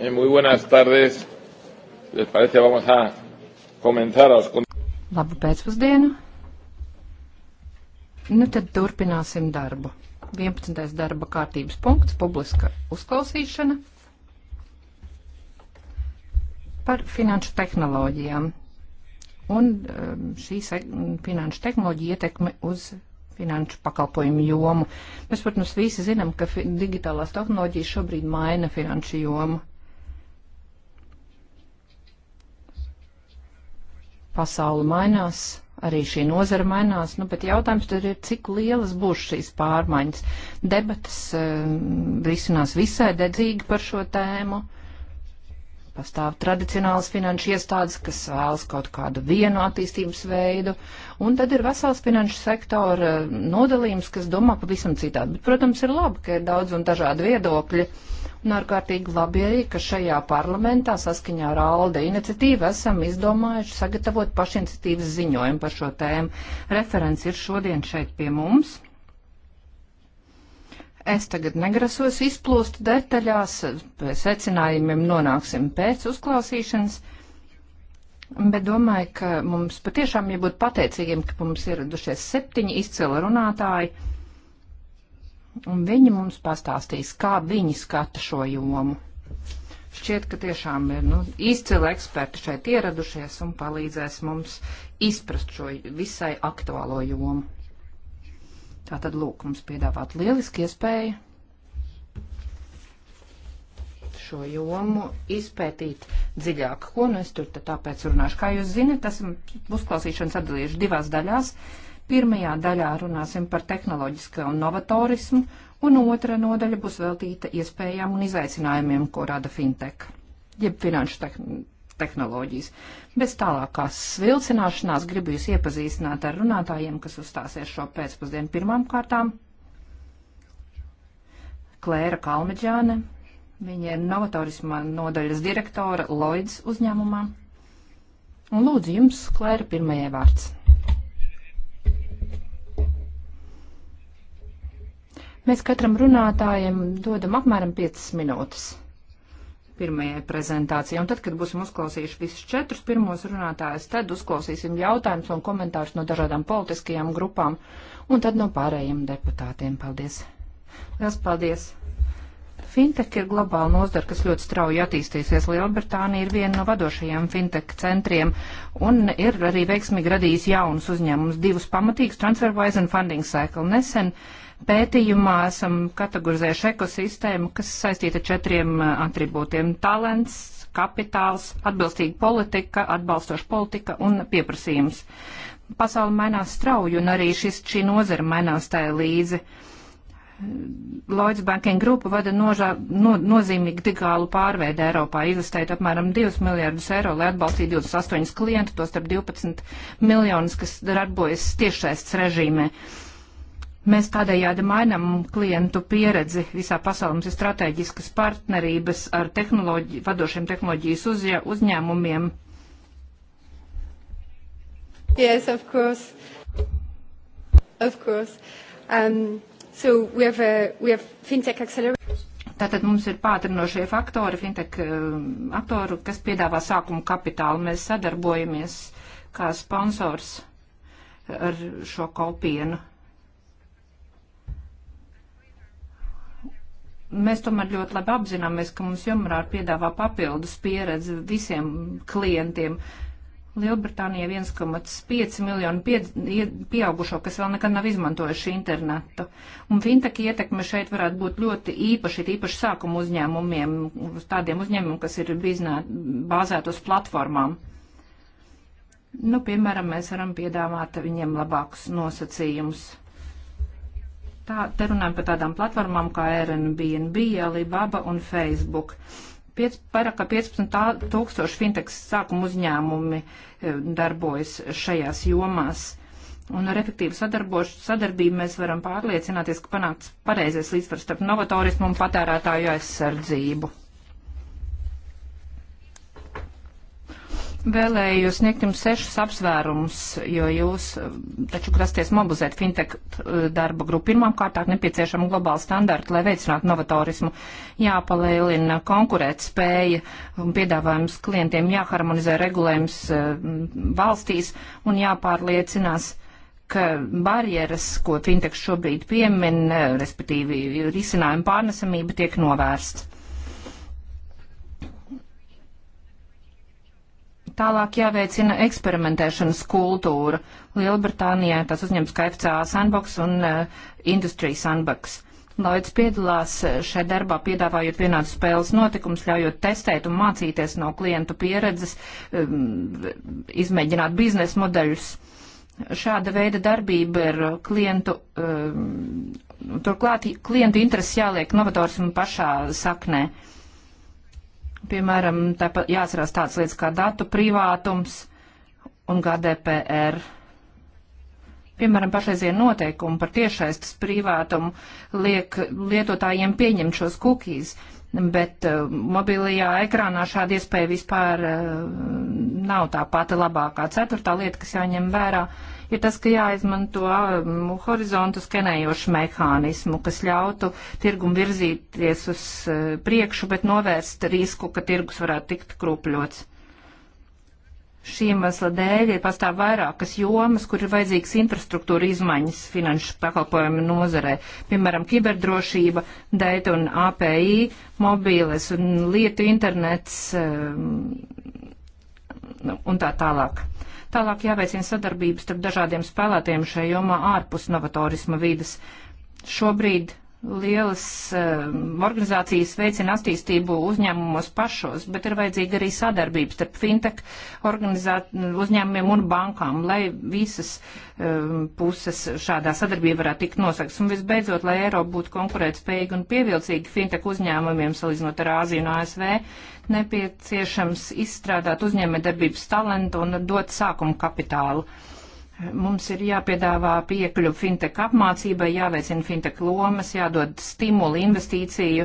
Eh, muy buenas tardes. ¿Les parece? Vamos a comenzar. Os... Labu pēcpusdienu. Nu tad turpināsim darbu. 11. darba kārtības punkts - publiska uzklausīšana par finanšu tehnoloģijām un ehm, šī finanšu tehnoloģija ietekme uz finanšu pakalpojumu jomu. Mēs, protams, visi zinām, ka digitālās tehnoloģijas šobrīd maina finanšu jomu. Pasaula mainās, arī šī nozara mainās, nu, bet jautājums tad ir, cik lielas būs šīs pārmaiņas. Debatas ehm, risinās visai dedzīgi par šo tēmu. Pastāv tradicionāls finanšu iestādes, kas vēlas kaut kādu vienu attīstības veidu, un tad ir vesels finanšu sektora ehm, nodalījums, kas domā pavisam citādi. Bet, protams, ir labi, ka ir daudz un dažādi viedokļi. Uh, Un ārkārtīgi labi arī, ka šajā parlamentā saskaņā ar ALDE iniciatīvu esam izdomājuši sagatavot pašiniciatīvas ziņojumu par šo tēmu. Referents ir šodien šeit pie mums. Es tagad negrasos izplūst detaļās, pie secinājumiem nonāksim pēc uzklausīšanas. Bet domāju, ka mums patiešām jābūt pateicīgiem, ka mums ieradušies septiņi izcili runātāji un viņi mums pastāstīs, kā viņi skata šo jomu. Šķiet, ka tiešām ir nu, izcili eksperti šeit ieradušies un palīdzēs mums izprast šo visai aktuālo jomu. Tātad, lūk, mums piedāvāt lieliski iespēju šo jomu izpētīt dziļāk. Ko nu es tur tāpēc runāšu? Kā jūs zinat, esam uzklausīšanu sadalījuši divās daļās. Uh, Pirmajā daļā runāsim par tehnoloģisko un novatorismu, un otra nodaļa būs veltīta iespējām un izaicinājumiem, ko rada fintech, jeb finanšu tehn tehnoloģijas. Bez tālākās svilcināšanās gribu jūs iepazīstināt ar runātājiem, kas uzstāsies šo pēcpusdienu pirmām kārtām. Klēra Kalmeģāne, viņa ir novatorisma nodaļas direktora Lloyds uzņēmumā. Un lūdzu jums, Klēra, pirmajai vārds. Mēs katram runātājam dodam apmēram 5 minūtes pirmajai prezentācijai. Un tad, kad būsim uzklausījuši visus četrus pirmos runātājus, tad uzklausīsim jautājumus un komentārus no dažādām politiskajām grupām un tad no pārējiem deputātiem. Paldies! Liels paldies! Fintech ir globāla nozara, kas ļoti strauji attīstīsies. Lielbritānija ir viena no vadošajiem fintech centriem un ir arī veiksmīgi radījis jaunus uzņēmumus, divus pamatīgus, TransferWise un Funding Cycle. Nesen uh, pētījumā esam kategorizējuši ekosistēmu, kas saistīta četriem uh, atribūtiem - talants, kapitāls, atbilstīga politika, atbalstoša politika un pieprasījums. Pasauli mainās strauji un arī šis, šī nozara mainās tā līdzi. Lloyds Banking grupa vada nožā, no, nozīmīgu digālu pārveidu Eiropā, investējot apmēram 2 miljārdus eiro, lai atbalstītu 28 klientu, tos starp 12 miljonus, kas darbojas tiešsaistes režīmē. Uh, Mēs tādējādi mainām klientu pieredzi visā pasaulē. Mums ir strateģiskas partnerības ar tehnoloģi, vadošiem tehnoloģijas uzja, uzņēmumiem. Yes, of course. Of course. Um, so we have, a, we have fintech accelerator. Tātad mums ir pātrinošie faktori, fintech um, aktori, kas piedāvā sākumu kapitālu. Mēs sadarbojamies kā sponsors ar šo kopienu mēs tomēr ļoti labi apzināmies, ka mums jomrār piedāvā papildus pieredzi visiem klientiem. Lielbritānija 1,5 miljonu pie, pieaugušo, kas vēl nekad nav izmantojuši internetu. Un fintech ietekme šeit varētu būt ļoti īpaši, īpaši sākuma uzņēmumiem, tādiem uzņēmumiem, kas ir biznē, bāzēt uz platformām. Nu, piemēram, mēs varam piedāvāt viņiem labākus nosacījumus Tā, te runājam par tādām platformām kā Airbnb, Alibaba un Facebook. Piec, Vairāk kā 15 tūkstoši fintech sākuma uzņēmumi eh, darbojas šajās jomās. Un ar efektīvu sadarbību mēs varam pārliecināties, ka panāks pareizais līdzsvars starp novatorismu un patērētāju aizsardzību. Vēlējos sniegt jums sešus apsvērumus, jo jūs eh, taču grasties mobilizēt fintech eh, darba grupu. Pirmkārt, nepieciešama globāla standarta, lai veicinātu novatorismu, jāpalielina konkurēt spēja un piedāvājums klientiem, jāharmonizē regulējums eh, valstīs un jāpārliecinās ka barjeras, ko Fintech šobrīd piemin, respektīvi risinājuma pārnesamība, tiek novērsts. Tālāk jāveicina eksperimentēšanas kultūra. Lielbritānijā tas uzņems KFCA sandbox un uh, Industry sandbox. Lloyds piedalās eh, šajā darbā, piedāvājot vienādu spēles notikumus, ļaujot testēt un mācīties no klientu pieredzes, um, izmēģināt biznesa modeļus. Šāda veida darbība ir klientu, um, turklāt klientu intereses jāliek novators un pašā saknē. Uh, Piemēram, tāpat jāatcerās tādas lietas kā datu privātums un GDPR. Piemēram, pašreizie noteikumi par tiešaistas privātumu liek lietotājiem pieņemt šos kukīs, bet uh, mobilajā ekrānā šāda iespēja vispār uh, nav tā pati labākā. Ceturtā lieta, kas jāņem vērā, uh, ir tas, ka jāizmanto um, horizontu skenējošu mehānismu, kas ļautu tirgumu virzīties uz uh, priekšu, bet novērst risku, ka tirgus varētu tikt krupļots. Šī iemesla dēļ ir pastāv vairākas jomas, kur ir vajadzīgas infrastruktūra izmaiņas finanšu pakalpojumu nozarē. Piemēram, kiberdrošība, data un API, mobīles un lietu internets um, un tā tālāk. Tālāk jāveicina sadarbības starp dažādiem spēlētiem šajā jomā ārpus novatorisma vidas. Šobrīd Lielas um, organizācijas veicina attīstību uzņēmumos pašos, bet ir vajadzīga arī sadarbības starp fintech uzņēmumiem un bankām, lai visas um, puses šādā sadarbība varētu tikt nosakts. Un visbeidzot, lai Eiropa būtu konkurētspējīga un pievilcīga fintech uzņēmumiem, salīdzinot ar Āziju un ASV, nepieciešams izstrādāt uzņēmē darbības talentu un dot sākumu kapitālu. Uh, Mums ir jāpiedāvā piekļuva fintech apmācībai, jāveicina fintech lomas, jādod stimuli investīciju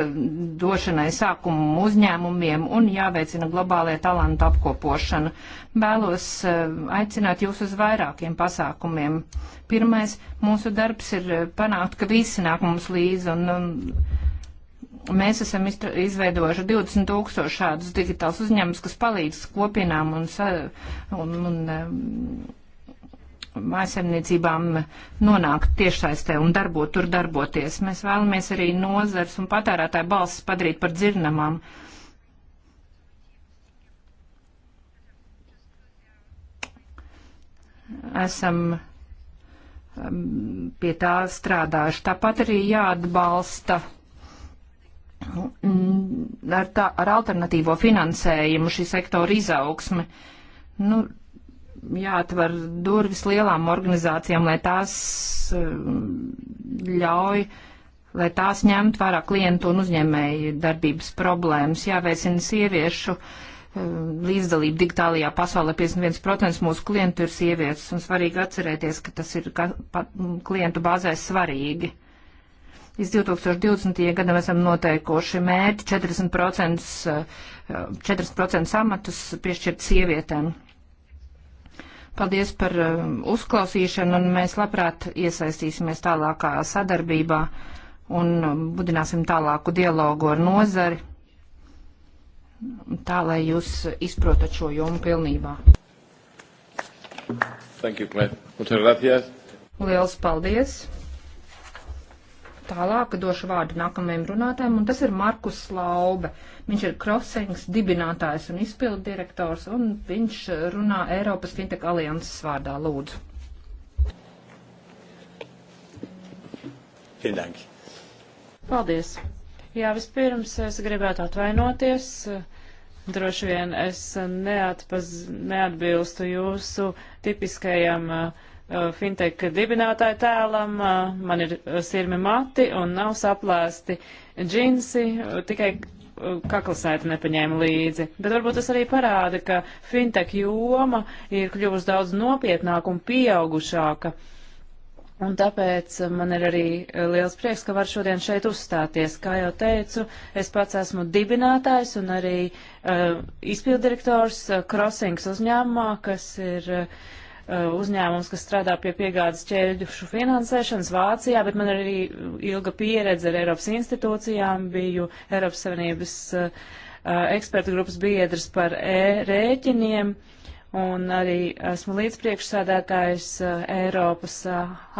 eh, došanai sākumu uzņēmumiem un jāveicina globālajā talantu apkopošana. Vēlos eh, aicināt jūs uz vairākiem pasākumiem. Pirmais, mūsu darbs ir eh, panākt, ka visi nāk mums līdzi un, un um, mēs esam izveidojuši 20 tūkstošu šādus digitālus uzņēmumus, kas palīdz kopienām un, un, un um, mājasemniecībām nonākt tiešsaistē un darbot, tur darboties. Mēs vēlamies arī nozars un patērētāju balsis padarīt par dzirnamām. Esam um, pie tā strādājuši. Tāpat arī jāatbalsta mm, ar, tā, ar alternatīvo finansējumu šī sektora izaugsme. Nu, jāatver durvis lielām organizācijām, lai tās eh, ļauj, lai tās ņemt vērā klientu un uzņēmēju darbības problēmas, jāveicina sieviešu eh, līdzdalību digitālajā pasaulē. 51% mūsu klientu ir sievietes un svarīgi atcerēties, ka tas ir ka, pa, klientu bāzē svarīgi. Līdz 2020. gadam esam noteikuši mērķi 40%, 40 eh, amatus piešķirt sievietēm. Paldies par um, uzklausīšanu, un mēs labprāt iesaistīsimies tālākā sadarbībā un um, budināsim tālāku dialogu ar nozari, tā lai jūs izprotat šo jomu pilnībā. Thank you, Claire. Muchas gracias. Liels paldies! Tālāk došu vārdu nākamajam runātājam, un tas ir Markus Laube. Viņš ir Crossings dibinātājs un izpildu direktors, un viņš runā Eiropas Fintech alianses vārdā. Lūdzu. Paldies. Jā, vispirms es gribētu atvainoties. Droši vien es neatpaz, neatbilstu jūsu tipiskajam uh, Eh, fintech dibinātāja tēlam, eh, man ir eh, sirmi mati un nav saplēsti džinsi, tikai kaklasaiti nepaņēma līdzi. Bet varbūt tas arī parāda, ka fintech joma ir kļuvusi daudz nopietnāka un pieaugušāka. Un tāpēc man ir arī liels prieks, ka var šodien šeit uzstāties. Kā jau teicu, es pats esmu dibinātājs un arī uh, izpildirektors uh, Crossings uzņēmumā, kas ir uh, Uh, uzņēmums, kas strādā pie piegādes ķēļušu finansēšanas Vācijā, bet man ir arī ilga pieredze ar Eiropas institūcijām, biju Eiropas Savienības uh, uh ekspertu grupas biedrs par e-rēķiniem. Un arī esmu līdzpriekšsēdētājs uh, Eiropas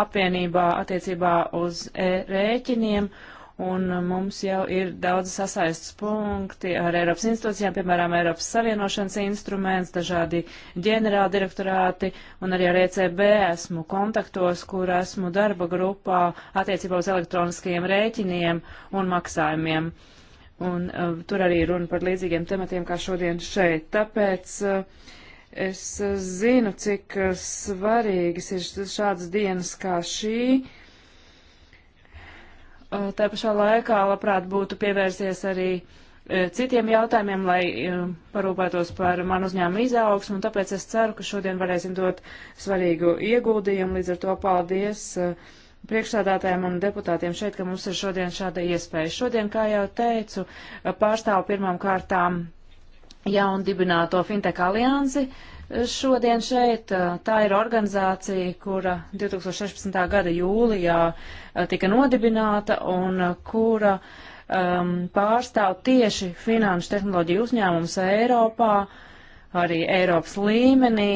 apvienībā attiecībā uz e-rēķiniem Un uh, mums jau ir daudz sasaistas punkti ar Eiropas institūcijām, piemēram, Eiropas Savienošanas instruments, dažādi ģenerāli direktorāti un arī ar ECB esmu kontaktos, kur esmu darba grupā attiecībā uz elektroniskajiem rēķiniem un maksājumiem. Un uh, tur arī runa par līdzīgiem tematiem kā šodien šeit. Tāpēc uh, es zinu, cik uh, svarīgas ir šādas dienas kā šī. Uh, Eh, tā pašā laikā labprāt būtu pievērsies arī eh, citiem jautājumiem, lai eh, parūpētos par manu uzņēmumu izaugsmu, un tāpēc es ceru, ka šodien varēsim dot svarīgu ieguldījumu. Līdz ar to paldies priekšsādātājiem un deputātiem šeit, ka mums ir šodien šāda iespēja. Šodien, kā jau teicu, pārstāvu pirmām kārtām jaundibināto Fintech aliansi. Uh, šodien šeit. Tā ir organizācija, kura 2016. gada jūlijā tika nodibināta un kura um, pārstāv tieši finanšu tehnoloģiju uzņēmumus Eiropā, arī Eiropas līmenī,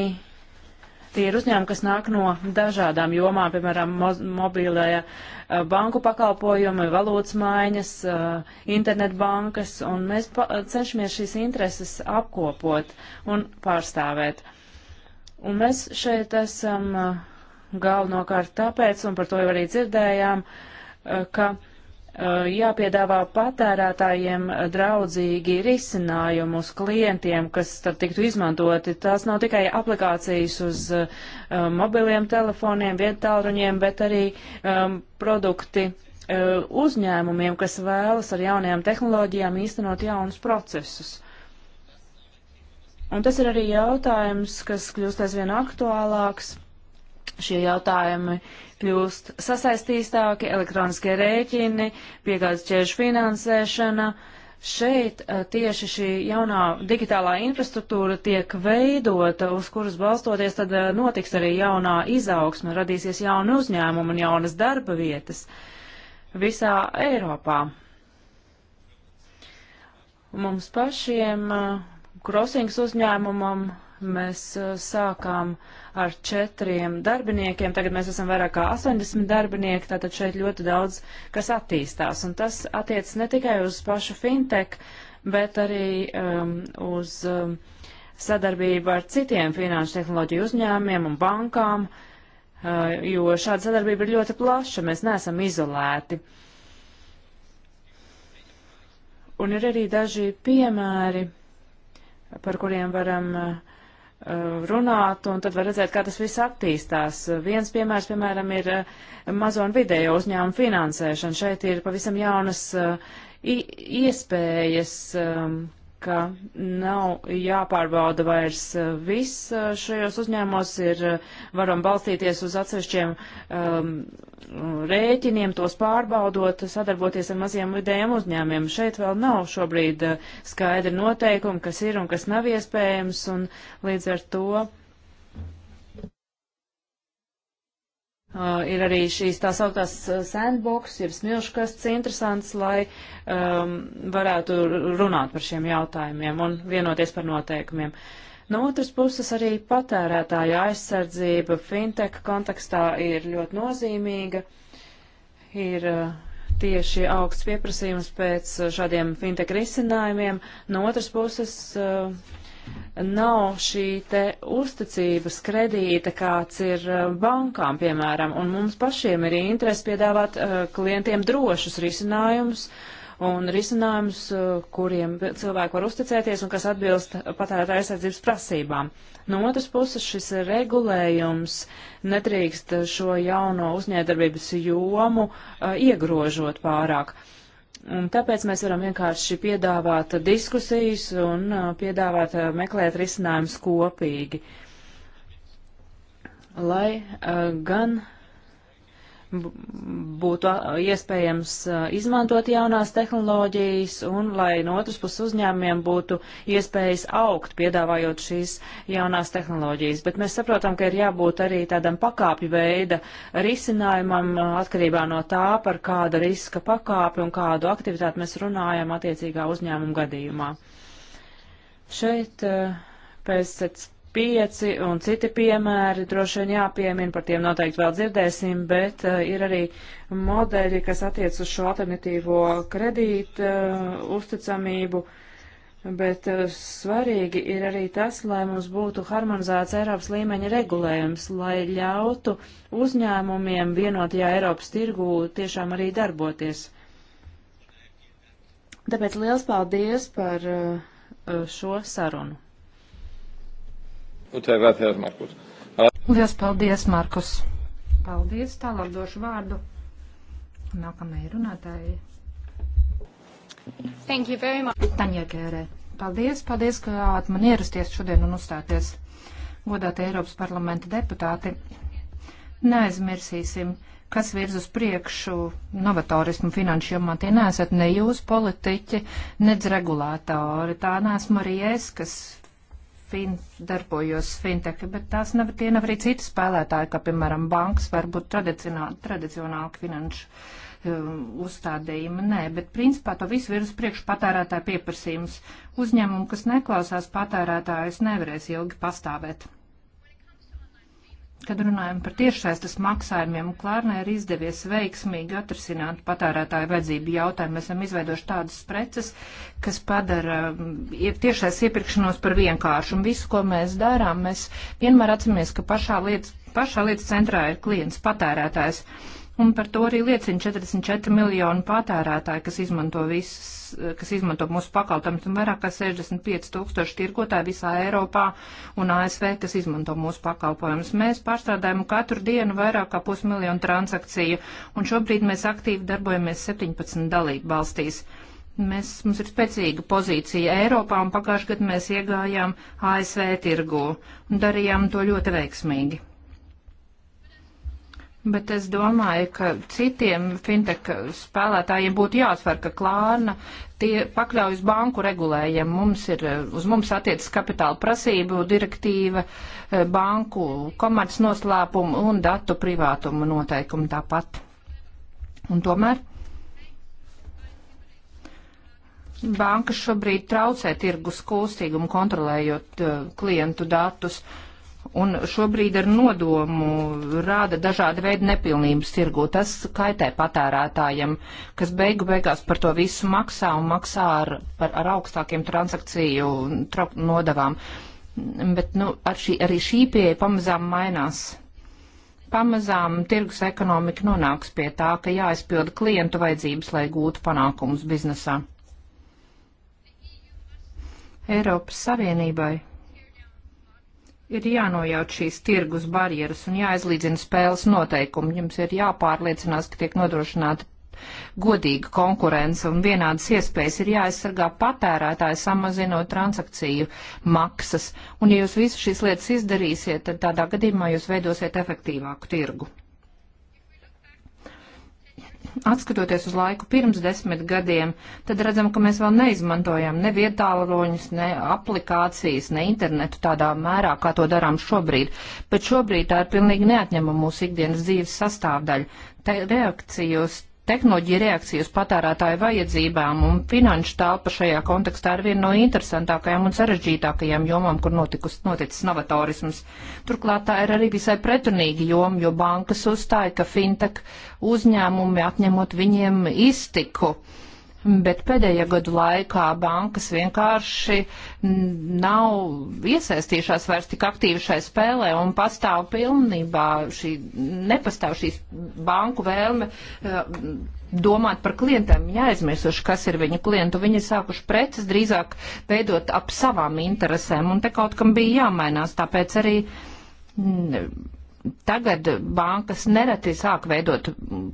Tie ir uzņēmumi, kas nāk no dažādām jomām, piemēram, mobilēja eh, banku pakalpojumi, valūtas maiņas, eh, internetbankas, un mēs eh, cenšamies šīs intereses apkopot un pārstāvēt. Un mēs šeit esam galvenokārt tāpēc, un par to jau arī dzirdējām, ka Eh, jāpiedāvā patērētājiem draudzīgi risinājumi uz klientiem, kas tad tiktu izmantoti. Tās nav tikai aplikācijas uz uh, mobiliem telefoniem, viedtāluņiem, bet arī um, produkti uh, uzņēmumiem, kas vēlas ar jaunajām tehnoloģijām īstenot jaunus procesus. Un tas ir arī jautājums, kas kļūst aizvien aktuālāks Šie jautājumi kļūst sasaistīstāki, elektroniskie rēķini, piegādes ķēžu finansēšana. Šeit eh, tieši šī jaunā digitālā infrastruktūra tiek veidota, uz kuras balstoties tad eh, notiks arī jaunā izaugsme, radīsies jauni uzņēmumi un jaunas darba vietas visā Eiropā. Mums pašiem, krosings eh, uzņēmumam, Mēs uh, sākām ar četriem darbiniekiem, tagad mēs esam vairāk kā 80 darbinieki, tātad šeit ļoti daudz, kas attīstās. Un tas attiec ne tikai uz pašu fintech, bet arī um, uz um, sadarbību ar citiem finanšu tehnoloģiju uzņēmumiem un bankām, uh, jo šāda sadarbība ir ļoti plaša, mēs neesam izolēti. Un ir arī daži piemēri, par kuriem varam uh, Eh, runāt, un tad var redzēt, kā tas viss attīstās. Viens piemērs, piemēram, ir eh, mazo un vidējo uzņēmumu finansēšana. Šeit ir pavisam jaunas eh, iespējas. Um, ka nav jāpārbauda vairs eh, viss eh, šajos uzņēmumos, ir eh, varam balstīties uz atsevišķiem um, rēķiniem, tos pārbaudot, sadarboties ar maziem vidējiem uzņēmiem. Šeit vēl nav šobrīd skaidri noteikumi, kas ir un kas nav iespējams, un līdz ar to Uh, ir arī šīs tā sauktās uh, sandbox, ir smilškasts interesants, lai um, varētu runāt par šiem jautājumiem un vienoties par noteikumiem. No otras puses arī patērētāja aizsardzība fintech kontekstā ir ļoti nozīmīga. Ir uh, tieši augsts pieprasījums pēc uh, šādiem fintech risinājumiem. No otras puses. Uh, nav šī te uzticības kredīta, kāds ir eh, bankām, piemēram, un mums pašiem ir interesi piedāvāt uh, klientiem drošus risinājumus un risinājumus, uh, kuriem cilvēki var uzticēties un kas atbilst patērētāja aizsardzības prasībām. No otras puses, šis regulējums nedrīkst šo jauno uzņēdarbības jomu uh, iegrožot pārāk. Uh, Un tāpēc mēs varam vienkārši piedāvāt diskusijas un piedāvāt meklēt risinājumus kopīgi, lai gan būtu iespējams izmantot jaunās tehnoloģijas un lai no otras puses uzņēmumiem būtu iespējas augt, piedāvājot šīs jaunās tehnoloģijas. Bet mēs saprotam, ka ir jābūt arī tādam pakāpju veida risinājumam atkarībā no tā, par kāda riska pakāpi un kādu aktivitāti mēs runājam attiecīgā uzņēmuma gadījumā. Šeit pēc pieci un citi piemēri droši vien jāpiemina, par tiem noteikti vēl dzirdēsim, bet uh, ir arī modeļi, kas attiec uz šo alternatīvo kredītu uh, eh, uzticamību. Bet uh, svarīgi ir arī tas, lai mums būtu harmonizēts Eiropas līmeņa regulējums, lai ļautu uzņēmumiem vienotajā Eiropas tirgū tiešām arī darboties. Tāpēc liels paldies par uh, šo sarunu. Muchas nu, gracias, Markus. Lielas paldies, Markus. Paldies, tālāk došu vārdu nākamajai runātājai. Thank you very much. Taņa Kērē. Paldies, paldies, ka man ierasties šodien un uzstāties. Godāti Eiropas parlamenta deputāti, neaizmirsīsim, kas virz uz priekšu novatorismu finanšu jomā. Tie neesat ne jūs politiķi, nedz regulātori. Tā neesmu arī es, kas fin, darbojos fintech, bet tās nav, tie nav arī citi spēlētāji, kā piemēram bankas, varbūt tradicionāli finanšu um, uzstādījumi. Nē, bet principā to visu ir uz priekšu patērētāja pieprasījums. Uzņēmumu, kas neklausās patērētājus, nevarēs ilgi pastāvēt. Kad runājam par tiešsaistes maksājumiem, Klārnē ir izdevies veiksmīgi atrisināt patērētāju vajadzību jautājumu. Mēs esam izveidojuši tādas preces, kas padara um, tiešais iepirkšanos par vienkāršu. Un visu, ko mēs darām, mēs vienmēr atceramies, ka pašā lietas, pašā lietas centrā ir klients, patērētājs un par to arī liecina 44 miljonu patērētāji, kas izmanto, visas, kas izmanto mūsu pakalpojumus, un vairāk kā 65 tūkstoši tirgotāji visā Eiropā un ASV, kas izmanto mūsu pakalpojumus. Mēs pārstrādājam katru dienu vairāk kā pusmiljonu transakciju, un šobrīd mēs aktīvi darbojamies 17 dalību valstīs. Mēs, mums ir spēcīga pozīcija Eiropā, un pagājušajā gadā mēs iegājām ASV tirgu un darījām to ļoti veiksmīgi. Bet es domāju, ka citiem fintech spēlētājiem būtu jāatver, ka klāna tie pakļaujas banku regulējiem. Mums ir, uz mums attiecas kapitāla prasību direktīva, banku komerc noslēpumu un datu privātumu noteikumu tāpat. Un tomēr bankas šobrīd traucē tirgus kūstīgumu kontrolējot eh, klientu datus. Uh, un šobrīd ar nodomu rāda dažādi veidi nepilnības tirgu. Tas kaitē patērētājiem, kas beigu beigās par to visu maksā un maksā ar, par, ar augstākiem transakciju nodavām. Bet nu, ar šī, arī šī pieeja pamazām mainās. Pamazām tirgus ekonomika nonāks pie tā, ka jāizpilda klientu vajadzības, lai gūtu panākumus biznesā. Eiropas Savienībai ir jānojauc šīs tirgus barjeras un jāizlīdzina spēles noteikumi. Jums ir jāpārliecinās, ka tiek nodrošināta godīga konkurence un vienādas iespējas ir jāaizsargā patērētāji, samazinot transakciju maksas. Un ja jūs visu šīs lietas izdarīsiet, tad tādā gadījumā jūs veidosiet efektīvāku tirgu atskatoties uz laiku pirms desmit gadiem, tad redzam, ka mēs vēl neizmantojam ne vietāloņus, ne aplikācijas, ne internetu tādā mērā, kā to darām šobrīd. Bet šobrīd tā ir pilnīgi neatņemama mūsu ikdienas dzīves sastāvdaļa. Tā reakcija uz Tehnoloģija reakcija uz patērētāju vajadzībām un finanšu telpa šajā kontekstā ir viena no interesantākajām un sarežģītākajām jomām, kur notikus, noticis novatorisms. Turklāt tā ir arī visai pretrunīga joma, jo bankas uzstāja, ka fintech uzņēmumi atņemot viņiem iztiku. Uh, bet pēdējā gadu laikā bankas vienkārši nav iesaistījušās vairs tik aktīvi šai spēlē un pastāv pilnībā šī, nepastāv šīs banku vēlme eh, domāt par klientiem, jāizmirsuši, kas ir viņu klientu. Viņi ir sākuši preces drīzāk veidot ap savām interesēm, un te kaut kam bija jāmainās, tāpēc arī tagad bankas nereti sāk veidot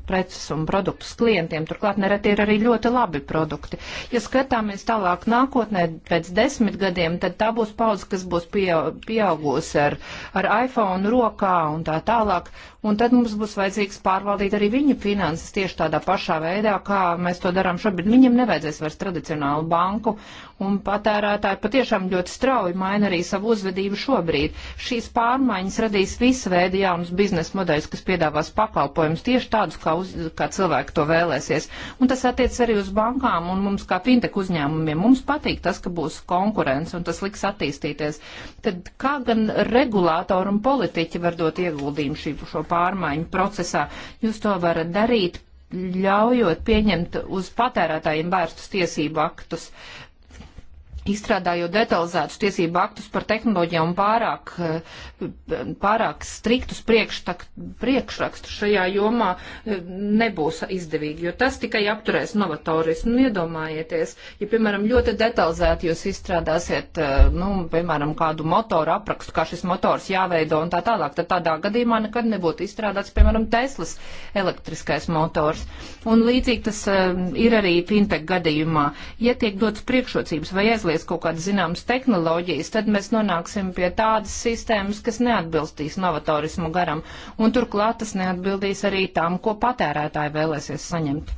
preces un produktus klientiem, turklāt nereti ir arī ļoti labi produkti. Ja skatāmies tālāk nākotnē, pēc desmit gadiem, tad tā būs paudze, kas būs pieaugusi ar, ar iPhone rokā un tā tālāk, un tad mums būs vajadzīgs pārvaldīt arī viņu finanses tieši tādā pašā veidā, kā mēs to darām šobrīd. Viņam nevajadzēs vairs tradicionālu banku, un patērētāji patiešām ļoti strauji maina arī savu uzvedību šobrīd. Šīs pārmaiņas radīs visu veidu jaunus biznesa modeļus, kas piedāvās pakalpojumus tieši tādus, kā, uz, kā cilvēki to vēlēsies. Un tas attiec arī uz bankām un mums kā fintech uzņēmumiem. Mums patīk tas, ka būs konkurence un tas liks attīstīties. Tad kā gan regulātori un politiķi var dot ieguldījumu šī, šo pārmaiņu procesā? Jūs to varat darīt ļaujot pieņemt uz patērētājiem vērstus tiesību aktus, izstrādājot detalizētus tiesību aktus par tehnoloģijām un pārāk, pārāk striktus priekšrakstus šajā jomā e, nebūs izdevīgi, jo tas tikai apturēs novatorismu. Iedomājieties, ja, piemēram, ļoti detalizēti jūs izstrādāsiet, e, nu, piemēram, kādu motoru aprakstu, kā šis motors jāveido un tā tālāk, tad tādā gadījumā nekad nebūtu izstrādāts, piemēram, Teslas elektriskais motors. Un līdzīgi tas e, ir arī fintech gadījumā. Ja tiek dots priekšrocības vai aizliegums, izmantoties kaut kādas zināmas tehnoloģijas, tad mēs nonāksim pie tādas sistēmas, kas neatbilstīs novatorismu garam, un turklāt tas neatbildīs arī tām, ko patērētāji vēlēsies saņemt.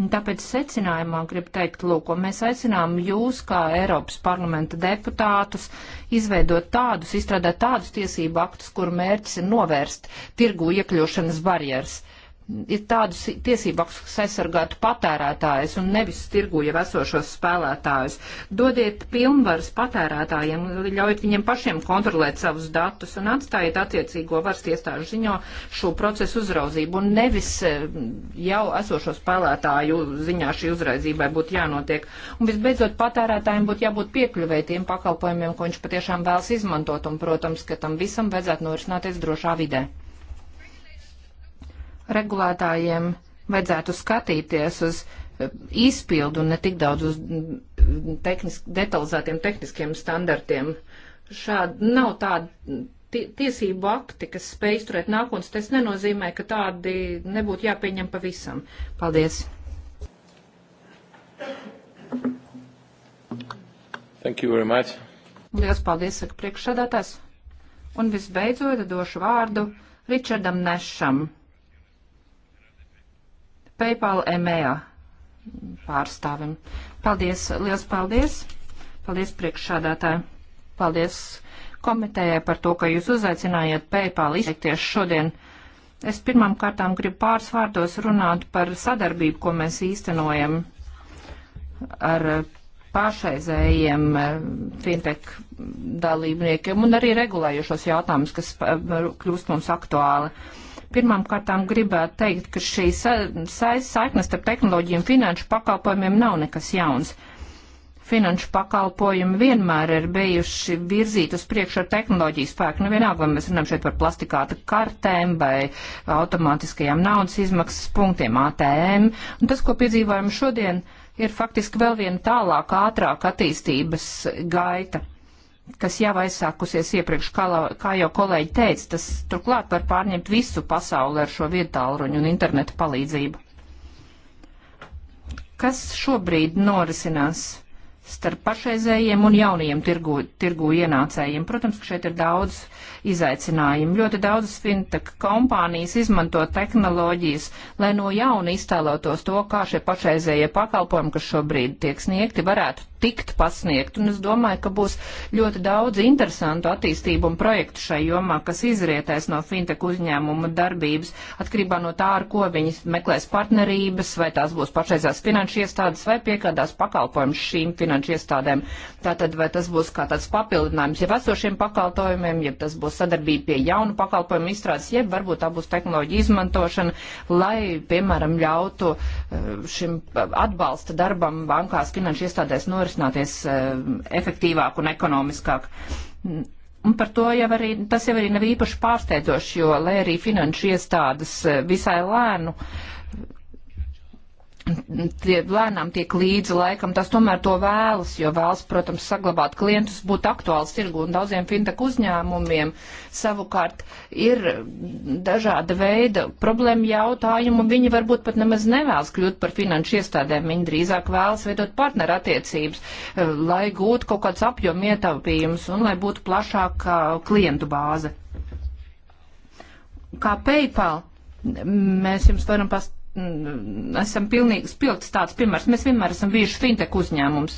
Un tāpēc secinājumā gribu teikt, lūk, mēs aicinām jūs, kā Eiropas parlamenta deputātus, izveidot tādus, izstrādāt tādus tiesību aktus, kuru mērķis ir novērst tirgu iekļūšanas barjeras. Uh, ir tādus tiesībāks, kas aizsargātu patērētājus un nevis tirgu jau esošos spēlētājus. Dodiet pilnvaras patērētājiem, ļaujiet viņiem pašiem kontrolēt savus datus un atstājiet attiecīgo varas iestāžu ziņo šo procesu uzraudzību un nevis e, jau esošo spēlētāju ziņā šī uzraudzībai būtu jānotiek. Un visbeidzot, patērētājiem būtu jābūt piekļuvētiem pakalpojumiem, ko viņš patiešām vēlas izmantot un, protams, ka tam visam vajadzētu norisināties drošā vidē regulētājiem vajadzētu skatīties uz eh, izpildu un ne tik daudz uz mm, mm, tehnisk, detalizētiem tehniskiem standartiem. Šādi nav tādi mm, tiesību akti, kas spēj izturēt nākotnes, tas nenozīmē, ka tādi nebūtu jāpieņem pavisam. Paldies! Thank you very much. Lielas paldies, saka priekšsādātājs. Un visbeidzot došu vārdu Ričardam Nešam PayPal EMEA pārstāvim. Paldies, liels paldies! Paldies priekšsādātāji! Paldies komitējai par to, ka jūs uzaicinājāt PayPal izteikties šodien. Es pirmām kārtām gribu pāris vārdos runāt par sadarbību, ko mēs īstenojam ar pašreizējiem eh, fintech dalībniekiem un arī regulējušos jautājumus, kas eh, kļūst mums aktuāli. Uh, Pirmām kārtām gribētu teikt, ka šī sa sa saiknes starp tehnoloģiju un finanšu pakalpojumiem nav nekas jauns. Finanšu pakalpojumi vienmēr ir bijuši virzīti uz priekšu ar tehnoloģiju spēku. Nu, vienalga, vai mēs runājam šeit par plastikāta kartēm vai automātiskajām naudas izmaksas punktiem ATM. Un tas, ko piedzīvojam šodien, ir faktiski vēl viena tālāka, ātrāka attīstības gaita kas jau aizsākusies iepriekš, kā, kā jau kolēģi teica, tas turklāt var pārņemt visu pasauli ar šo vietālruņu un internetu palīdzību. Kas šobrīd norisinās starp pašreizējiem un jaunajiem tirgu, tirgu ienācējiem? Protams, ka šeit ir daudz izaicinājumu. Ļoti daudz fintech kompānijas izmanto tehnoloģijas, lai no jauna iztēlotos to, kā šie pašreizējie pakalpojumi, kas šobrīd tiek sniegti, varētu tikt pasniegt. Un es domāju, ka būs ļoti daudz interesantu attīstību un projektu šai jomā, kas izrietēs no fintech uzņēmuma darbības, atkarībā no tā, ar ko viņas meklēs partnerības, vai tās būs pašreizās finanšu iestādes, vai piekādās pakalpojums šīm finanšu iestādēm. Tātad, vai tas būs kā tāds papildinājums jau esošiem pakalpojumiem, ja tas būs sadarbība pie jaunu pakalpojumu izstrādes, jeb varbūt tā būs tehnoloģija izmantošana, lai, piemēram, ļautu eh, šim eh, atbalsta darbam bankās finanšu iestādēs norisināt norisināties eh, efektīvāk un ekonomiskāk. Un par to jau arī, tas jau arī nav īpaši pārsteidzoši, jo, lai arī finanšu iestādes eh, visai lēnu uh, tie lēnām tiek līdzi laikam, tas tomēr to vēlas, jo vēlas, protams, saglabāt klientus, būt aktuāls tirgu un daudziem fintech uzņēmumiem savukārt ir dažāda veida problēma jautājumu, un viņi varbūt pat nemaz nevēlas kļūt par finanšu iestādēm, viņi drīzāk vēlas veidot partneru attiecības, eh, lai gūtu kaut kāds apjomu ietaupījums un lai būtu plašāka eh, klientu bāze. Kā PayPal mēs jums varam pastāstīt Mm, esam pilnīgs pilts tāds piemērs. Mēs vienmēr esam bijuši fintech uzņēmums.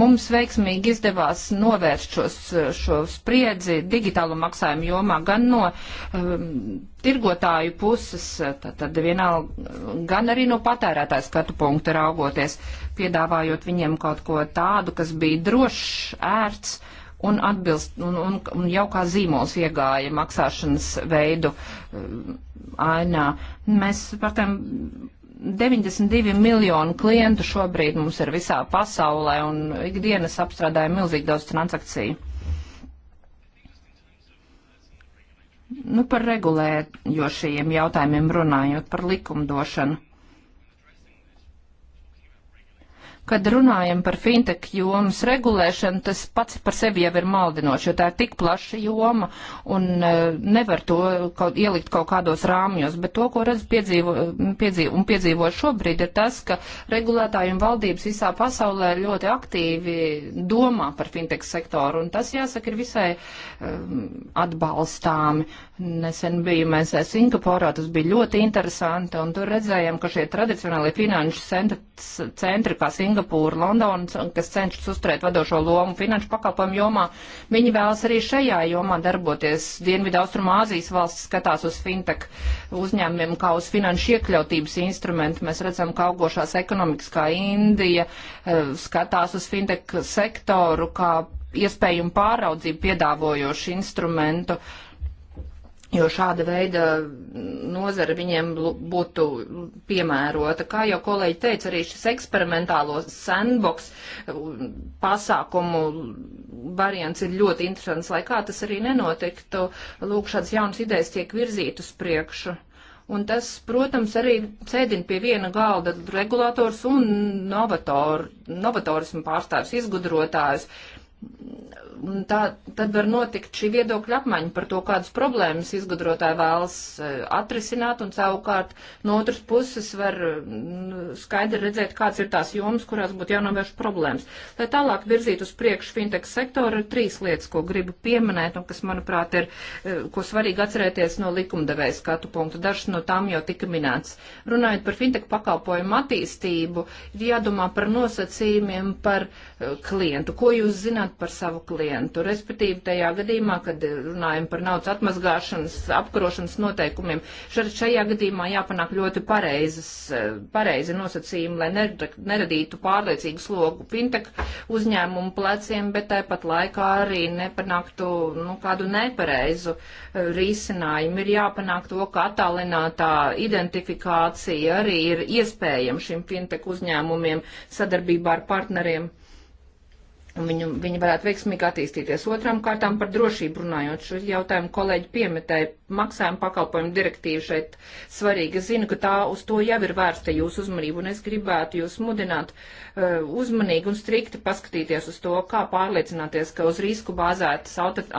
Mums veiksmīgi izdevās novērst šos, šo spriedzi digitālu maksājumu jomā gan no um, tirgotāju puses, tad, tad vienalga, gan arī no patērētāju skatu punkta raugoties, piedāvājot viņiem kaut ko tādu, kas bija drošs, ērts. Uh, un, atbilst, un, un, un jau kā zīmols iegāja maksāšanas veidu uh, ainā. Mēs par tiem 92 miljonu klientu šobrīd mums ir visā pasaulē un ikdienas apstrādāja milzīgi daudz transakciju. Nu, par regulējošajiem jautājumiem runājot, par likumdošanu Kad runājam par fintech jomas regulēšanu, tas pats par sevi jau ir maldinoši, jo tā ir tik plaša joma un e, nevar to kaut, ielikt kaut kādos rāmjos. Bet to, ko redz piedzīvo, piedzīvo un piedzīvo šobrīd, ir tas, ka regulētāji un valdības visā pasaulē ļoti aktīvi domā par fintech sektoru. Un tas, jāsaka, ir visai um, atbalstāmi. Nesen biju mēs e, Singapūrā, tas bija ļoti interesanti, un tur redzējām, ka šie tradicionālie finanšu centri, centri kā Singapūrā, Singapūru, Londonu, kas cenšas uzturēt vadošo lomu finanšu pakalpojumu jomā. Viņi vēlas arī šajā jomā darboties. Dienvidu Austrumāzijas valsts skatās uz fintech uzņēmumiem kā uz finanšu iekļautības instrumentu. Mēs redzam, ka augošās ekonomikas kā Indija eh, skatās uz fintech sektoru kā iespēju un pāraudzību piedāvojošu instrumentu. Uh, jo šāda veida nozara viņiem būtu piemērota. Kā jau kolēģi teica, arī šis eksperimentālo sandbox pasākumu variants ir ļoti interesants, lai kā tas arī nenotiktu. Lūk, šādas jaunas idejas tiek virzīt uz priekšu. Un tas, protams, arī sēdina pie viena galda regulators un novatoru, novatorismu pārstāvis, izgudrotājs tā, tad var notikt šī viedokļa apmaiņa par to, kādas problēmas izgudrotāji vēlas e, atrisināt, un savukārt no otras puses var mm, skaidri redzēt, kāds ir tās jomas, kurās būtu jānovērš problēmas. Lai tālāk virzītu uz priekšu fintech sektoru, ir trīs lietas, ko gribu pieminēt, un kas, manuprāt, ir, e, ko svarīgi atcerēties no likumdevēja skatu punktu. Dažas no tām jau tika minētas. Runājot par fintech pakalpojumu attīstību, ir jādomā par nosacījumiem par e, klientu. Ko jūs zināt par savu klientu? klientu, respektīvi tajā gadījumā, kad runājam par naudas atmazgāšanas, apkarošanas noteikumiem. Šajā gadījumā jāpanāk ļoti pareizas, pareizi nosacījumi, lai neradītu pārliecīgu slogu fintech uzņēmumu pleciem, bet tāpat laikā arī nepanāktu nu, kādu nepareizu e, risinājumu. Ir jāpanāk to, ka attālinātā identifikācija arī ir iespējama šim fintech uzņēmumiem sadarbībā ar partneriem un viņu, viņi varētu veiksmīgi attīstīties. Otram kārtām par drošību runājot, šo jautājumu kolēģi piemetēja maksājuma pakalpojumu direktīvu šeit svarīgi. Es zinu, ka tā uz to jau ir vērsta jūsu uzmanība, un es gribētu jūs mudināt uh, uzmanīgi un strikti paskatīties uz to, kā pārliecināties, ka uz risku bāzētas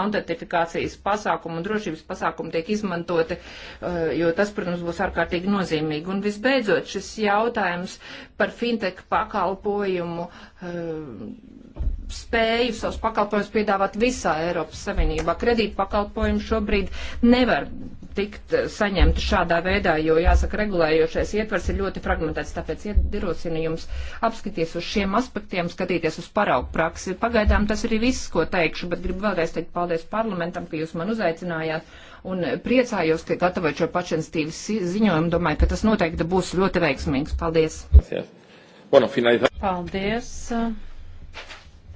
autentifikācijas pasākumu un drošības pasākumu tiek izmantoti, uh, jo tas, protams, būs ārkārtīgi nozīmīgi. Un visbeidzot, šis jautājums par fintech pakalpojumu. Uh, spēju savus pakalpojumus piedāvāt visā Eiropas Savienībā. Kredīt pakalpojumu šobrīd nevar tikt eh, saņemti šādā veidā, jo, jāsaka, regulējošais ietvers ir ļoti fragmentēts, tāpēc ierosinu jums apskaties uz šiem aspektiem, skatīties uz paraugu praksi. Pagaidām tas ir viss, ko teikšu, bet gribu vēlreiz teikt paldies parlamentam, ka jūs man uzaicinājāt un eh, priecājos, ka gatavojot šo pašinstības ziņojumu, domāju, ka tas noteikti būs ļoti veiksmīgs. Paldies! Paldies!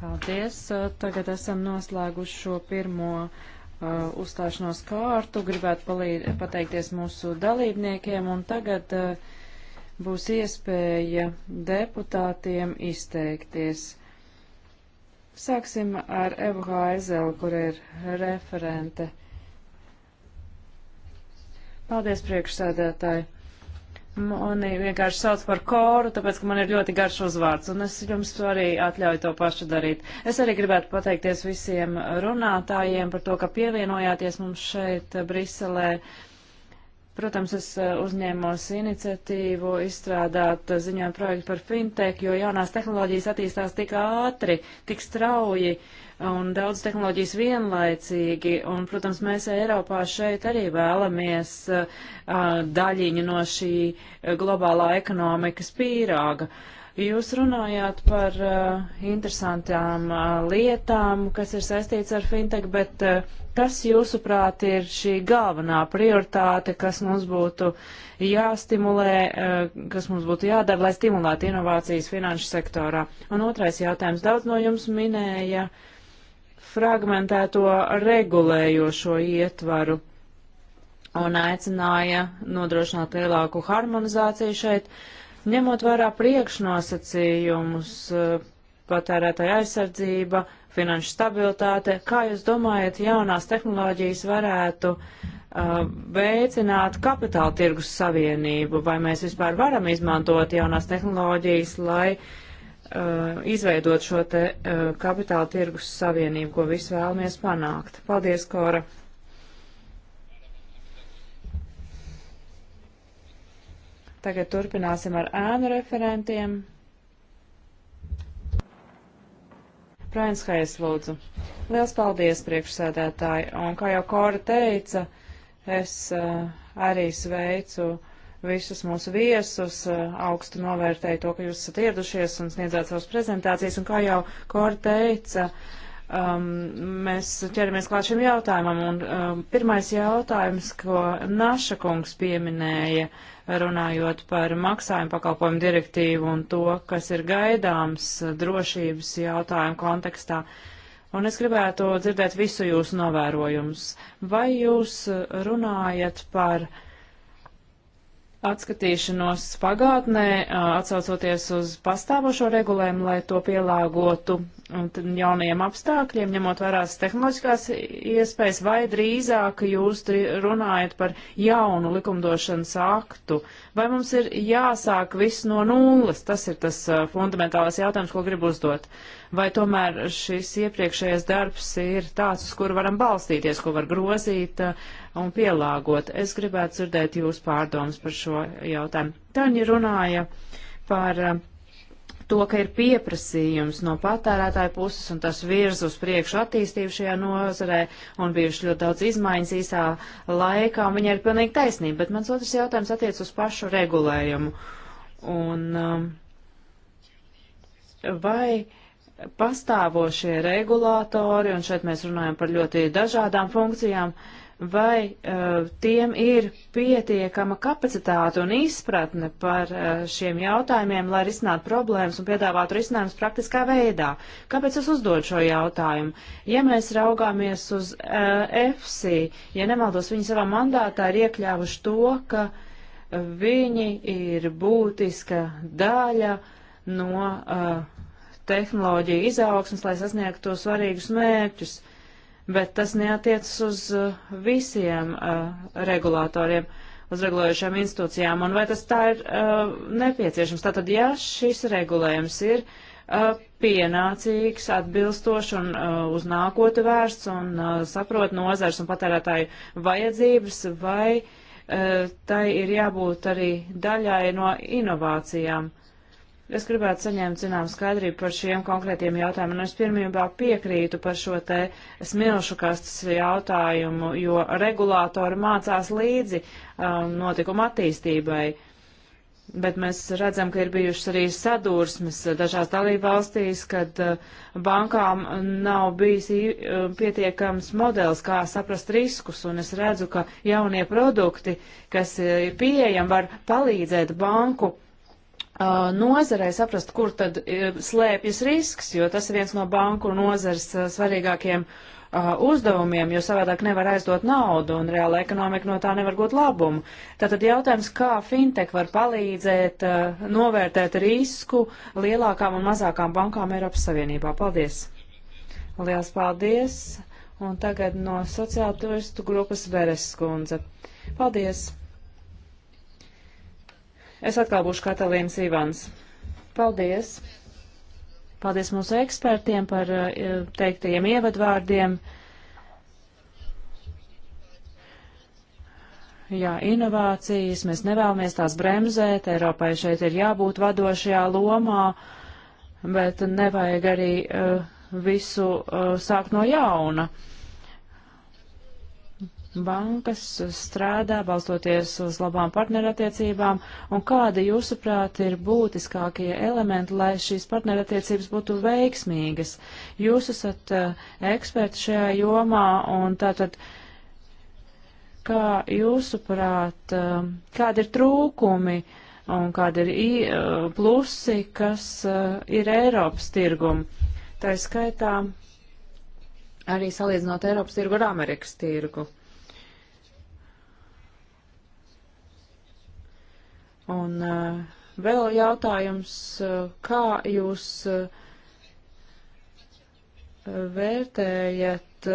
Paldies. Eh, tagad esam noslēguši šo pirmo uh, uzstāšanos kārtu. Gribētu palīd, pateikties mūsu dalībniekiem, un tagad uh, būs iespēja deputātiem izteikties. Sāksim ar Evu Haizelu, kur ir referente. Paldies, priekšsēdētāji. Mani vienkārši sauc par koru, tāpēc, ka man ir ļoti garš uzvārds, un es jums arī atļauju to pašu darīt. Es arī gribētu pateikties visiem runātājiem par to, ka pievienojāties mums šeit Briselē. Uh, Protams, es eh, uzņēmos iniciatīvu izstrādāt eh, ziņojumu projektu par fintech, jo jaunās tehnoloģijas attīstās tik ātri, tik strauji un daudz tehnoloģijas vienlaicīgi. Un, protams, mēs Eiropā šeit arī vēlamies uh, daļiņu no šī globālā ekonomikas pīrāga. Uh, Jūs runājāt par uh, interesantām uh, lietām, kas ir saistīts ar fintech, bet uh, kas jūsuprāt ir šī galvenā prioritāte, kas mums būtu jāstimulē, uh, kas mums būtu jādara, lai stimulētu inovācijas finanšu sektorā? Un otrais jautājums. Daudz no jums minēja fragmentēto regulējošo ietvaru un aicināja nodrošināt lielāku harmonizāciju šeit. Uh, Ņemot vērā priekšnosacījumus, eh, patērētāja aizsardzība, finanšu stabilitāte, kā jūs domājat, jaunās tehnoloģijas varētu eh, veicināt uh, kapitāla tirgus savienību, vai mēs vispār varam izmantot jaunās tehnoloģijas, lai uh, izveidot šo te uh, kapitāla tirgus savienību, ko visi vēlamies panākt. Paldies, Kora! Tagad turpināsim ar ēnu referentiem. Prains Hais, lūdzu. Liels paldies, priekšsēdētāji. Un kā jau Kora teica, es uh, arī sveicu visus mūsu viesus, uh, augstu novērtēju to, ka jūs esat ieradušies un sniedzāt savas prezentācijas. Un kā jau Kora teica, um, mēs ķeramies klāt šim jautājumam. Un um, pirmais jautājums, ko Naša kungs pieminēja. Uh, runājot par maksājumu pakalpojumu direktīvu un to, kas ir gaidāms drošības jautājumu kontekstā. Un es gribētu dzirdēt visu jūsu novērojumus. Vai jūs runājat par uh, atskatīšanos pagātnē, atsaucoties uz pastāvošo regulējumu, lai to pielāgotu jaunajiem apstākļiem, ņemot vērās tehnoloģiskās iespējas, vai drīzāk jūs runājat par jaunu likumdošanas aktu, vai mums ir jāsāk viss no nulles, tas ir tas fundamentālais jautājums, ko gribu uzdot, vai tomēr šis iepriekšējais darbs ir tāds, uz kuru varam balstīties, ko var grozīt, un pielāgot. Es gribētu dzirdēt jūs pārdomas par šo jautājumu. Taņi runāja par eh, to, ka ir pieprasījums no patērētāja puses un tas virz uz priekšu attīstību šajā nozarē un bijuši ļoti daudz izmaiņas īsā laikā, un viņai ir pilnīgi taisnība, bet mans otrs jautājums attiec uz pašu regulējumu. Un um, vai pastāvošie regulātori, un šeit mēs runājam par ļoti dažādām funkcijām, uh, vai uh, tiem ir pietiekama kapacitāte un izpratne par uh, šiem jautājumiem, lai risinātu problēmas un piedāvātu risinājumus praktiskā veidā. Kāpēc es uzdodu šo jautājumu? Ja mēs raugāmies uz uh, eh, EFSI, ja nemaldos, viņi savā mandātā ir iekļāvuši to, ka viņi ir būtiska daļa no uh, tehnoloģiju izaugsmas, lai sasniegtu to svarīgus mērķus. Uh, bet tas neatiecas uz uh, visiem uh, regulātoriem, uz regulējušām institūcijām, un vai tas tā ir uh, nepieciešams. Tātad, ja šis regulējums ir uh, pienācīgs, atbilstošs un uh, uz nākotu vērsts un uh, saprot nozars un patērētāju vajadzības, vai tai ir jābūt arī daļai no inovācijām. Es gribētu saņemt, zinām, skaidrību par šiem konkrētiem jautājumiem, un es pirmībā piekrītu par šo te smilšu kastas jautājumu, jo regulātori mācās līdzi um, notikuma attīstībai, bet mēs redzam, ka ir bijušas arī sadursmes dažās dalībvalstīs, kad uh, bankām nav bijis uh, pietiekams modelis, kā saprast riskus, un es redzu, ka jaunie produkti, kas uh, ir pieejami, var palīdzēt banku Uh, nozarei saprast, kur tad e, slēpjas risks, jo tas ir viens no banku nozares e, svarīgākiem uh, uzdevumiem, jo savādāk nevar aizdot naudu un reāla ekonomika no tā nevar gūt labumu. Tātad jautājums, kā fintech var palīdzēt e, novērtēt risku lielākām un mazākām bankām Eiropas Savienībā. Paldies! Liels paldies! Un tagad no sociāla turistu grupas Veres skundze. Paldies! Es atkal būšu Katalīns Ivans. Paldies! Paldies mūsu ekspertiem par eh, teiktajiem ievadvārdiem. Jā, inovācijas, mēs nevēlamies tās bremzēt, Eiropai šeit ir jābūt vadošajā lomā, bet nevajag arī uh, visu uh, sākt no jauna. Uh, bankas strādā balstoties uz labām partnerattiecībām, un kādi, jūsuprāt, ir būtiskākie elementi, lai šīs partnerattiecības būtu veiksmīgas? Jūs esat uh, eh, eksperti šajā jomā, un tātad, kā jūsuprāt, uh, kādi ir trūkumi un kādi ir uh, plusi, kas ir Eiropas tirgumi? Tā ir skaitā arī salīdzinot Eiropas tirgu ar Amerikas tirgu. Uh, Un uh, vēl jautājums, uh, kā jūs uh, vērtējat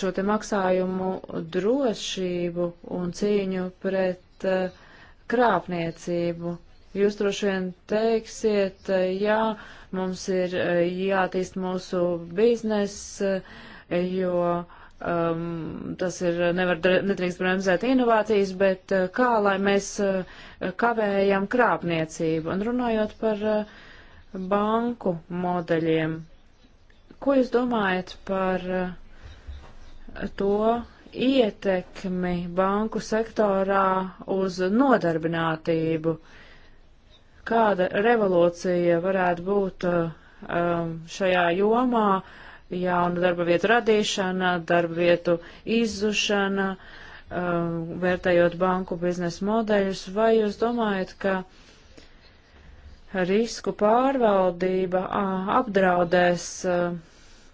šo te maksājumu drošību un cīņu pret krāpniecību? Jūs droši vien teiksiet, jā, mums ir jātīst mūsu biznes, jo uh, um, tas ir, nevar, nedrīkst bremzēt inovācijas, bet uh, kā lai mēs uh, kavējam krāpniecību. Un runājot par uh, banku modeļiem, ko jūs domājat par uh, to ietekmi banku sektorā uz nodarbinātību? Kāda revolūcija varētu būt uh, um, šajā jomā? Uh, jaunu darba vietu radīšana, darba vietu izzušana, um, vērtējot banku biznesa modeļus, vai jūs domājat, ka risku pārvaldība uh, apdraudēs uh,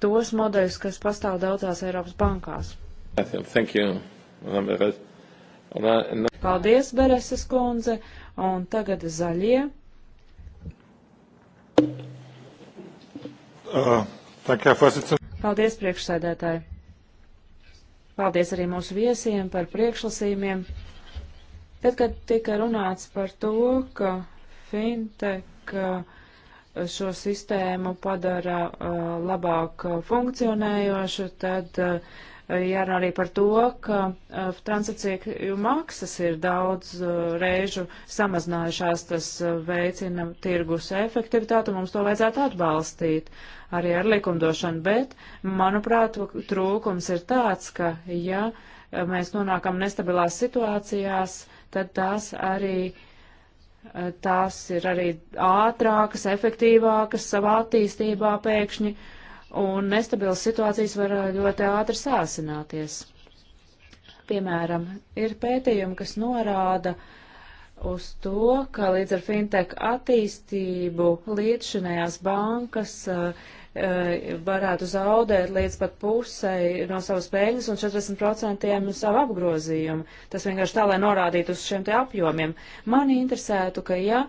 tos modeļus, kas pastāv daudzās Eiropas bankās? Thank you. Paldies, Bereses kundze, un tagad zaļie. Uh. Paldies, priekšsēdētāji. Paldies arī mūsu viesiem par priekšlasījumiem. Tad, kad tika runāts par to, ka fintech uh, šo sistēmu padara uh, labāk uh, funkcionējošu, tad uh, jārunā arī par to, ka e, transakciju maksas ir daudz e, reižu samazinājušās, tas e, veicina tirgus efektivitātu, mums to vajadzētu atbalstīt arī ar likumdošanu, bet, manuprāt, trūkums ir tāds, ka, ja mēs nonākam nestabilās situācijās, tad tās arī. Tās ir arī ātrākas, efektīvākas savā attīstībā pēkšņi, uh, un nestabilas situācijas var ļoti ātri sāsināties. Piemēram, ir pētījumi, kas norāda uz to, ka līdz ar fintech attīstību līdzšinējās bankas uh, Eh, varētu zaudēt līdz pat pusei no savas peļņas un 40% savu apgrozījumu. Tas vienkārši tā, lai norādītu uz šiem te apjomiem. Mani interesētu, ka ja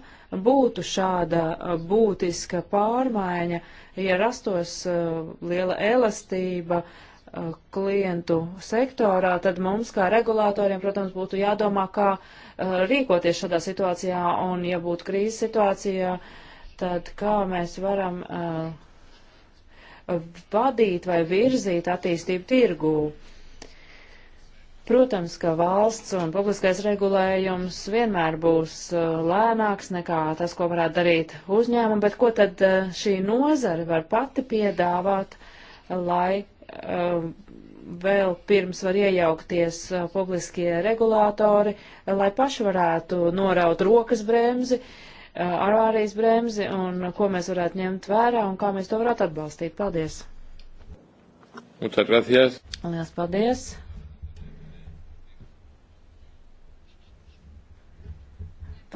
būtu šāda eh, būtiska pārmaiņa, ja rastos uh, liela elastība uh, klientu sektorā, tad mums kā regulātoriem, protams, būtu jādomā, kā uh, rīkoties šādā situācijā un, ja būtu krīzes situācijā, tad kā mēs varam uh, vadīt vai virzīt attīstību tirgū. Protams, ka valsts un publiskais regulējums vienmēr būs uh, lēnāks nekā tas, ko varētu darīt uzņēmumi, bet ko tad uh, šī nozare var pati piedāvāt, lai uh, vēl pirms var iejaukties publiskie regulātori, lai paši varētu noraut rokas bremzi, uh, Eh, avārijas bremzi un ko mēs varētu ņemt vērā un kā mēs to varētu atbalstīt. Paldies! Muchas gracias. Lielas paldies!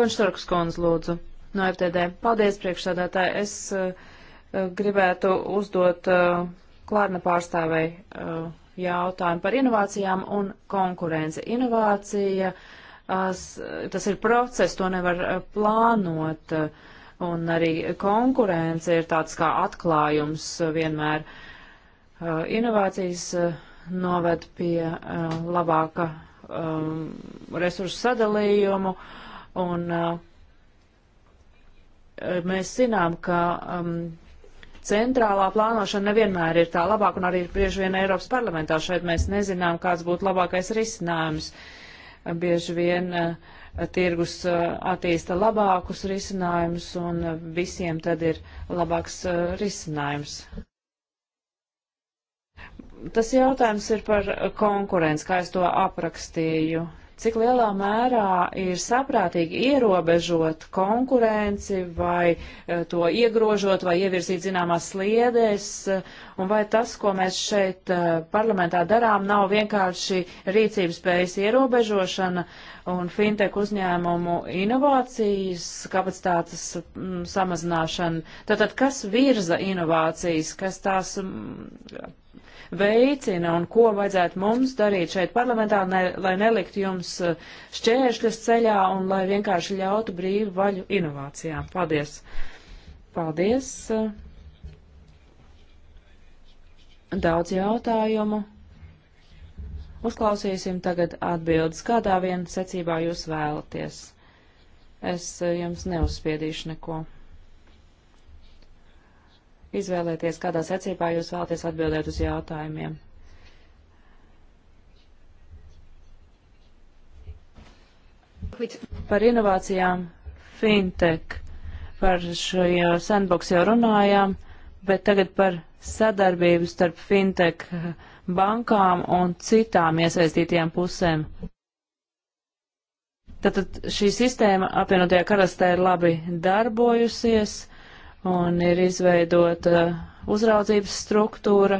Punštorks Kons lūdzu no FTD. Paldies priekšsādātāji. Es uh, gribētu uzdot uh, eh, klārna pārstāvei uh, jautājumu par inovācijām un konkurenci. Inovācija uh, tas ir process, to nevar eh, plānot, un arī konkurence ir tāds kā atklājums vienmēr. Eh, inovācijas eh, noved pie labāka resursu sadalījumu, un mēs zinām, ka mm, centrālā plānošana nevienmēr ir tā labāka, un arī bieži vien Eiropas parlamentā šeit mēs nezinām, kāds būtu labākais risinājums. Uh, bieži vien eh, tirgus eh, attīsta labākus risinājumus un eh, visiem tad ir labāks risinājums. Tas jautājums ir par konkurenci, kā es to aprakstīju cik lielā mērā ir saprātīgi ierobežot konkurenci vai eh, to iegrožot vai ievirzīt zināmās sliedēs, un vai tas, ko mēs šeit eh, parlamentā darām, nav vienkārši rīcības spējas ierobežošana un fintech uzņēmumu inovācijas kapacitātes mm, samazināšana. Tātad, kas virza inovācijas, kas tās mm, veicina un ko vajadzētu mums darīt šeit parlamentā, ne, lai nelikt jums eh, šķēršļus ceļā un lai vienkārši ļautu brīvu vaļu inovācijām. Paldies! Paldies! Daudz jautājumu. Uzklausīsim tagad atbildes, kādā vien secībā jūs vēlaties. Es eh, jums neuzspiedīšu neko izvēlēties, kādā secībā jūs vēlaties atbildēt uz jautājumiem. Par inovācijām fintech, par šo sandbox jau runājām, bet tagad par sadarbību starp fintech bankām un citām iesaistītajām pusēm. Tātad šī sistēma apvienotajā karastē ir labi darbojusies un ir izveidota uzraudzības struktūra.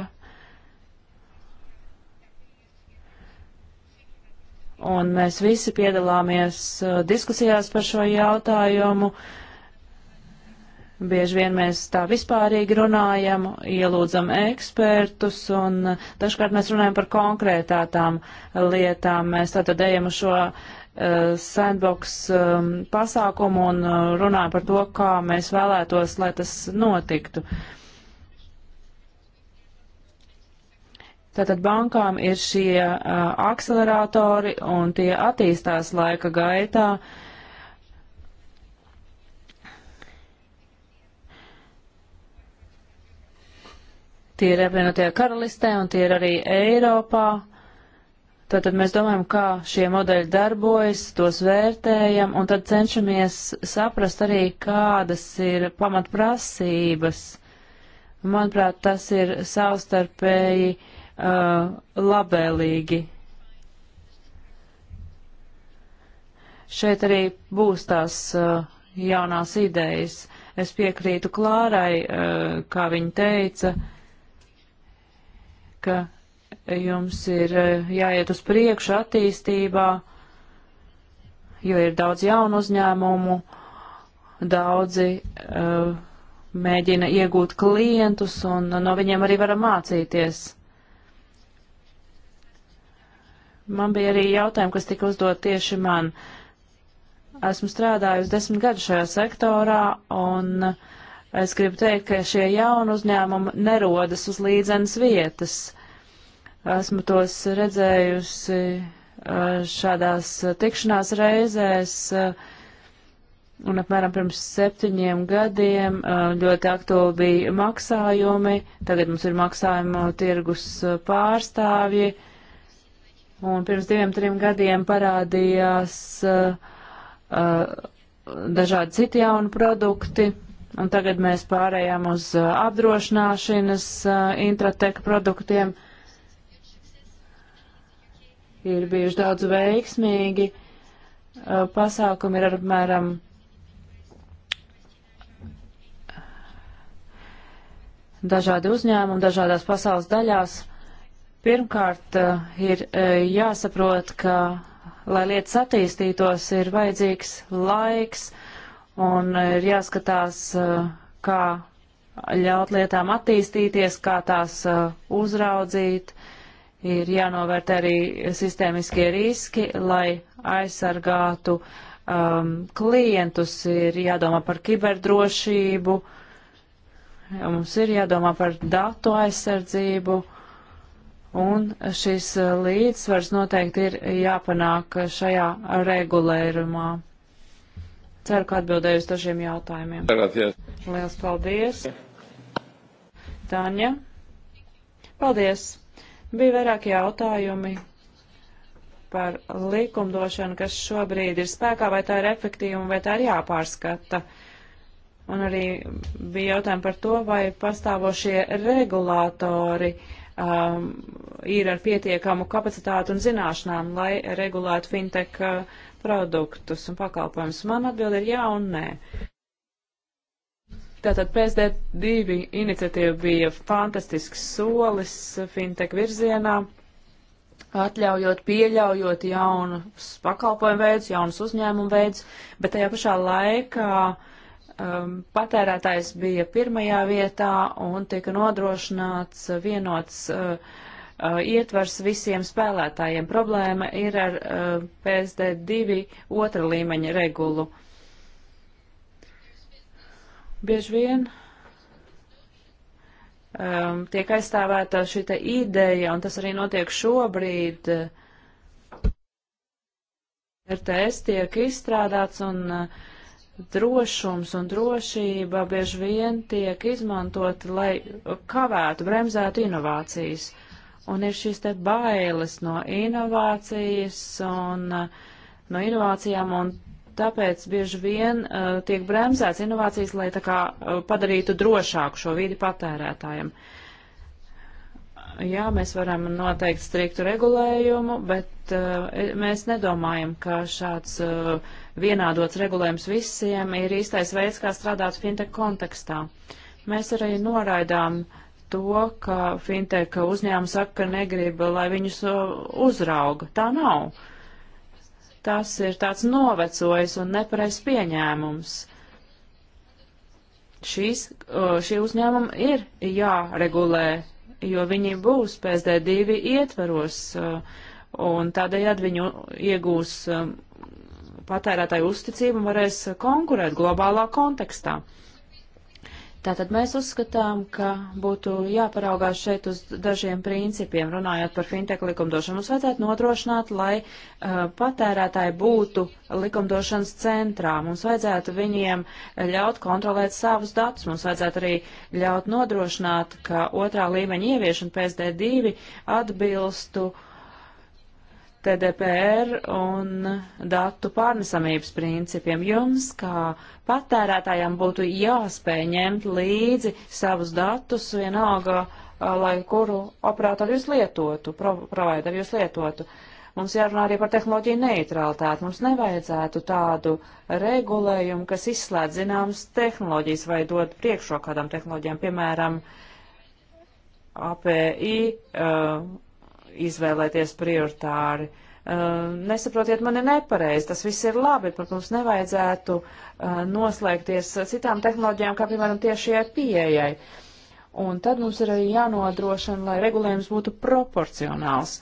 Un mēs visi piedalāmies uh, diskusijās par šo jautājumu. Bieži vien mēs tā vispārīgi runājam, ielūdzam ekspertus, un uh, dažkārt mēs runājam par konkrētātām lietām. Mēs tātad ejam uz šo uh, Eh, sandbox eh, pasākumu un eh, runājam par to, kā mēs vēlētos, lai tas notiktu. Tātad bankām ir šie akceleratori un tie attīstās laika gaitā. Tie ir apvienotajā karalistē un tie ir arī Eiropā. Tātad mēs domājam, kā šie modeļi darbojas, tos vērtējam, un tad cenšamies saprast arī, kādas ir pamatprasības. Manuprāt, tas ir savstarpēji uh, labēlīgi. Šeit arī būs tās uh, jaunās idejas. Es piekrītu Klārai, uh, kā viņa teica, ka jums ir eh, jāiet uz priekšu attīstībā, jo ir daudz jaunu uzņēmumu, daudzi uh, mēģina iegūt klientus un no viņiem arī varam mācīties. Man bija arī jautājumi, kas tika uzdot tieši man. Esmu strādājusi desmit gadu šajā sektorā un uh, Es gribu teikt, ka šie jauni uzņēmumi nerodas uz līdzenas vietas. Esmu tos redzējusi šādās tikšanās reizēs, un apmēram pirms septiņiem gadiem ļoti aktuāli bija maksājumi, tagad mums ir maksājuma tirgus pārstāvji, un pirms diviem, trim gadiem parādījās dažādi citi jauni produkti, un tagad mēs pārējām uz apdrošināšanas intrateka produktiem ir bijuši daudz veiksmīgi. Uh, pasākumi ir apmēram uh, dažādi uzņēmumi dažādās pasaules daļās. Pirmkārt, uh, ir jāsaprot, ka, lai lietas attīstītos, ir vajadzīgs laiks un ir jāskatās, kā ļaut lietām attīstīties, kā tās uzraudzīt ir jānovērt arī sistēmiskie riski, lai aizsargātu um, klientus, ir jādomā par kiberdrošību, mums ir jādomā par datu aizsardzību, un šis uh, līdzsvars noteikti ir jāpanāk šajā regulējumā. Ceru, ka atbildēju uz dažiem jautājumiem. Paldies. Lielas paldies. Tāņa. Paldies. Bija vairāki jautājumi par likumdošanu, kas šobrīd ir spēkā, vai tā ir efektīva un vai tā ir jāpārskata. Un arī bija jautājumi par to, vai pastāvošie regulātori um, ir ar pietiekamu kapacitātu un zināšanām, lai regulētu fintech uh, produktus un pakalpojumus. Man atbild ir jā un nē. Tātad PSD2 iniciatīva bija fantastisks solis fintech virzienā, atļaujot, pieļaujot jaunus pakalpojumu veidus, jaunus uzņēmumu veidus, bet tajā pašā laikā um, patērētājs bija pirmajā vietā un tika nodrošināts vienots uh, uh, ietvars visiem spēlētājiem. Problēma ir ar uh, PSD2 otra līmeņa regulu. Uh, Bieži vien um, tiek aizstāvēta šī ideja, un tas arī notiek šobrīd. RTS tiek izstrādāts un uh, drošums un drošība bieži vien tiek izmantot, lai kavētu, bremzētu inovācijas. Un ir šīs te bailes no inovācijas un uh, no inovācijām, un tāpēc bieži vien uh, tiek bremzēts inovācijas, lai tā kā uh, padarītu drošāku šo vidi patērētājiem. Jā, mēs varam noteikt striktu regulējumu, bet uh, mēs nedomājam, ka šāds uh, vienādots regulējums visiem ir īstais veids, kā strādāt fintech kontekstā. Mēs arī noraidām to, ka fintech uzņēmumi saka, ka negrib, lai viņus uh, uzrauga. Tā nav. Uh, Tas ir tāds novecojis un nepareiz pieņēmums. Šīs, šī uzņēmuma ir jāregulē, jo viņi būs PSD2 ietveros un tādējādi viņu iegūs patērētāju uzticību un varēs konkurēt globālā kontekstā. Tātad mēs uzskatām, ka būtu jāparaugās šeit uz dažiem principiem, runājot par fintech likumdošanu. Mums vajadzētu nodrošināt, lai uh, patērētāji būtu likumdošanas centrā. Mums vajadzētu viņiem ļaut kontrolēt savus datus. Mums vajadzētu arī ļaut nodrošināt, ka otrā līmeņa ieviešana PSD2 atbilstu uh, TDPR un datu pārnesamības principiem. Jums, kā patērētājiem, būtu jāspēj ņemt līdzi savus datus vienalga, lai kuru operatoru jūs lietotu, pro provideru jūs lietotu. Mums jārunā arī par tehnoloģiju neutralitāti. Mums nevajadzētu tādu regulējumu, kas izslēdz zināmas tehnoloģijas vai dod priekšro kādām tehnoloģijām, piemēram, API uh, izvēlēties prioritāri. Uh, nesaprotiet mani nepareizi, tas viss ir labi, bet mums nevajadzētu uh, noslēgties citām tehnoloģijām, kā piemēram tiešajai pieejai. Un tad mums ir arī jānodrošina, lai regulējums būtu proporcionāls.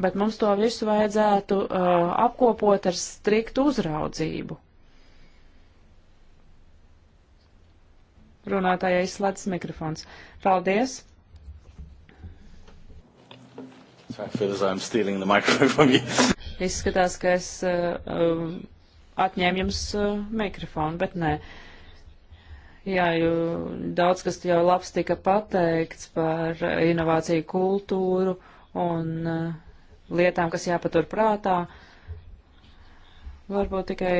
Bet mums to visu vajadzētu uh, apkopot ar striktu uzraudzību. Runātājai slēdz mikrofons. Paldies! Izskatās, ka es uh, uh, atņēmu jums uh, mikrofonu, bet nē. Jā, jo daudz kas jau labs tika pateikts par uh, inovāciju kultūru un uh, lietām, kas jāpatur prātā. Varbūt tikai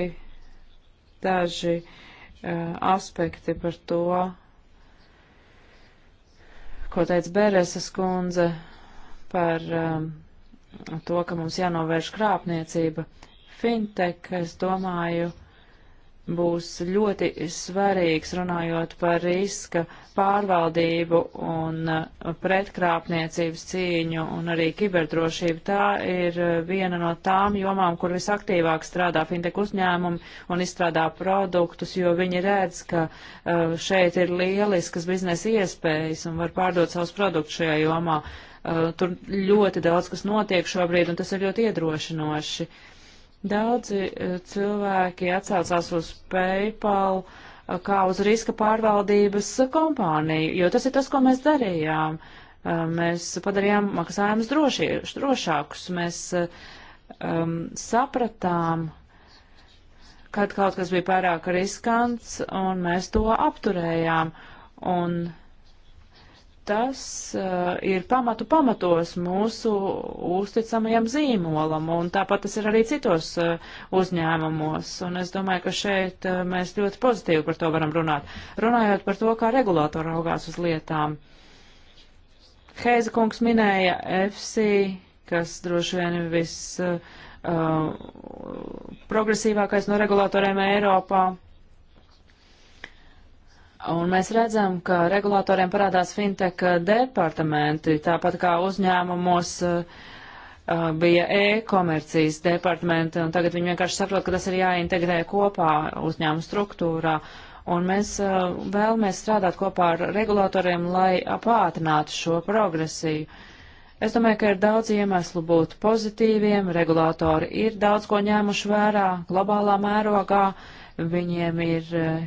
daži uh, aspekti par to, ko teica Bēreses kundze par um, to, ka mums jānovērš krāpniecība. Fintech, es domāju, būs ļoti svarīgs runājot par riska pārvaldību un uh, pretkrāpniecības cīņu un arī kiberdrošību. Tā ir uh, viena no tām jomām, kur visaktīvāk strādā fintech uzņēmumi un izstrādā produktus, jo viņi redz, ka uh, šeit ir lieliskas biznesa iespējas un var pārdot savus produktus šajā jomā. Eh, tur ļoti daudz, kas notiek šobrīd, un tas ir ļoti iedrošinoši. Daudzi eh, cilvēki atsaucās uz PayPal eh, kā uz riska pārvaldības kompāniju, jo tas ir tas, ko mēs darījām. Mēs padarījām maksājumus drošākus, mēs um, sapratām, kad kaut kas bija pārāk riskants, un mēs to apturējām. Un tas uh, ir pamatu pamatos mūsu uzticamajam zīmolam, un tāpat tas ir arī citos uh, uzņēmumos, un es domāju, ka šeit uh, mēs ļoti pozitīvi par to varam runāt. Runājot par to, kā regulātori raugās uz lietām. Heiza kungs minēja FC, kas droši vien ir viss uh, progresīvākais no regulātoriem Eiropā. Un mēs redzam, ka regulātoriem parādās fintech departamenti, tāpat kā uzņēmumos eh, eh, bija e-komercijas departamenti, un tagad viņi vienkārši saprot, ka tas ir jāintegrē kopā uzņēmuma struktūrā. Un mēs eh, vēlamies strādāt kopā ar regulatoriem, lai pātrinātu šo progresiju. Es domāju, ka ir daudz iemeslu būt pozitīviem, regulātori ir daudz ko ņēmuši vērā globālā mērogā. Uh, Viņiem ir eh,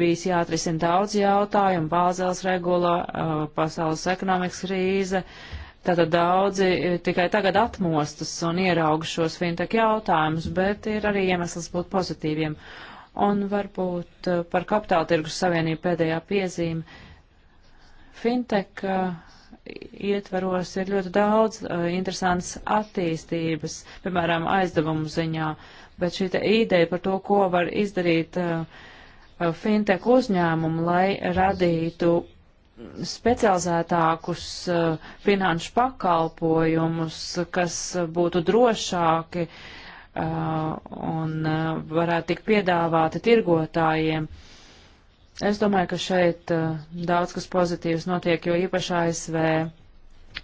bijis jāatrisina daudz jautājumu, bāzēls regula, eh, pasaules ekonomikas krīze. Tātad daudzi eh, tikai tagad atmostas un ierauga šos fintech jautājumus, bet ir arī iemesls būt pozitīviem. Un varbūt par kapitāla tirgus savienību pēdējā piezīme. Fintech ietvaros ir ļoti daudz uh, interesants attīstības, piemēram, aizdevumu ziņā. Uh, bet šī ideja par to, ko var izdarīt uh, uh, fintech uzņēmumu, lai radītu specializētākus uh, finanšu pakalpojumus, kas būtu drošāki uh, un uh, varētu tikt piedāvāti tirgotājiem. Es domāju, ka šeit uh, daudz kas pozitīvs notiek, jo īpaši ASV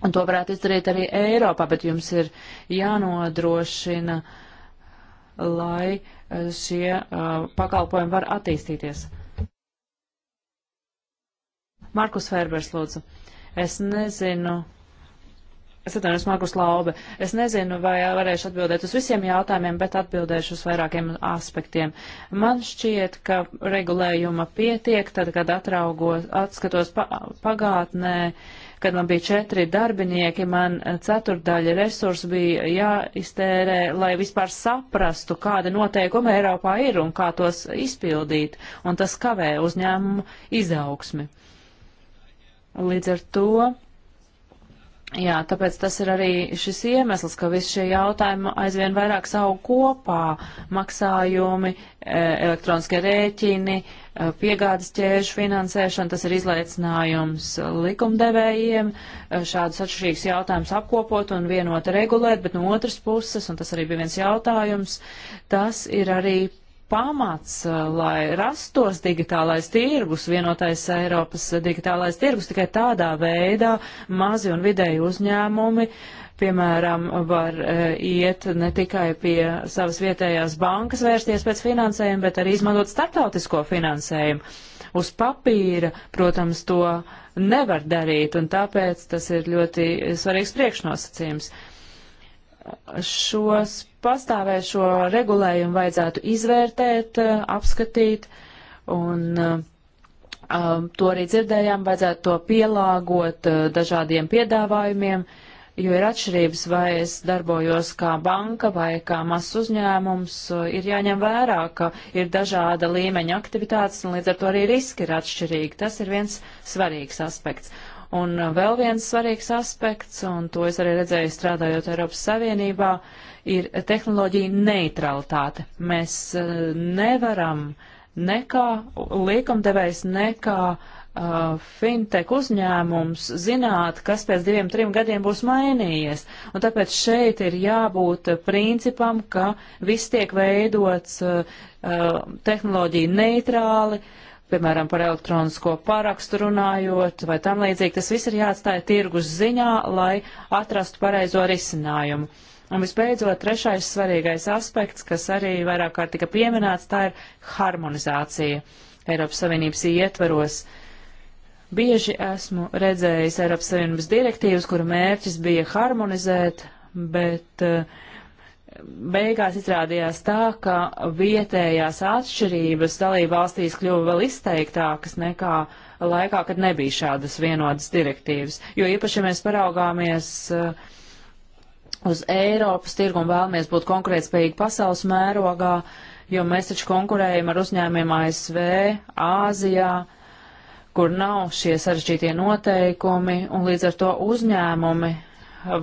Un to varētu izdarīt arī Eiropā, bet jums ir jānodrošina uh, lai eh, šie eh, pakalpojumi var attīstīties. Markus Ferbers, lūdzu. Es nezinu. Es atvainojos, Markus Laube. Es nezinu, vai varēšu atbildēt uz visiem jautājumiem, bet atbildēšu uz vairākiem aspektiem. Man šķiet, ka regulējuma pietiek, tad, kad atraugo, atskatos pa, pagātnē, uh, Kad man bija četri darbinieki, man eh, ceturdaļa resursu bija jāiztērē, lai vispār saprastu, kāda noteikuma Eiropā ir un kā tos izpildīt, un tas kavē uzņēmumu izaugsmi. Līdz ar to Jā, tāpēc tas ir arī šis iemesls, ka visi šie jautājumi aizvien vairāk savu kopā - maksājumi, e, elektroniskie rēķini, e, piegādes ķēžu finansēšana, tas ir izlaicinājums likumdevējiem e, šādus atšķirīgus jautājumus apkopot un vienoti regulēt, bet no otras puses, un tas arī bija viens jautājums, tas ir arī pamats, eh, lai rastos digitālais tirgus, vienotais Eiropas digitālais tirgus. Tikai tādā veidā mazi un vidēji uzņēmumi, piemēram, var eh, iet ne tikai pie savas vietējās bankas vērsties pēc finansējuma, bet arī izmantot starptautisko finansējumu. Uz papīra, protams, to nevar darīt, un tāpēc tas ir ļoti svarīgs priekšnosacījums. Šos pastāvēšo regulējumu vajadzētu izvērtēt, eh, apskatīt, un eh, um, to arī dzirdējām, vajadzētu to pielāgot eh, dažādiem piedāvājumiem, jo ir atšķirības, vai es darbojos kā banka vai kā mazs uzņēmums, ir jāņem vērā, ka ir dažāda līmeņa aktivitātes, un līdz ar to arī riski ir atšķirīgi. Tas ir viens svarīgs aspekts. Un vēl viens svarīgs aspekts, un to es arī redzēju strādājot Eiropas Savienībā, ir tehnoloģija neutralitāte. Mēs e, nevaram nekā likumdevējs, nekā uh, fintech uzņēmums zināt, kas pēc diviem, trim gadiem būs mainījies. Un tāpēc šeit ir jābūt principam, ka viss tiek veidots uh, tehnoloģija neitrāli, piemēram, par elektronisko parakstu runājot vai tam līdzīgi. Tas viss ir jāatstāja tirgus ziņā, lai atrastu pareizo risinājumu. Uh, Un visbeidzot, trešais svarīgais aspekts, kas arī vairāk kārt tika pieminēts, tā ir harmonizācija Eiropas Savienības ietveros. Bieži esmu redzējis Eiropas Savienības direktīvas, kuru mērķis bija harmonizēt, bet eh, beigās izrādījās tā, ka vietējās atšķirības dalība valstīs kļuva vēl izteiktākas nekā laikā, kad nebija šādas vienotas direktīvas. Jo īpaši, ja mēs paraugāmies uh, uz Eiropas tirgu un vēlamies būt konkurētspējīgi pasaules mērogā, jo mēs taču konkurējam ar uzņēmiem ASV, Āzijā, kur nav šie sarežģītie noteikumi, un līdz ar to uzņēmumi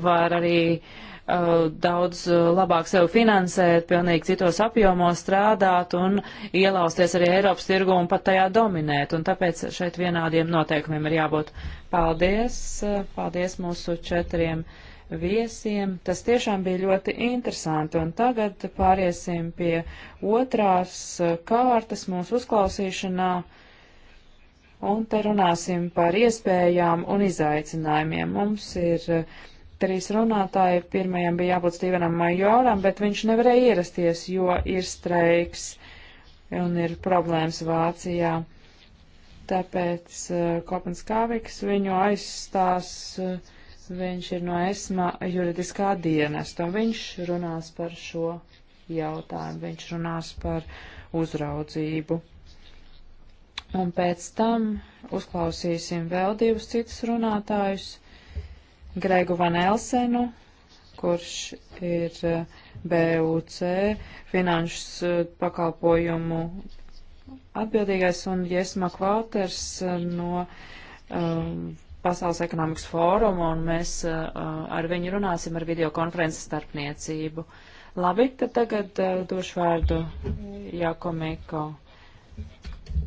var arī uh, daudz uh, labāk sevi finansēt, pilnīgi citos apjomos strādāt un ielausties arī Eiropas tirgu un pat tajā dominēt. Un tāpēc šeit vienādiem noteikumiem ir jābūt. Paldies, uh, paldies mūsu četriem uh, viesiem. Tas tiešām bija ļoti interesanti, un tagad pāriesim pie otrās uh, kārtas mūsu uzklausīšanā, un te runāsim par iespējām un izaicinājumiem. Mums ir uh, trīs runātāji, pirmajam bija jābūt Stīvenam Majoram, bet viņš nevarēja ierasties, jo ir streiks un ir problēmas Vācijā. Tāpēc uh, Kopens Kāviks viņu aizstās uh, Viņš ir no ESMA juridiskā dienesta. Viņš runās par šo jautājumu, viņš runās par uzraudzību. Un pēc tam uzklausīsim vēl divus citus runātājus. Gregu Van Elsenu, kurš ir eh, BUC finanšu eh, pakalpojumu atbildīgais, un Jesma Kvalters eh, no um, Pasaules ekonomikas fórumu, un mēs uh, ar viņu runāsim ar videokonferences starpniecību. Labi, tad tagad uh, došu vārdu Jakomiko.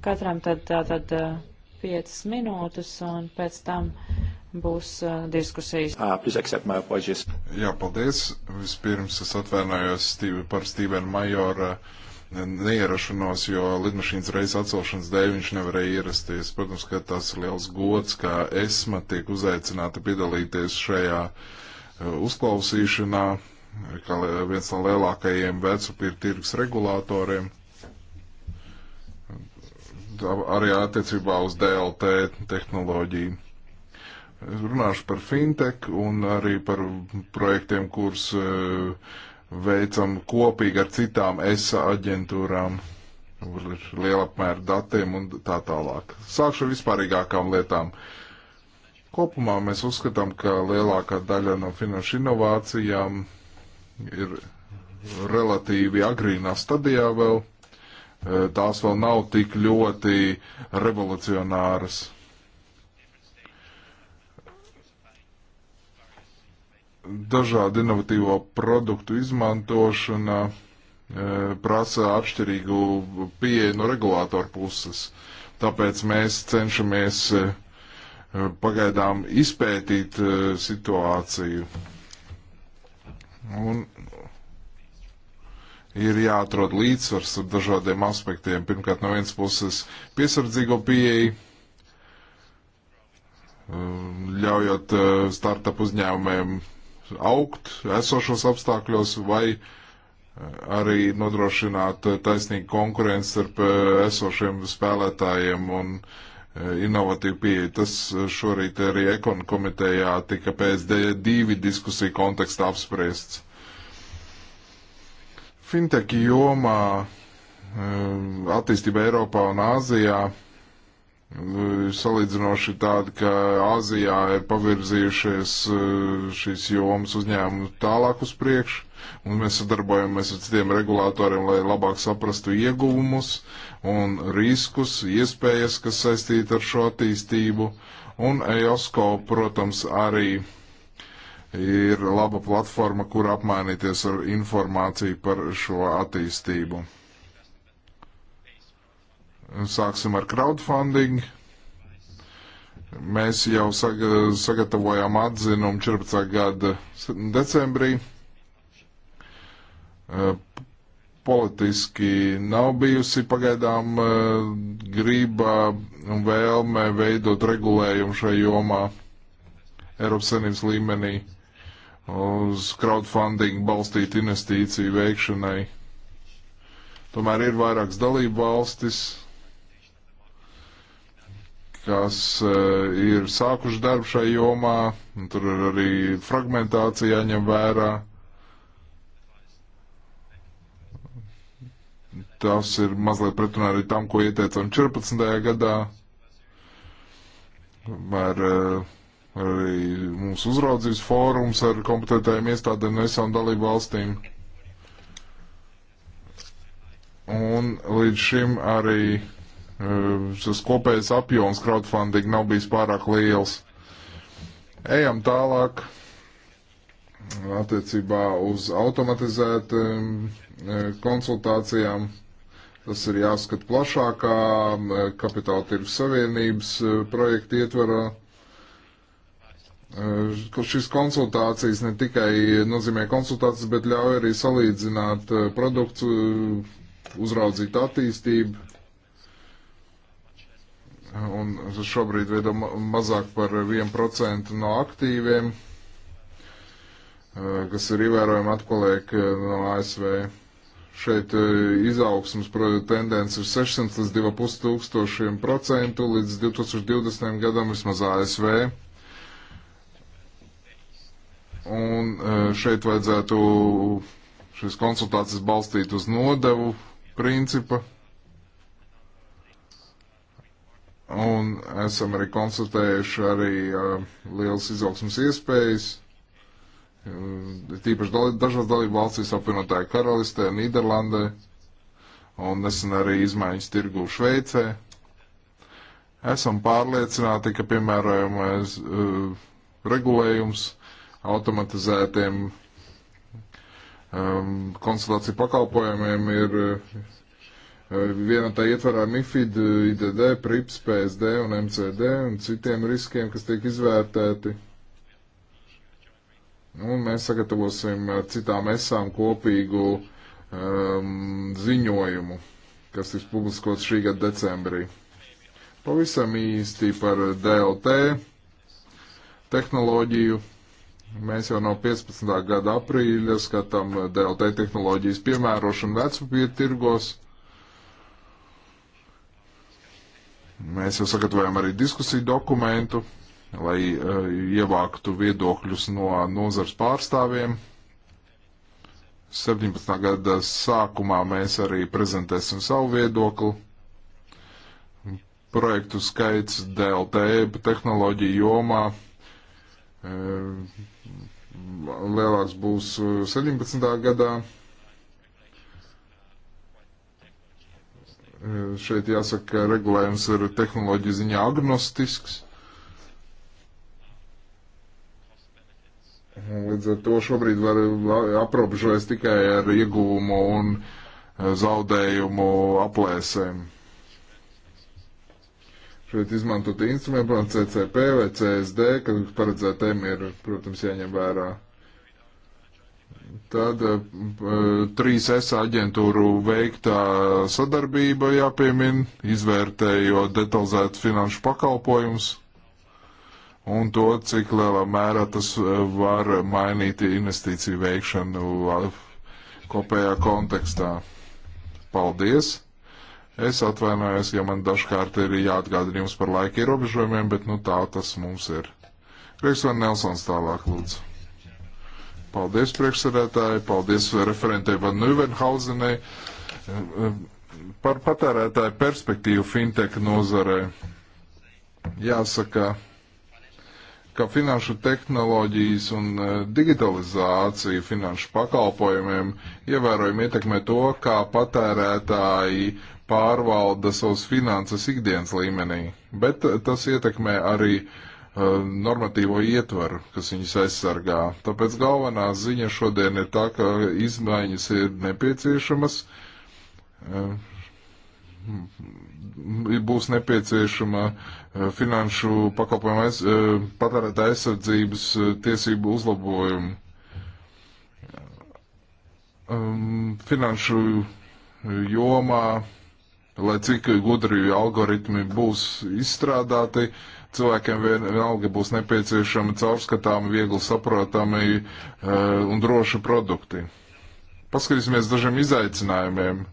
Katram tad, tad, tad uh, piecas minūtes, un pēc tam būs uh, diskusijas. Uh, Jā, paldies. Vispirms es atvainojos Stīvi, par Stīvenu Majora uh, neierašanos, jo lidmašīnas reizes atcelšanas dēļ viņš nevarēja ierasties. Protams, ka tas ir liels gods, ka esma tiek uzaicināta piedalīties šajā e, uzklausīšanā, kā viens no lielākajiem vecupīra tirgus regulātoriem arī attiecībā uz DLT tehnoloģiju. Es runāšu par fintech un arī par projektiem, kurus uh, veicam kopīgi ar citām ESA aģentūrām, kur ir lielapmēra datiem un tā tālāk. Sākšu ar vispārīgākām lietām. Kopumā mēs uzskatām, ka lielākā daļa no finanšu inovācijām ir relatīvi agrīnā stadijā vēl. Tās vēl nav tik ļoti revolucionāras dažādu inovatīvo produktu izmantošana e, prasa atšķirīgu pieeju no regulātora puses. Tāpēc mēs cenšamies e, e, pagaidām izpētīt situāciju. Un ir jāatrod līdzsvars ar dažādiem aspektiem. Pirmkārt, no vienas puses piesardzīgo pieeju, ļaujot startup uzņēmumiem augt esošos apstākļos vai eh, arī nodrošināt eh, taisnīgu konkurenci starp eh, esošiem spēlētājiem un inovatīvu pieeju. Tas šorīt arī ekon komitejā tika PSD2 diskusiju kontekstā apspriests. Fintech jomā attīstība Eiropā un Āzijā salīdzinoši tādi, ka Āzijā ir pavirzījušies eh, šīs jomas uzņēmumi tālāk uz priekšu, un mēs sadarbojamies ar citiem regulātoriem, lai labāk saprastu ieguvumus un riskus, iespējas, kas saistīti ar šo attīstību, un EOSCO, protams, arī ir laba platforma, kur apmainīties ar informāciju par šo attīstību sāksim ar crowdfunding. Mēs jau sagatavojām atzinumu 14. gada decembrī. Politiski nav bijusi pagaidām grība un vēlme veidot regulējumu šajā jomā Eiropas Savienības līmenī uz crowdfunding balstītu investīciju veikšanai. Tomēr ir vairākas dalību valstis, kas eh, ir sākuši darbu šai jomā, un tur ir arī fragmentācija jāņem vērā. Tas ir mazliet pretrunā arī tam, ko ieteicām 14. gadā. Ar, eh, arī mūsu uzraudzības fórums ar kompetentējiem iestādēm no visām dalību valstīm. Un līdz šim arī Eh, šis kopējais apjoms crowdfunding nav bijis pārāk liels. Ejam tālāk attiecībā uz automatizētām eh, konsultācijām. Tas ir jāskat plašākā eh, kapitāla tirgus savienības projekta ietvarā. Šīs konsultācijas ne tikai nozīmē konsultācijas, bet ļauj arī salīdzināt produktu, uzraudzīt attīstību, un šobrīd veido mazāk par 1% no aktīviem, eh, kas ir ievērojami atpaliek eh, no ASV. Šeit eh, izaugsmas tendence ir 600 līdz 2,5 tūkstošiem procentu līdz 2020. gadam vismaz ASV. Un šeit vajadzētu šīs konsultācijas balstīt uz nodevu principu, Un esam arī konstatējuši arī uh, liels izaugsmas iespējas. Uh, tīpaši dal dažās dalību valstīs apvienotāja karalistē, Nīderlandē un nesen arī izmaiņas tirgu Šveicē. Esam pārliecināti, ka piemērojamais uh, regulējums automatizētiem um, konsultāciju pakalpojumiem ir uh, vienā tā ietvarā MIFID, IDD, PRIPS, PSD un MCD un citiem riskiem, kas tiek izvērtēti. Nu, un mēs sagatavosim ar citām esām kopīgu um, ziņojumu, kas tiks publiskots šī gada decembrī. Pavisam īsti par DLT tehnoloģiju. Mēs jau no 15. gada aprīļa skatām DLT tehnoloģijas piemērošanu vecpapīra tirgos Mēs jau sagatavojam arī diskusiju dokumentu, lai uh, ievāktu viedokļus no nozars pārstāvjiem. 17. gada sākumā mēs arī prezentēsim savu viedokli. Projektu skaits DLT tehnoloģiju jomā uh, lielāks būs 17. Eh, gadā. Eh, šeit jāsaka, ka regulējums ir tehnoloģija ziņā agnostisks. Līdz ar to šobrīd var aprobežoties tikai ar iegūmu un eh, zaudējumu aplēsēm. Šeit izmantot instrumentu, protams, CCP vai CSD, kas paredzētiem ir, protams, jāņem vērā. Tad 3S eh, aģentūru veiktā sadarbība jāpiemin, izvērtējot detalizēt finanšu pakalpojumus un to, cik lielā mērā tas eh, var mainīt investīciju veikšanu eh, kopējā kontekstā. Paldies! Es atvainojos, ja man dažkārt ir jāatgādina jums par laika ierobežojumiem, bet nu tā tas mums ir. Kriks un Nelsons tālāk lūdzu. Paldies priekšsarētāji, paldies referentei Van Nuvenhausenai par patērētāju perspektīvu fintech nozarē. Jāsaka, ka finanšu tehnoloģijas un e, digitalizācija finanšu pakalpojumiem ievērojami ietekmē to, kā patērētāji pārvalda savus finanses ikdienas līmenī, bet e, tas ietekmē arī uh, Uh, normatīvo ietvaru, kas viņus aizsargā. Tāpēc galvenā ziņa šodien ir tā, ka izmaiņas ir nepieciešamas. Uh, būs nepieciešama uh, finanšu pakalpojumu aiz, patērēta aizsardzības tiesību uzlabojumu. Um, finanšu jomā, lai cik gudri algoritmi būs izstrādāti, uh, cilvēkiem vienalga būs nepieciešami caurskatāmi, viegli saprotami eh, un droši produkti. Paskatīsimies dažiem izaicinājumiem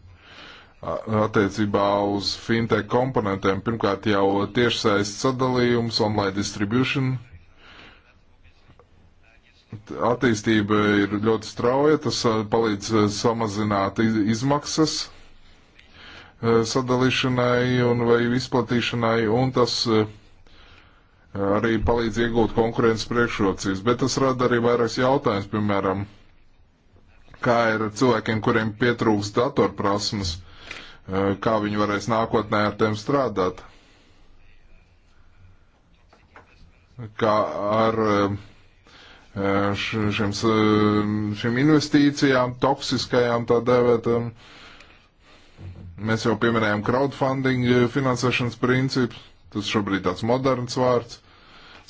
attiecībā uz fintech komponentiem. Pirmkārt jau tiešsaistes sadalījums, online distribution. Attīstība ir ļoti strauja, tas palīdz samazināt izmaksas sadalīšanai un vai izplatīšanai, un tas uh, arī palīdz iegūt konkurences priekšrocības, bet tas rada arī vairākas jautājumas, piemēram, kā ir ar cilvēkiem, kuriem pietrūks datorprasmes, e, kā viņi varēs nākotnē ar tiem strādāt. Kā ar e, e, šiem, šiem investīcijām, toksiskajām tā dēvētām. Mēs jau pieminējām crowdfunding finansēšanas principus Tas šobrīd tāds moderns vārds.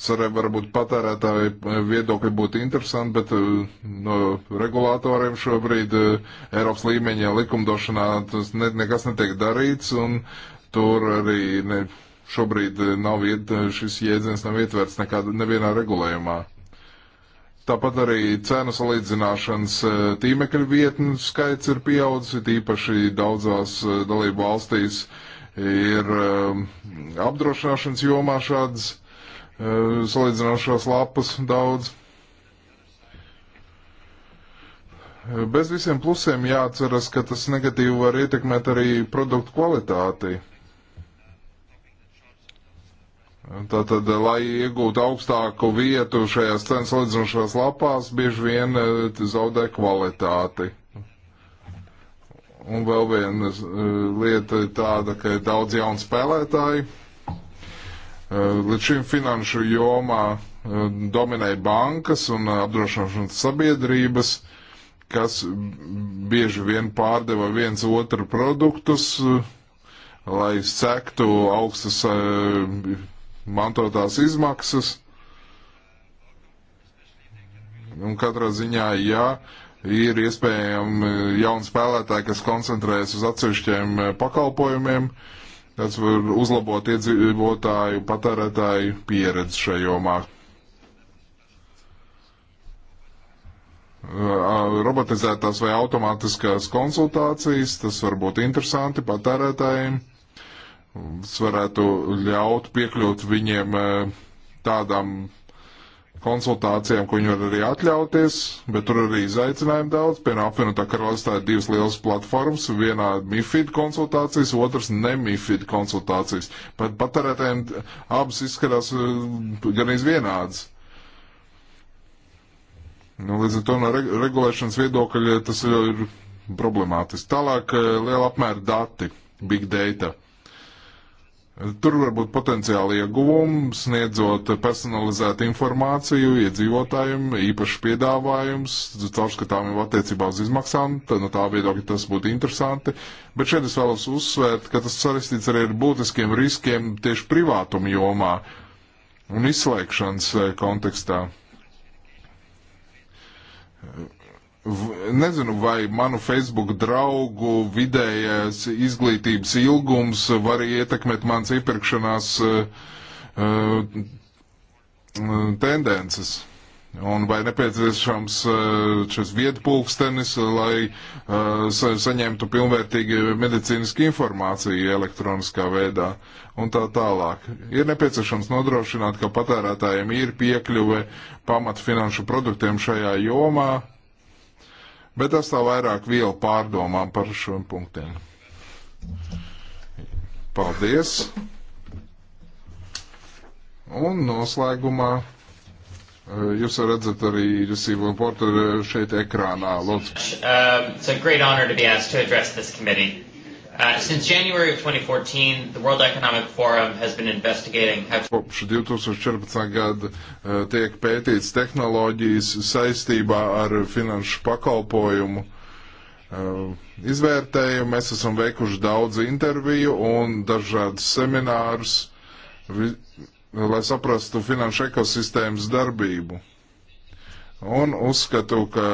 Sarai varbūt patērētāji viedokļi būtu interesanti, bet eh, no regulātoriem šobrīd eh, Eiropas līmeņa likumdošanā tas ne, nekas netiek darīts, un tur arī ne, šobrīd eh, nav iet, šis jēdziens nav ietverts nekādā, nevienā regulējumā. Tāpat arī cenu salīdzināšanas tīmekļa vietņu skaits ir pieaudzis, tīpaši daudzās dalību valstīs. Uh, ir um, apdrošināšanas jomā šādas uh, salīdzinošās lapas daudz. Uh, bez visiem plusiem jāatceras, ka tas negatīvi var ietekmēt arī produktu kvalitāti. Tātad, uh, lai iegūtu augstāku vietu šajās cenas salīdzinošās lapās, bieži vien zaudē kvalitāti. Un vēl viena eh, lieta ir tāda, ka ir daudz jaunu spēlētāju. Eh, līdz šim finanšu jomā eh, dominēja bankas un apdrošināšanas sabiedrības, kas bieži vien pārdeva viens otru produktus, lai sektu augstas mantotās izmaksas. Un katrā ziņā, ja ir iespējami e, jauni spēlētāji, kas koncentrējas uz atsevišķiem e, pakalpojumiem. Tas var uzlabot iedzīvotāju, patērētāju pieredzi šajā jomā. E, robotizētās vai automātiskās konsultācijas, tas var būt interesanti patērētājiem. Tas varētu ļaut piekļūt viņiem tādām konsultācijām, ko viņi var arī atļauties, bet tur arī izaicinājumi daudz. Piemēram, apvienotā karalistē ir divas lielas platformas, vienā MIFID konsultācijas, otrs ne MIFID konsultācijas. Pat patērētājiem abas izskatās uh, gan vienādas. Nu, līdz ar to no regulēšanas viedokļa tas ir problemātiski. Tālāk uh, liela apmēra dati, big data. Tur var būt potenciāli ieguvumi, sniedzot personalizētu informāciju iedzīvotājiem, īpašs piedāvājums, caurskatāmība attiecībā uz izmaksām, tad no tā viedokļa tas būtu interesanti. Bet šeit es vēlos uzsvērt, ka tas saristīts arī ar būtiskiem riskiem tieši privātuma jomā un izslēgšanas eh, kontekstā. Nezinu, vai manu Facebook draugu vidējais izglītības ilgums var ietekmēt mans iepirkšanās uh, tendences. Un vai nepieciešams eh, šis vietpulkstenis, lai uh, saņemtu pilnvērtīgi medicīnisku informāciju elektroniskā veidā un tā tālāk. Ir nepieciešams nodrošināt, ka patērētājiem ir piekļuve pamat finanšu produktiem šajā jomā, Bet tas tā vairāk vielu pārdomām par šiem punktiem. Paldies! Un noslēgumā eh, Jūs redzat arī Receive Reporter eh, šeit ekrānā. Lūdzu. Um, Uh, since January of 2014, the World Economic Forum has been investigating how... Kopš 2014. gada uh, tiek pētīts tehnoloģijas saistībā ar finanšu pakalpojumu uh, izvērtējumu. Mēs esam veikuši daudz interviju un dažādas seminārus, lai saprastu finanšu ekosistēmas darbību. Un uzskatu, ka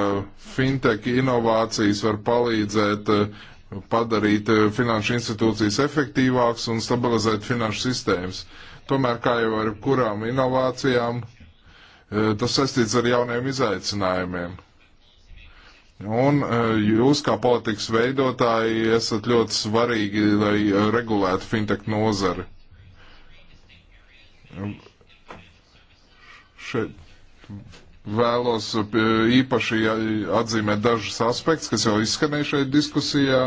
fintech inovācijas var palīdzēt uh, padarīt eh, finanšu institūcijas efektīvākas un stabilizēt finanšu sistēmas. Tomēr, kā jau ar kurām inovācijām, eh, tas saistīts ar jauniem izaicinājumiem. Un eh, jūs, kā politikas veidotāji, esat ļoti svarīgi, lai regulētu fintech nozari. Šeit Vēlos e, īpaši atzīmēt dažus aspektus, kas jau izskanēja šeit diskusijā.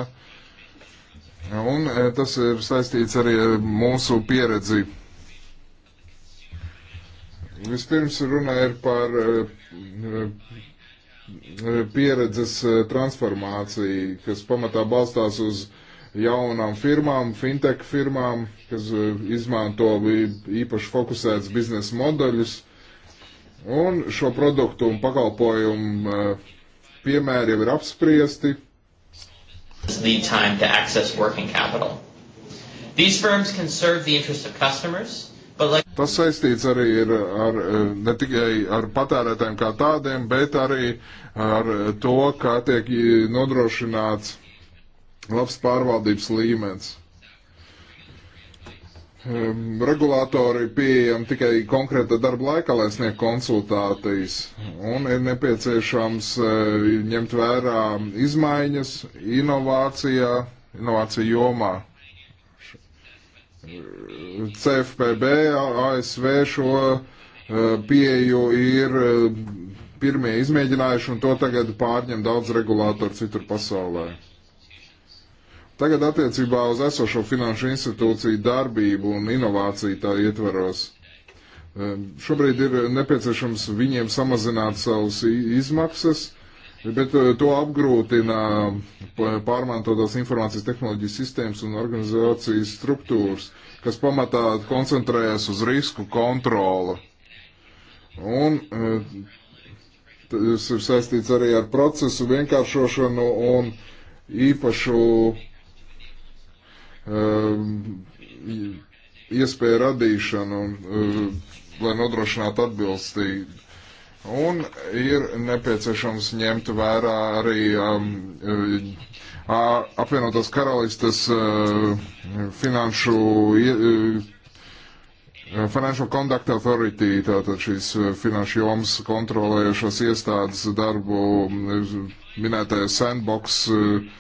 Un e, tas ir saistīts arī ar mūsu pieredzi. Vispirms runa ir par e, pieredzes transformāciju, kas pamatā balstās uz jaunām firmām, fintech firmām, kas izmanto īpaši fokusēts biznesa modeļus Un šo produktu un pakalpojumu eh, piemēri jau ir apspriesti. Lead time to access working capital. These firms can serve the interest of customers, but like Tas saistīts arī ir ar, eh, ne tikai ar patērētājiem kā tādiem, bet arī ar to, kā tiek nodrošināts labs pārvaldības līmenis. Ehm, regulātori pieejami tikai konkrēta darba laikā, lai sniegtu konsultācijas. Un ir nepieciešams eh, ņemt vērā izmaiņas inovācijā, inovāciju jomā. CFPB ASV šo eh, pieju ir eh, pirmie izmēģinājuši, un to tagad pārņem daudz regulātori citur pasaulē. Tagad attiecībā uz esošo finanšu institūciju darbību un inovāciju tā ietvaros. Ehm, šobrīd ir nepieciešams viņiem samazināt savus izmaksas, bet eh, to apgrūtina pārmantotās informācijas tehnoloģijas sistēmas un organizācijas struktūras, kas pamatā koncentrējas uz risku kontroli. Un eh, tas ir saistīts arī ar procesu vienkāršošanu un īpašu Um, iespēju radīšanu, um, lai nodrošinātu atbilstību. Un ir nepieciešams ņemt vērā arī um, apvienotās karalistas uh, finanšu, uh, Financial Conduct Authority, tātad šīs uh, finanšu jomas kontrolējušās iestādes darbu um, minētajā sandbox uh,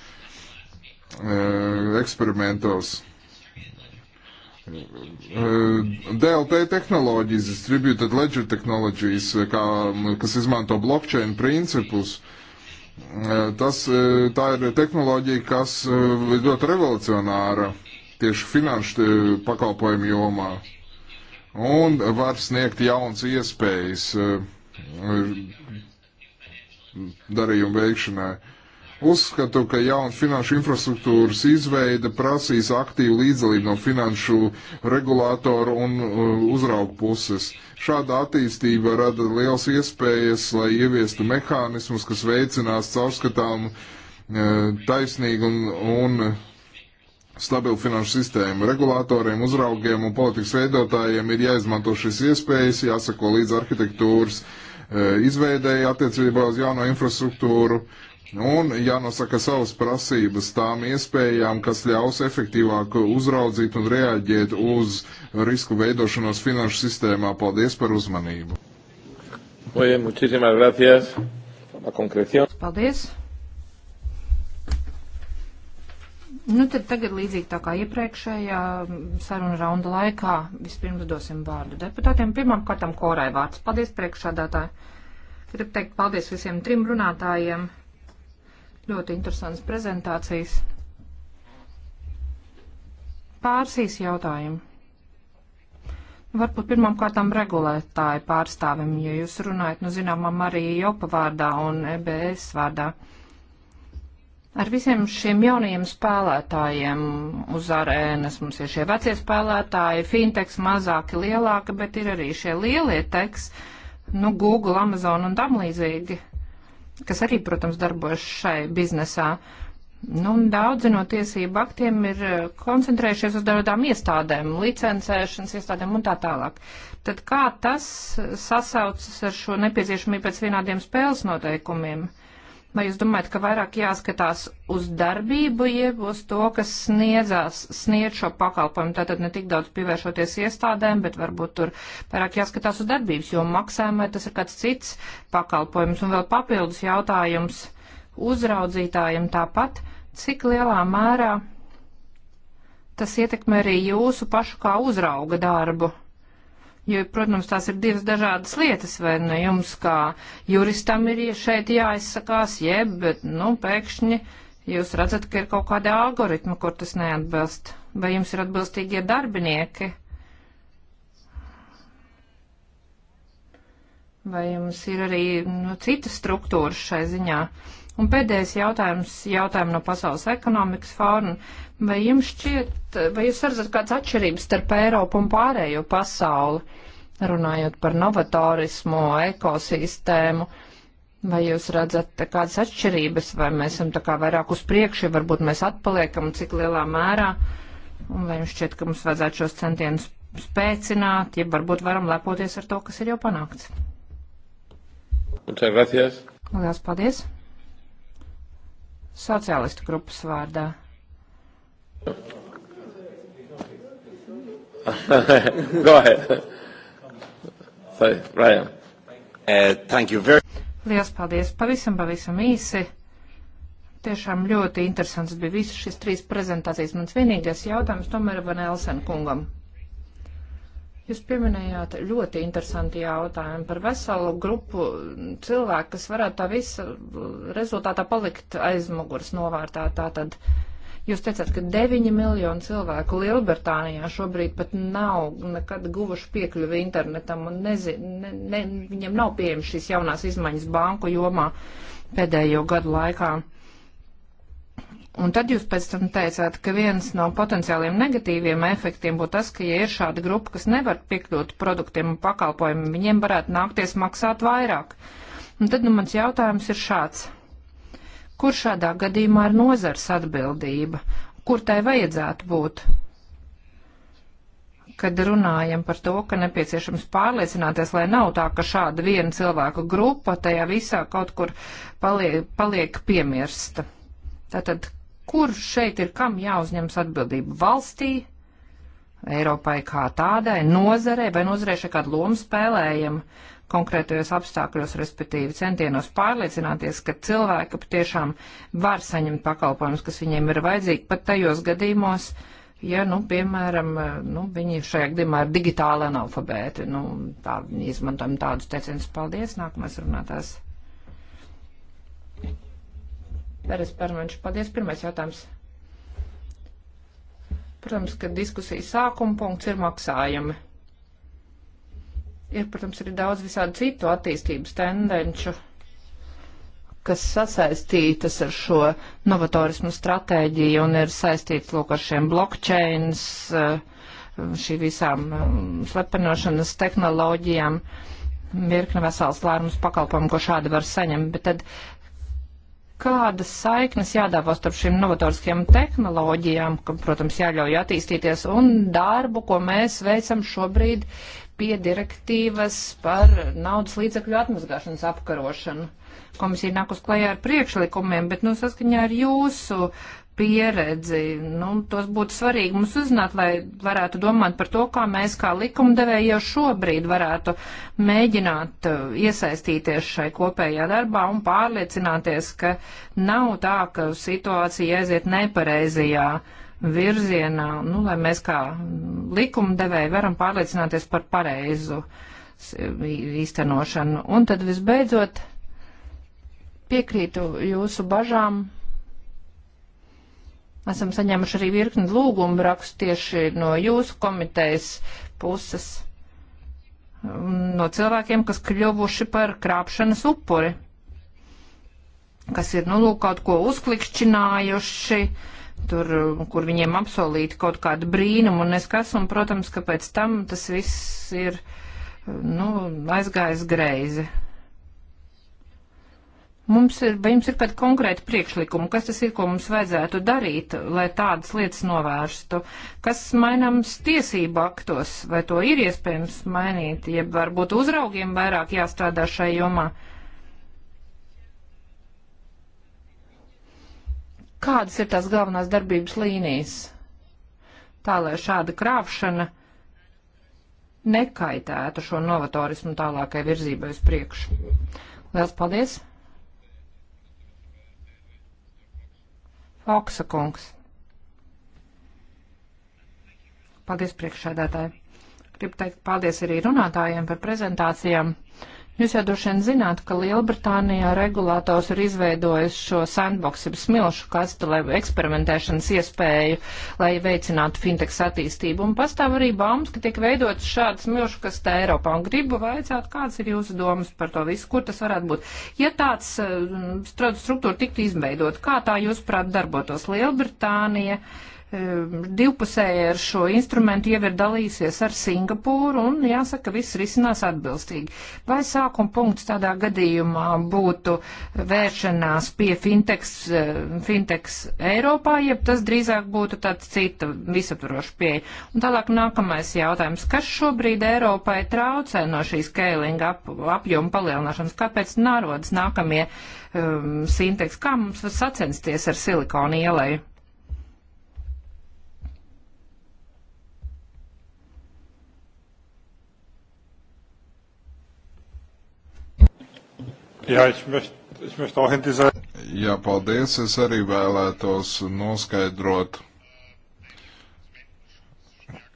Eh, eksperimentos. Eh, DLT tehnoloģijas, distributed ledger tehnoloģijas, eh, kā, kas izmanto blockchain principus, tas, tā ir tehnoloģija, kas ir ļoti revolucionāra tieši finanšu pakalpojumu jomā un var sniegt jauns iespējas darījumu veikšanai. Uzskatu, ka jauna finanšu infrastruktūras izveide prasīs aktīvu līdzdalību no finanšu regulātoru un uh, uzraugu puses. Šāda attīstība rada liels iespējas, lai ieviestu mehānismus, kas veicinās caurskatām uh, taisnīgu un, un stabilu finanšu sistēmu. Regulātoriem, uzraugiem un politikas veidotājiem ir jāizmanto šīs iespējas, jāsako līdz arhitektūras uh, izveidēji attiecībā uz jauno infrastruktūru Un jānosaka savas prasības tām iespējām, kas ļaus efektīvāk uzraudzīt un reaģēt uz risku veidošanos finanšu sistēmā. Paldies par uzmanību. Paldies. Nu, tad tagad līdzīgi tā kā iepriekšējā saruna raunda laikā vispirms dosim vārdu deputātiem. Pirmām kārtām korai vārds. Paldies priekšādātāji. Gribu teikt paldies visiem trim runātājiem Ļoti interesants prezentācijas. Pārsīs jautājumu. Varbūt pirmām kārtām regulētāju pārstāvim, ja jūs runājat, nu, zināmam, arī Jopa vārdā un EBS vārdā. Ar visiem šiem jaunajiem spēlētājiem uz arēnas mums ir šie vecie spēlētāji, fintechs mazāki, lielāki, bet ir arī šie lielie teks, nu, Google, Amazon un tam līdzīgi kas arī, protams, darbojas šai biznesā. Nu, daudzi no tiesību aktiem ir eh, koncentrējušies uz dažādām iestādēm, licencēšanas iestādēm un tā tālāk. Tad kā tas sasaucas ar šo nepieciešamību pēc vienādiem spēles noteikumiem? Uh, Vai jūs domājat, ka vairāk jāskatās uz darbību, jeb uz to, kas sniedzās, sniedz šo pakalpojumu, tātad ne tik daudz pievēršoties iestādēm, bet varbūt tur vairāk jāskatās uz darbības, jo maksājumai tas ir kāds cits pakalpojums. Un vēl papildus jautājums uzraudzītājiem tāpat, cik lielā mērā tas ietekmē arī jūsu pašu kā uzrauga darbu. Jo, protams, tās ir divas dažādas lietas, vai ne nu jums kā juristam ir šeit jāizsakās, jeb, bet, nu, pēkšņi jūs redzat, ka ir kaut kāda algoritma, kur tas neatbilst. Vai jums ir atbilstīgie darbinieki? Vai jums ir arī nu, citas struktūras šai ziņā? Uh, Un pēdējais jautājums, jautājums no Pasaules ekonomikas fóruma. Vai jums šķiet, vai jūs redzat kādas atšķirības starp Eiropu un pārējo pasauli, runājot par novatorismu, ekosistēmu? Vai jūs redzat kādas atšķirības, vai mēs esam tā kā vairāk uz priekšu, ja varbūt mēs atpaliekam, cik lielā mērā? Un vai jums šķiet, ka mums vajadzētu šos centienus spēcināt, ja varbūt varam lepoties ar to, kas ir jau panākts? Muchas gracias. Lielas paldies sociālistu grupas vārdā. Go ahead. Sorry, Ryan. Uh, thank you very Liels paldies. Pavisam, pavisam īsi. Tiešām ļoti interesants bija visas šīs trīs prezentācijas. Mans vienīgais jautājums tomēr ir Van Elsen kungam. Jūs pieminējāt ļoti interesanti jautājumu par veselu grupu cilvēku, kas varētu tā visa rezultātā palikt aiz muguras novārtā. Tātad jūs teicāt, ka 9 miljonu cilvēku Lielbritānijā šobrīd pat nav nekad guvuši piekļuvi internetam un nezin, ne, ne, viņiem nav pieejams šīs jaunās izmaiņas banku jomā pēdējo gadu laikā. Un tad jūs pēc tam teicāt, ka viens no potenciāliem negatīviem efektiem būtu tas, ka, ja ir šāda grupa, kas nevar piekļūt produktiem un pakalpojumiem, viņiem varētu nākties maksāt vairāk. Un tad nu, mans jautājums ir šāds. Kur šādā gadījumā ir nozars atbildība? Kur tai vajadzētu būt? Kad runājam par to, ka nepieciešams pārliecināties, lai nav tā, ka šāda viena cilvēku grupa tajā visā kaut kur paliek, paliek piemirsta. Tātad, Kur šeit ir kam jāuzņemas atbildība? Valstī, Eiropai kā tādai, nozarei vai nozarei šeit kādu lomu spēlējam konkrētajos apstākļos, respektīvi centienos pārliecināties, ka cilvēki patiešām var saņemt pakalpojumus, kas viņiem ir vajadzīgi, pat tajos gadījumos, ja, nu, piemēram, nu, viņi šajā gadījumā ir digitāli analfabēti, nu, tā, izmantojam tādus teicienus. Paldies, nākamais runātājs. Veres Permanš, paldies. Pirmais jautājums. Protams, ka diskusijas sākuma punkts ir maksājumi. Ir, protams, arī daudz visādi citu attīstības tendenču, kas sasaistītas ar šo novatorismu stratēģiju un ir saistīts, lūk, ar šiem blockchains, eh, šī visām mm, slepenošanas tehnoloģijām virkni vesels lēmums pakalpojumu, ko šādi var saņemt, bet tad kādas saiknes jādāvā starp šīm novatoriskajām tehnoloģijām, kam, protams, jāļauj attīstīties, un darbu, ko mēs veicam šobrīd pie direktīvas par naudas līdzekļu atmazgāšanas apkarošanu. Komisija nāk uz klajā ar priekšlikumiem, bet, nu, saskaņā ar jūsu pieredzi. Nu, tos būtu svarīgi mums uzzināt, lai varētu domāt par to, kā mēs kā likumdevēji jau šobrīd varētu mēģināt uh, iesaistīties šai kopējā darbā un pārliecināties, ka nav tā, ka situācija aiziet nepareizajā virzienā, nu, lai mēs kā likumdevēji varam pārliecināties par pareizu īstenošanu. Un tad visbeidzot piekrītu jūsu bažām Esam saņēmuši arī virkni lūgumu rakstu tieši no jūsu komitejas puses, no cilvēkiem, kas kļuvuši par krāpšanas upuri, kas ir, nu, lūk, kaut ko uzklikšķinājuši, tur, kur viņiem apsolīti kaut kādu brīnumu un neskas, un, protams, ka pēc tam tas viss ir, nu, aizgājis greizi. Mums ir, vai jums ir kādi konkrēti priekšlikumi, kas tas ir, ko mums vajadzētu darīt, lai tādas lietas novērstu? Kas maināms tiesību aktos, vai to ir iespējams mainīt, ja varbūt uzraugiem vairāk jāstrādā šai jomā? Kādas ir tās galvenās darbības līnijas? Tā, lai šāda krāpšana nekaitētu šo novatorismu tālākai virzībai uz priekšu. Lielas paldies! Foksa kungs. Paldies priekšsēdētāji. Gribu teikt paldies arī runātājiem par prezentācijām. Jūs jau droši vien zināt, ka Lielbritānijā regulātors ir izveidojis šo sandbox, jeb smilšu kastu, lai eksperimentēšanas iespēju, lai veicinātu fintechs attīstību. Un pastāv arī baumas, ka tiek veidots šāds smilšu kastu Eiropā. Un gribu vaicāt, kādas ir jūsu domas par to visu, kur tas varētu būt. Ja tāds eh, struktūra tiktu izveidot, kā tā jūs prāt darbotos Lielbritānija? Uh, divpusēji ar šo instrumentu jau ir dalīsies ar Singapūru un jāsaka, viss risinās atbilstīgi. Vai sākuma punkts tādā gadījumā būtu vēršanās pie fintechs, fintechs Eiropā, jeb tas drīzāk būtu tāds cita visaptvaroša pieeja? Un tālāk nākamais jautājums. Kas šobrīd Eiropai traucē no šīs kēlinga ap, apjoma palielināšanas? Kāpēc nārodas nākamie um, sinteks? Kā mums sacensties ar silikonu ielēju? Jā, es möchte, es möchte auch in dieser... Jā, paldies. Es arī vēlētos noskaidrot,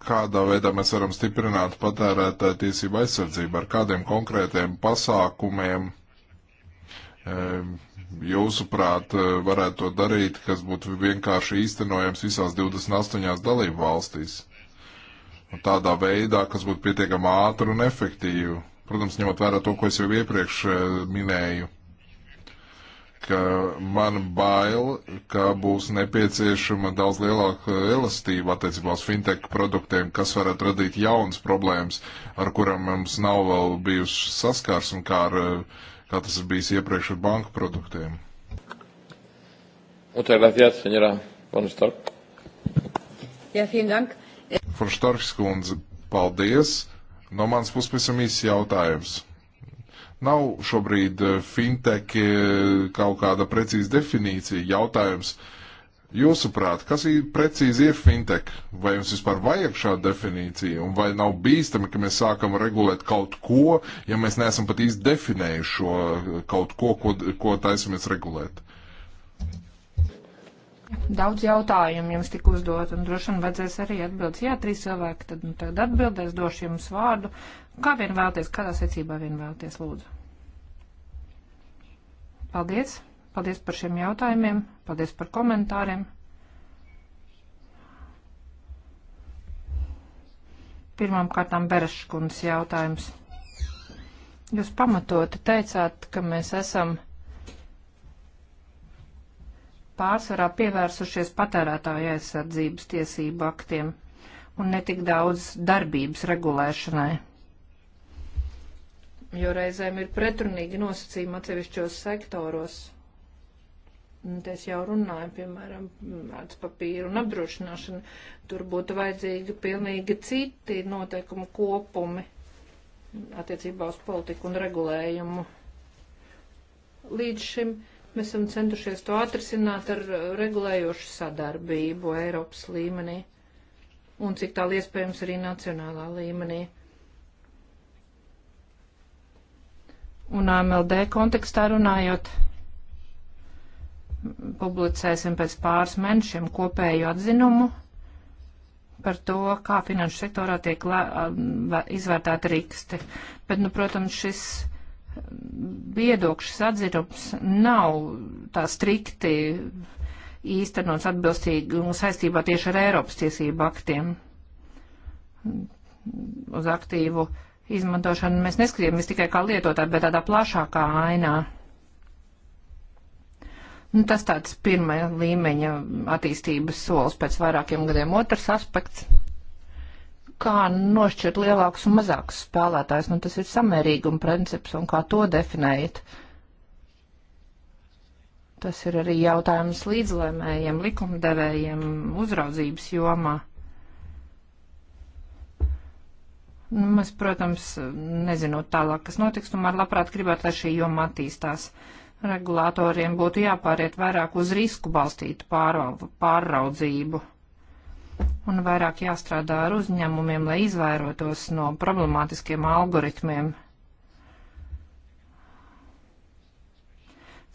kādā veidā mēs varam stiprināt patērētāju tiesību aizsardzību, ar kādiem konkrētiem pasākumiem ehm, jūsuprāt eh, varētu to darīt, kas būtu vienkārši īstenojams visās 28 dalību valstīs. Un tādā veidā, kas būtu pietiekami ātri un efektīvi, Protams, ņemot vērā to, ko es jau iepriekš eh, minēju, ka man bail, ka būs nepieciešama daudz lielāka elastība attiecībā uz fintech produktiem, kas varētu radīt jaunas problēmas, ar kurām mums nav vēl bijusi saskars un kā, ar, eh, kā tas ir bijis iepriekš ar banku produktiem. Muchas gracias, señora von Stork. Ja, vielen Dank. Von Storks kundze, paldies. No manas puses pavisam īsts jautājums. Nav šobrīd eh, fintech eh, kaut kāda precīza definīcija. Jautājums, jūsuprāt, kas ir precīzi ir fintech? Vai jums vispār vajag šāda definīcija? Un vai nav bīstami, ka mēs sākam regulēt kaut ko, ja mēs neesam pat īsti definējuši šo eh, kaut ko, ko, ko taisamies regulēt? Uh, Daudz jautājumu jums tika uzdot, un droši vien vajadzēs arī atbildes. Jā, trīs cilvēki, tad, nu, tad atbildēs, došu jums vārdu. Kā vien vēlties, kādā secībā vien vēlties, lūdzu. Paldies! Paldies par šiem jautājumiem, paldies par komentāriem. Pirmām kārtām Bereškundas jautājums. Jūs pamatoti teicāt, ka mēs esam pārsvarā pievērsušies patērētāju aizsardzības tiesību aktiem un netik daudz darbības regulēšanai. Jo reizēm ir pretrunīgi nosacījumi atsevišķos sektoros. Mēs jau runājam, piemēram, ādas papīru un apdrošināšanu. Tur būtu vajadzīgi pilnīgi citi noteikumu kopumi attiecībā uz politiku un regulējumu. Līdz šim uh, Mēs esam centušies to atrisināt ar uh, regulējošu sadarbību Eiropas līmenī un cik tālu iespējams arī nacionālā līmenī. Un AMLD kontekstā runājot, publicēsim pēc pāris mēnešiem kopēju atzinumu par to, kā finanšu sektorā tiek izvērtēta rīksti. Bet, nu, protams, šis viedokšs atzirums nav tā strikti īstenots atbilstīgi un saistībā tieši ar Eiropas tiesību aktiem. Uz aktīvu izmantošanu mēs neskatāmies tikai kā lietotāji, bet tādā plašākā ainā. Nu, tas tāds pirmā līmeņa attīstības solis pēc vairākiem gadiem. Otrs aspekts kā nošķirt lielākus un mazākus spēlētājus. Nu, tas ir samērīguma princips un kā to definējat. Tas ir arī jautājums līdzlēmējiem, likumdevējiem, uzraudzības jomā. Nu, mēs, protams, nezinot tālāk, kas notiks, tomēr labprāt gribētu, lai šī joma attīstās. Regulātoriem būtu jāpāriet vairāk uz risku balstītu pārraudzību. Pār un vairāk jāstrādā ar uzņēmumiem, lai izvairotos no problemātiskiem algoritmiem.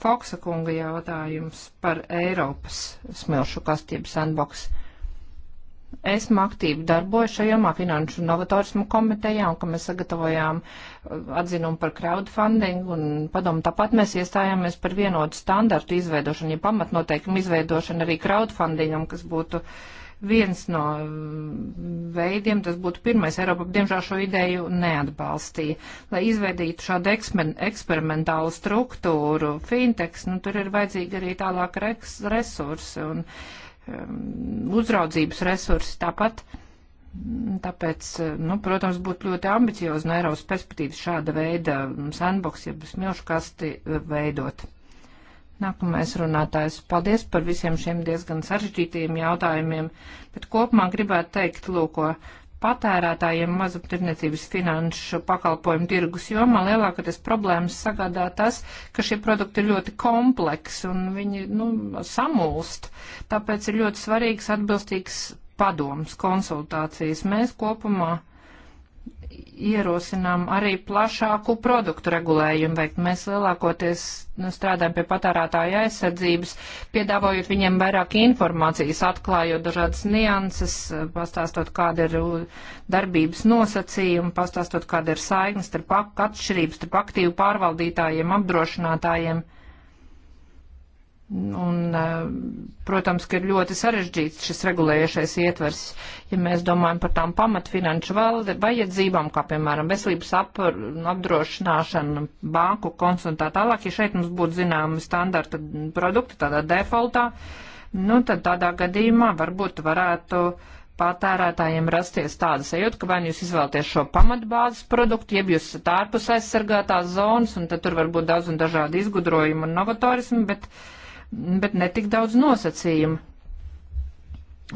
Foksa kunga jautājums par Eiropas smilšu kastību sandboks. Esmu aktīvi darbojuši šajā jomā Finanšu novatorismu komitejā, un ka mēs sagatavojām uh, atzinumu par crowdfunding, un padomu tāpat mēs iestājāmies par vienotu standartu izveidošanu, ja pamatnoteikumu izveidošanu arī crowdfundingam, kas būtu uh, viens no mm, veidiem, tas būtu pirmais, Eiropa diemžēl šo ideju neatbalstīja. Lai izveidītu šādu eksmen, eksperimentālu struktūru, fintechs, nu tur ir vajadzīgi arī tālāk reks, resursi un um, uzraudzības resursi tāpat. Mm, tāpēc, nu, protams, būtu ļoti ambiciozi no Eiropas perspektīvas šāda veida mm, sandbox, ja smilšu kasti uh, veidot. Nākamais runātājs. Paldies par visiem šiem diezgan sarežģītajiem jautājumiem, bet kopumā gribētu teikt, lūko, patērētājiem mazaptirniecības finanšu pakalpojumu tirgus jomā lielākoties problēmas sagādā tas, ka šie produkti ir ļoti kompleksi un viņi, nu, samulst. Tāpēc ir ļoti svarīgs atbilstīgs padoms, konsultācijas. Mēs kopumā ierosinām arī plašāku produktu regulējumu veikt. Mēs lielākoties nu, strādājam pie patērētāja aizsardzības, piedāvājot viņiem vairāk informācijas, atklājot dažādas nianses, pastāstot, kāda ir darbības nosacījuma, pastāstot, kāda ir saiknes starp atšķirības starp aktīvu pārvaldītājiem, apdrošinātājiem. Uh, Un, eh, protams, ka ir ļoti sarežģīts šis regulējušais ietvers, ja mēs domājam par tām pamatfinanšu vajadzībām, kā piemēram veselības ap, apdrošināšana, banku konts un tā tālāk. Ja šeit mums būtu zināmi standarta produkti tādā defaultā, nu, tad tādā gadījumā varbūt varētu patērētājiem rasties tāda sajūta, ka vai nu jūs izvēlaties šo pamatbāzes produktu, jeb jūs esat ārpus aizsargātās zonas, un tad tur var būt daudz un dažādi izgudrojumi un novatorismi, bet uh, bet netik daudz nosacījumu.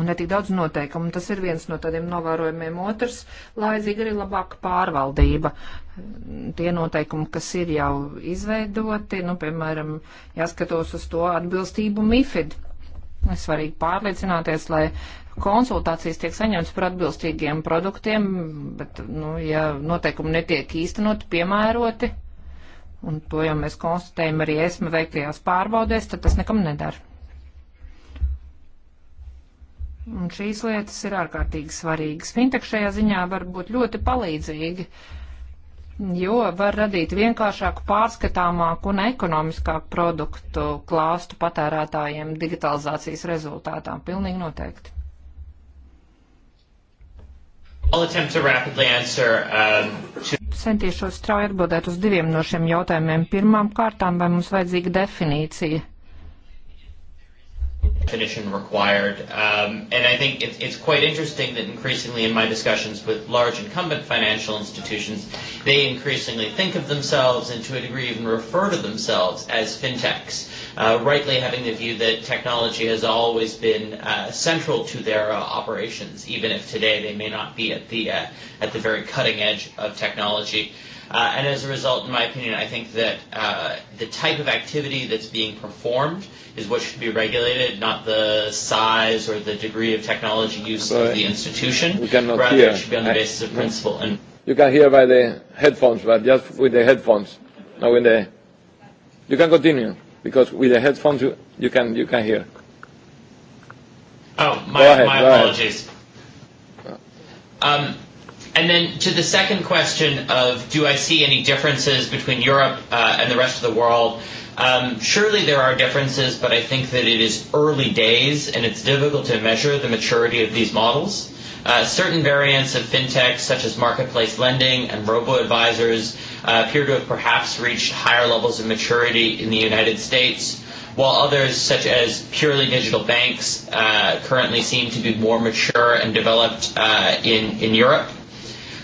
Un netik daudz noteikumu. Tas ir viens no tādiem novērojumiem. Otrs, laidzīga arī labāka pārvaldība. Tie noteikumi, kas ir jau izveidoti, nu, piemēram, jāskatos uz to atbilstību MIFID. Ir svarīgi pārliecināties, lai konsultācijas tiek saņemts par atbilstīgiem produktiem, bet, nu, ja noteikumi netiek īstenot, piemēroti, un to jau mēs konstatējam arī esmu veiktajās pārbaudēs, tad tas nekam nedara. Un šīs lietas ir ārkārtīgi svarīgas. Fintech šajā ziņā var būt ļoti palīdzīgi, jo var radīt vienkāršāku, pārskatāmāku un ekonomiskāku produktu klāstu patērētājiem digitalizācijas rezultātā. Pilnīgi noteikti. I'll attempt to rapidly answer um, to centīšos strauji atbildēt uz diviem no šiem jautājumiem. Pirmām kārtām, vai mums vajadzīga definīcija? Definition required, um, and I think it's, it's quite interesting that increasingly in my discussions with large incumbent financial institutions, they increasingly think of themselves and to a degree even refer to themselves as fintechs. Uh, uh, rightly having the view that technology has always been uh, central to their uh, operations, even if today they may not be at the uh, at the very cutting edge of technology. Uh, and as a result, in my opinion, I think that uh, the type of activity that's being performed is what should be regulated, not the size or the degree of technology use so of the institution. You cannot Rather, hear. it should be on the I, basis of principle. And you can hear by the headphones, but just with the headphones, not with the. You can continue because with the headphones you, you can you can hear. Oh, my, go ahead, my go apologies. Ahead. Um, And then to the second question of do I see any differences between Europe uh, and the rest of the world? Um, surely there are differences, but I think that it is early days and it's difficult to measure the maturity of these models. Uh, certain variants of fintech, such as marketplace lending and robo-advisors, uh, appear to have perhaps reached higher levels of maturity in the United States, while others, such as purely digital banks, uh, currently seem to be more mature and developed uh, in, in Europe.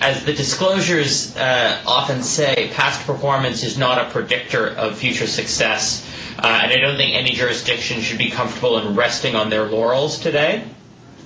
as the disclosures uh, often say, past performance is not a predictor of future success. Uh, and I don't think any jurisdiction should be comfortable in resting on their laurels today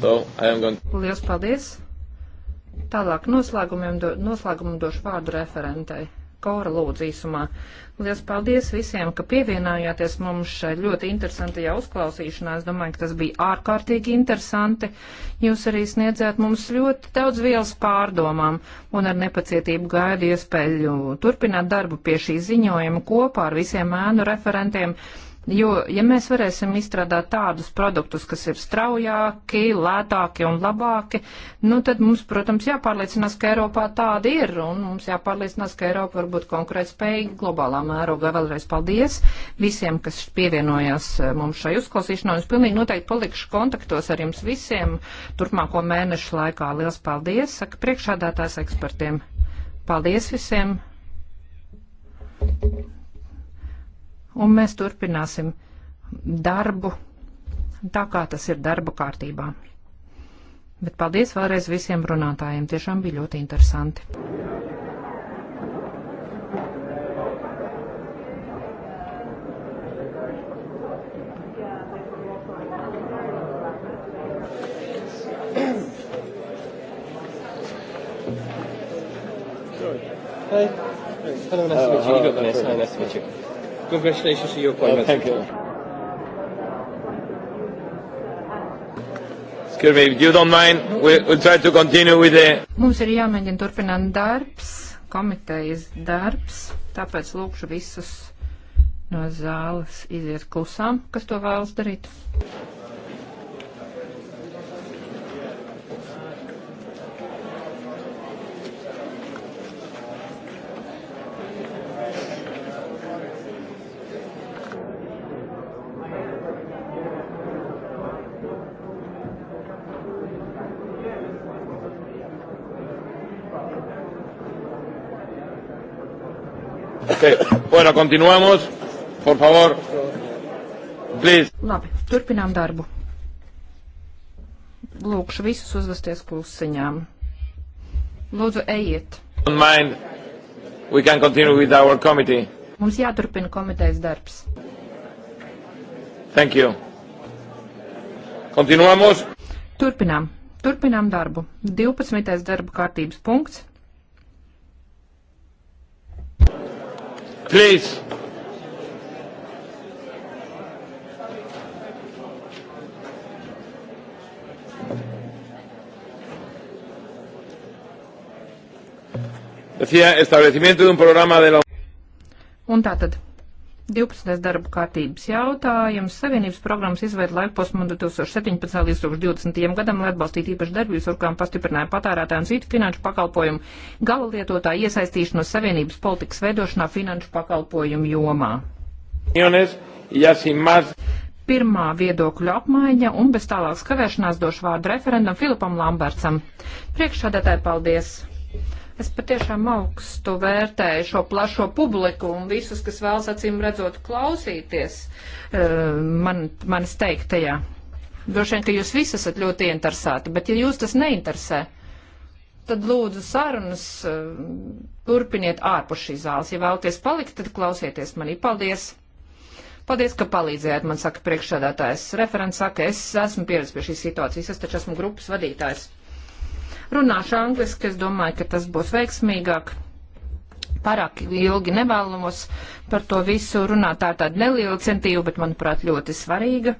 So, going... Lielas paldies! Tālāk noslēgumiem, do, noslēgumam došu vārdu referentei. Kora lūdzu īsumā. Lielas paldies visiem, ka pievienājāties mums šai ļoti interesantajā uzklausīšanā. Es domāju, ka tas bija ārkārtīgi interesanti. Jūs arī sniedzāt mums ļoti daudz vielas pārdomām un ar nepacietību gaidu iespēju turpināt darbu pie šī ziņojuma kopā ar visiem ēnu referentiem. Jo, ja mēs varēsim izstrādāt tādus produktus, kas ir straujāki, lētāki un labāki, nu tad mums, protams, jāpārliecinās, ka Eiropā tāda ir, un mums jāpārliecinās, ka Eiropa var būt konkurētspējīga globālā mērogā. Vēlreiz paldies visiem, kas pievienojās eh, mums šai uzklausīšanai. Es pilnīgi noteikti palikšu kontaktos ar jums visiem turpmāko mēnešu laikā. Liels paldies, saka priekšādātājs ekspertiem. Paldies visiem! un mēs turpināsim darbu tā, kā tas ir darba kārtībā. Bet paldies vēlreiz visiem runātājiem, tiešām bija ļoti interesanti. Hi. Hello, nice to oh, meet oh, you. Hello, nice to meet you. Congratulations to your appointment. Oh, thank you. Excuse me, if you don't mind, we, we'll try to continue with the... Mums ir jāmēģina turpināt darbs, komitejas darbs, tāpēc lūkšu visus no zāles iziet klusām, kas to vēlas darīt. Bueno, continuamos. Por favor. Please. Labi, turpinām darbu. Lūkšu visus uzvesties klusiņām. Lūdzu, ejiet. Don't mind. We can continue with our committee. Mums jāturpina komitejas darbs. Thank you. Continuamos. Turpinām. Turpinām darbu. 12. darba kārtības punkts. Please. Decía, establecimiento de un programa de la. Un tātad 12. darba kārtības jautājums. Savienības programmas izveida laikposmu 2017. līdz 2020. gadam, lai atbalstītu īpaši darbības, ar kurām pastiprināja patērētāju un citu finanšu pakalpojumu gala lietotāju iesaistīšanos Savienības politikas veidošanā finanšu pakalpojumu jomā. Pirmā viedokļa apmaiņa un bez tālākas kavēšanās došu vārdu referendam Filipam Lambertsam. Priekšādātāji, paldies! Es patiešām augstu vērtēju šo plašo publiku un visus, kas vēlas acīm redzot klausīties eh, man, manis teiktajā. Droši vien, ka jūs visi esat ļoti interesēti, bet ja jūs tas neinteresē, tad lūdzu sarunas eh, turpiniet ārpus šīs zāles. Ja vēlaties palikt, tad klausieties manī. Paldies! Paldies, ka palīdzējāt man, saka priekšsādātājs. Referents saka, es esmu pieredzējis pie šīs situācijas, es taču esmu grupas vadītājs. Runāšu angliski, es domāju, ka tas būs veiksmīgāk. Pārāk ilgi nevēlamos par to visu runāt. Tā ir tāda neliela centība, bet, manuprāt, ļoti svarīga.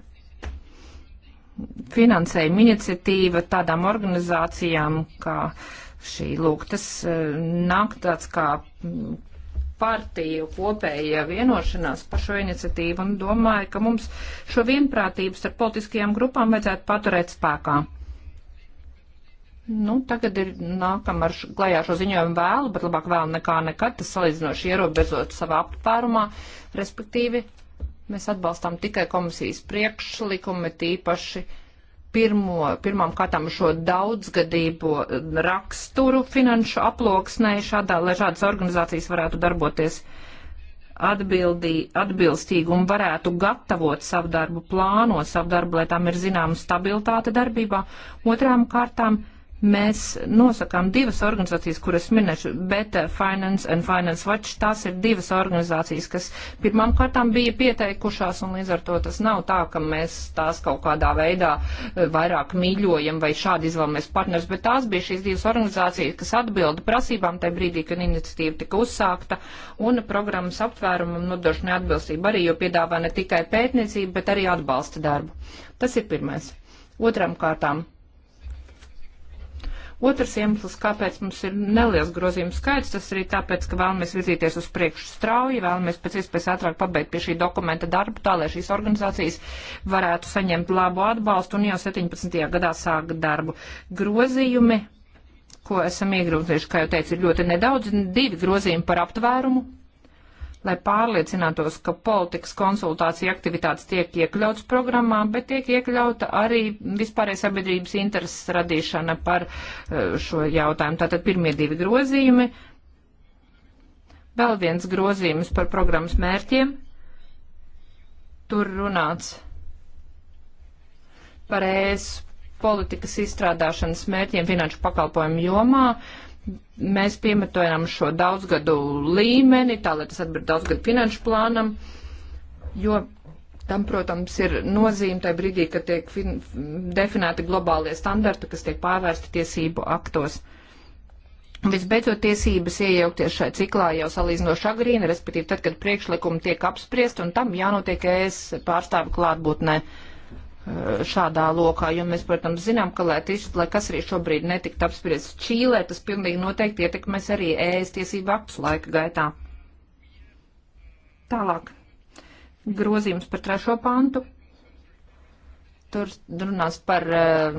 Finansējuma iniciatīva tādām organizācijām, kā šī, lūk, tas eh, nāk tāds kā mm, partiju kopēja vienošanās par šo iniciatīvu un domāju, ka mums šo vienprātību starp politiskajām grupām vajadzētu paturēt spēkā. Nu, tagad ir nākam ar š, klajā šo ziņojumu vēlu, bet labāk vēl nekā nekad. Tas salīdzinoši ierobežot savā aptvērumā, respektīvi mēs atbalstām tikai komisijas priekšlikumi, tīpaši pirmo, pirmām kārtām šo daudzgadību raksturu finanšu aploksnē, šādā, lai šādas organizācijas varētu darboties atbildī, atbilstīgi un varētu gatavot savu darbu, plānot savu darbu, lai tam ir zināma stabilitāte darbībā. Otrām kārtām mēs nosakām divas organizācijas, kuras minēšu, Better Finance and Finance Watch. Tās ir divas organizācijas, kas pirmām kārtām bija pieteikušās, un līdz ar to tas nav tā, ka mēs tās kaut kādā veidā eh, vairāk mīļojam vai šādi izvēlamies partners, bet tās bija šīs divas organizācijas, kas atbilda prasībām tajā brīdī, kad iniciatīva tika uzsākta, un programmas aptvērumam nodrošināja atbilstību arī, jo piedāvā ne tikai pētniecību, bet arī atbalsta darbu. Tas ir pirmais. Otram kārtām Otrs iemesls, kāpēc mums ir neliels grozījums skaits, tas arī tāpēc, ka vēlamies virzīties uz priekšu strauji, vēlamies pēc iespējas ātrāk pabeigt pie šī dokumenta darbu, tā lai šīs organizācijas varētu saņemt labu atbalstu un jau 17. gadā sāk darbu. Grozījumi, ko esam iegrūzījuši, kā jau teicu, ir ļoti nedaudz, divi grozījumi par aptvērumu, lai pārliecinātos, ka politikas konsultācija aktivitātes tiek iekļauts programmā, bet tiek iekļauta arī vispārējais sabiedrības intereses radīšana par eh, šo jautājumu. Tātad pirmie divi grozījumi. Vēl viens grozījums par programmas mērķiem. Tur runāts par ES politikas izstrādāšanas mērķiem finanšu pakalpojumu jomā. Uh, mēs piemetojam šo daudzgadu līmeni, tā lai tas atbilst daudzgadu finanšu plānam, jo tam, protams, ir nozīme tajā brīdī, kad tiek fin, definēti globālie standarti, kas tiek pārvērsti tiesību aktos. Visbeidzot, tiesības iejaukties šai ciklā jau salīdzinoši agrīni, respektīvi tad, kad priekšlikumi tiek apspriest, un tam jānotiek ES pārstāvi klātbūtnē. Ne Eh, šādā lokā, jo mēs, protams, zinām, ka, lai, tis, lai kas arī šobrīd netikt apspriests Čīlē, tas pilnīgi noteikti ietekmēs arī ēst tiesību aktus laika gaitā. Tālāk. Grozījums par trešo pantu. Tur runās par uh,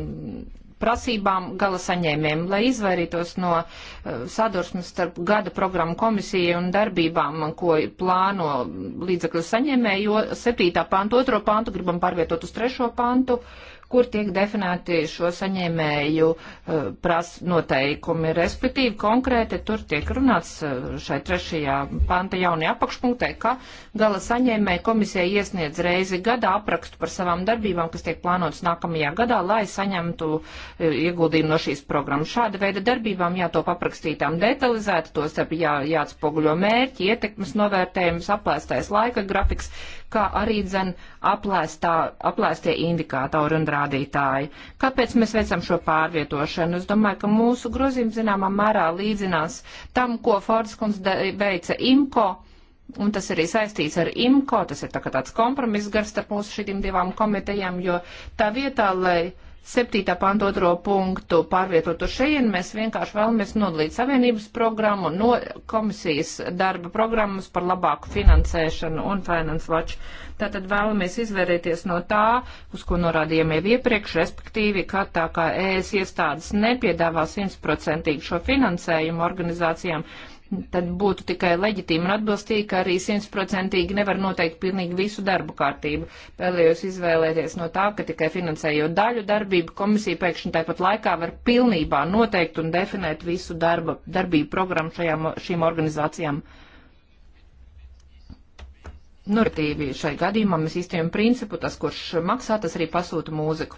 prasībām gala saņēmiem, lai izvairītos no eh, sadursmes starp gada programmu komisiju un darbībām, ko plāno līdzekļu saņēmē, jo 7. pantu, 2. pantu gribam pārvietot uz 3. pantu, kur tiek definēti šo saņēmēju eh, pras noteikumi. Respektīvi, konkrēti tur tiek runāts eh, šai trešajā panta jaunajā apakšpunktē, ka gala saņēmēja komisija iesniedz reizi gadā aprakstu par savām darbībām, kas tiek plānotas nākamajā gadā, lai saņemtu eh, ieguldījumu no šīs programmas. Šāda veida darbībām jātop aprakstītām detalizēti, tos jā, jāatspoguļo mērķi, ietekmes novērtējums, aplēstais laika grafiks, kā arī dzen aplēstā, aplēstie indikātori un rādītāji. Kāpēc mēs veicam šo pārvietošanu? Es domāju, ka mūsu grozījums zināmā mērā līdzinās tam, ko Fordskunds veica IMCO. Un tas arī saistīts ar IMCO, tas ir tā kā tāds kompromiss gars starp mūsu šīm divām komitejām, jo tā vietā, lai uh, 7. pantu otro punktu pārvietot uz šejienu, mēs vienkārši vēlamies nodalīt Savienības programmu no komisijas darba programmas par labāku finansēšanu un Finance Watch. Tātad vēlamies izvērīties no tā, uz ko norādījām jau iepriekš, respektīvi, ka tā kā ES iestādes nepiedāvā 100% šo finansējumu organizācijām, tad būtu tikai leģitīma un atbilstīga, ka arī simtprocentīgi nevar noteikt pilnīgi visu darbu kārtību. Vēlējos izvēlēties no tā, ka tikai finansējot daļu darbību, komisija pēkšņi tāpat laikā var pilnībā noteikt un definēt visu darba, darbību programmu šajām, šīm organizācijām. Normatīvi šai gadījumā mēs īstenojam principu, tas, kurš maksā, tas arī pasūta mūziku.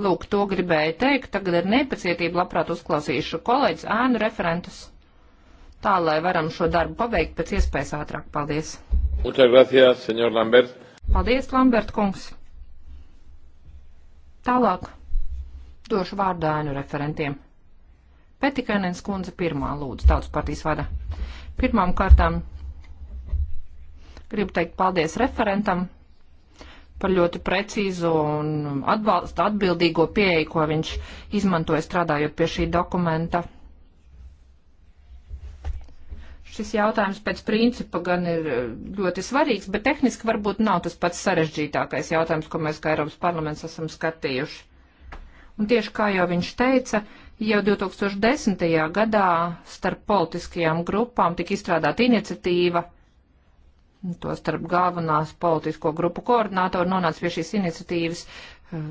Lūk, to gribēju teikt, tagad ar nepacietību labprāt uzklausīšu kolēģis ēnu referentus tā, lai varam šo darbu pabeigt pēc iespējas ātrāk. Paldies! Muchas gracias, senor Lambert. Paldies, Lambert kungs! Tālāk došu vārdu ēnu referentiem. Petikainens kundze pirmā lūdzu, tautas partijas vada. Pirmām kārtām gribu teikt paldies referentam par ļoti precīzo un atbalsta atbildīgo pieeju, ko viņš izmantoja strādājot pie šī dokumenta. Šis jautājums pēc principa gan ir eh, ļoti svarīgs, bet tehniski varbūt nav tas pats sarežģītākais jautājums, ko mēs kā Eiropas parlaments esam skatījuši. Un tieši kā jau viņš teica, jau 2010. gadā starp politiskajām grupām tika izstrādāta iniciatīva to starp galvenās politisko grupu koordinātori nonāca pie šīs iniciatīvas eh,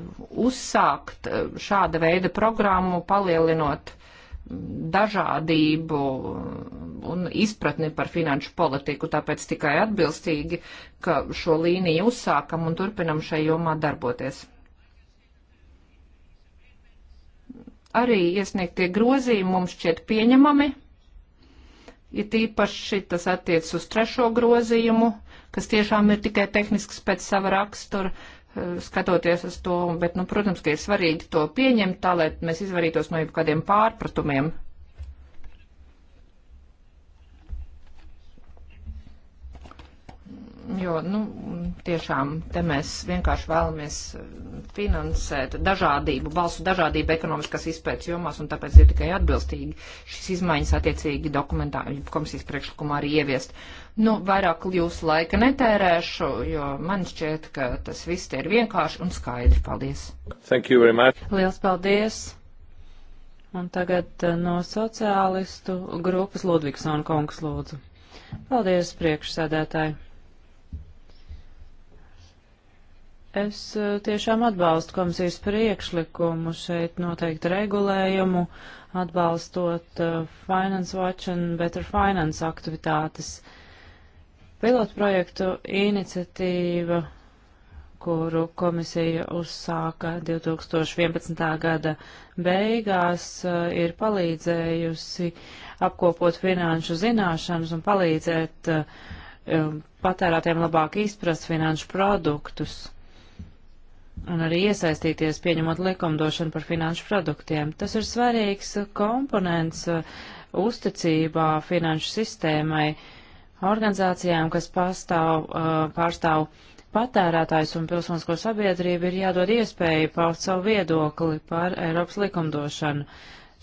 uzsākt eh, šāda veida programmu, palielinot uh, dažādību un izpratni par finanšu politiku, tāpēc tikai atbilstīgi, ka šo līniju uzsākam un turpinam šai jomā darboties. Arī iesniegtie grozījumi mums šķiet pieņemami, ir ja tīpaši tas attiec uz trešo grozījumu, kas tiešām ir tikai tehnisks pēc sava rakstura, skatoties uz to, bet, nu, protams, ka ir svarīgi to pieņemt tā, lai mēs izvarītos no jebkādiem pārpratumiem. Jo, nu, tiešām, te mēs vienkārši vēlamies finansēt dažādību, balsu dažādību ekonomiskās izpētes jomās, un tāpēc ir tikai atbilstīgi šīs izmaiņas attiecīgi dokumentā, komisijas priekšlikumā arī ieviest. Uh, Nu, vairāk jūsu laika netērēšu, jo man šķiet, ka tas viss ir vienkārši un skaidri. Paldies! Thank you very much! Liels paldies! Un tagad eh, no sociālistu grupas Ludvigsona kungs lūdzu. Paldies, priekšsēdētāji! Es eh, tiešām atbalstu komisijas priekšlikumu šeit noteikti regulējumu, atbalstot eh, Finance Watch un Better Finance aktivitātes. Uh, Pilotprojektu iniciatīva, kuru komisija uzsāka 2011. gada beigās, eh, ir palīdzējusi apkopot finanšu zināšanas un palīdzēt eh, um, patērētiem labāk izprast finanšu produktus un arī iesaistīties pieņemot likumdošanu par finanšu produktiem. Tas ir svarīgs komponents eh, uzticībā finanšu sistēmai, uh, organizācijām, kas pastāv, uh, pārstāv patērētājs un pilsonisko sabiedrību, ir jādod iespēja paust savu viedokli par Eiropas likumdošanu.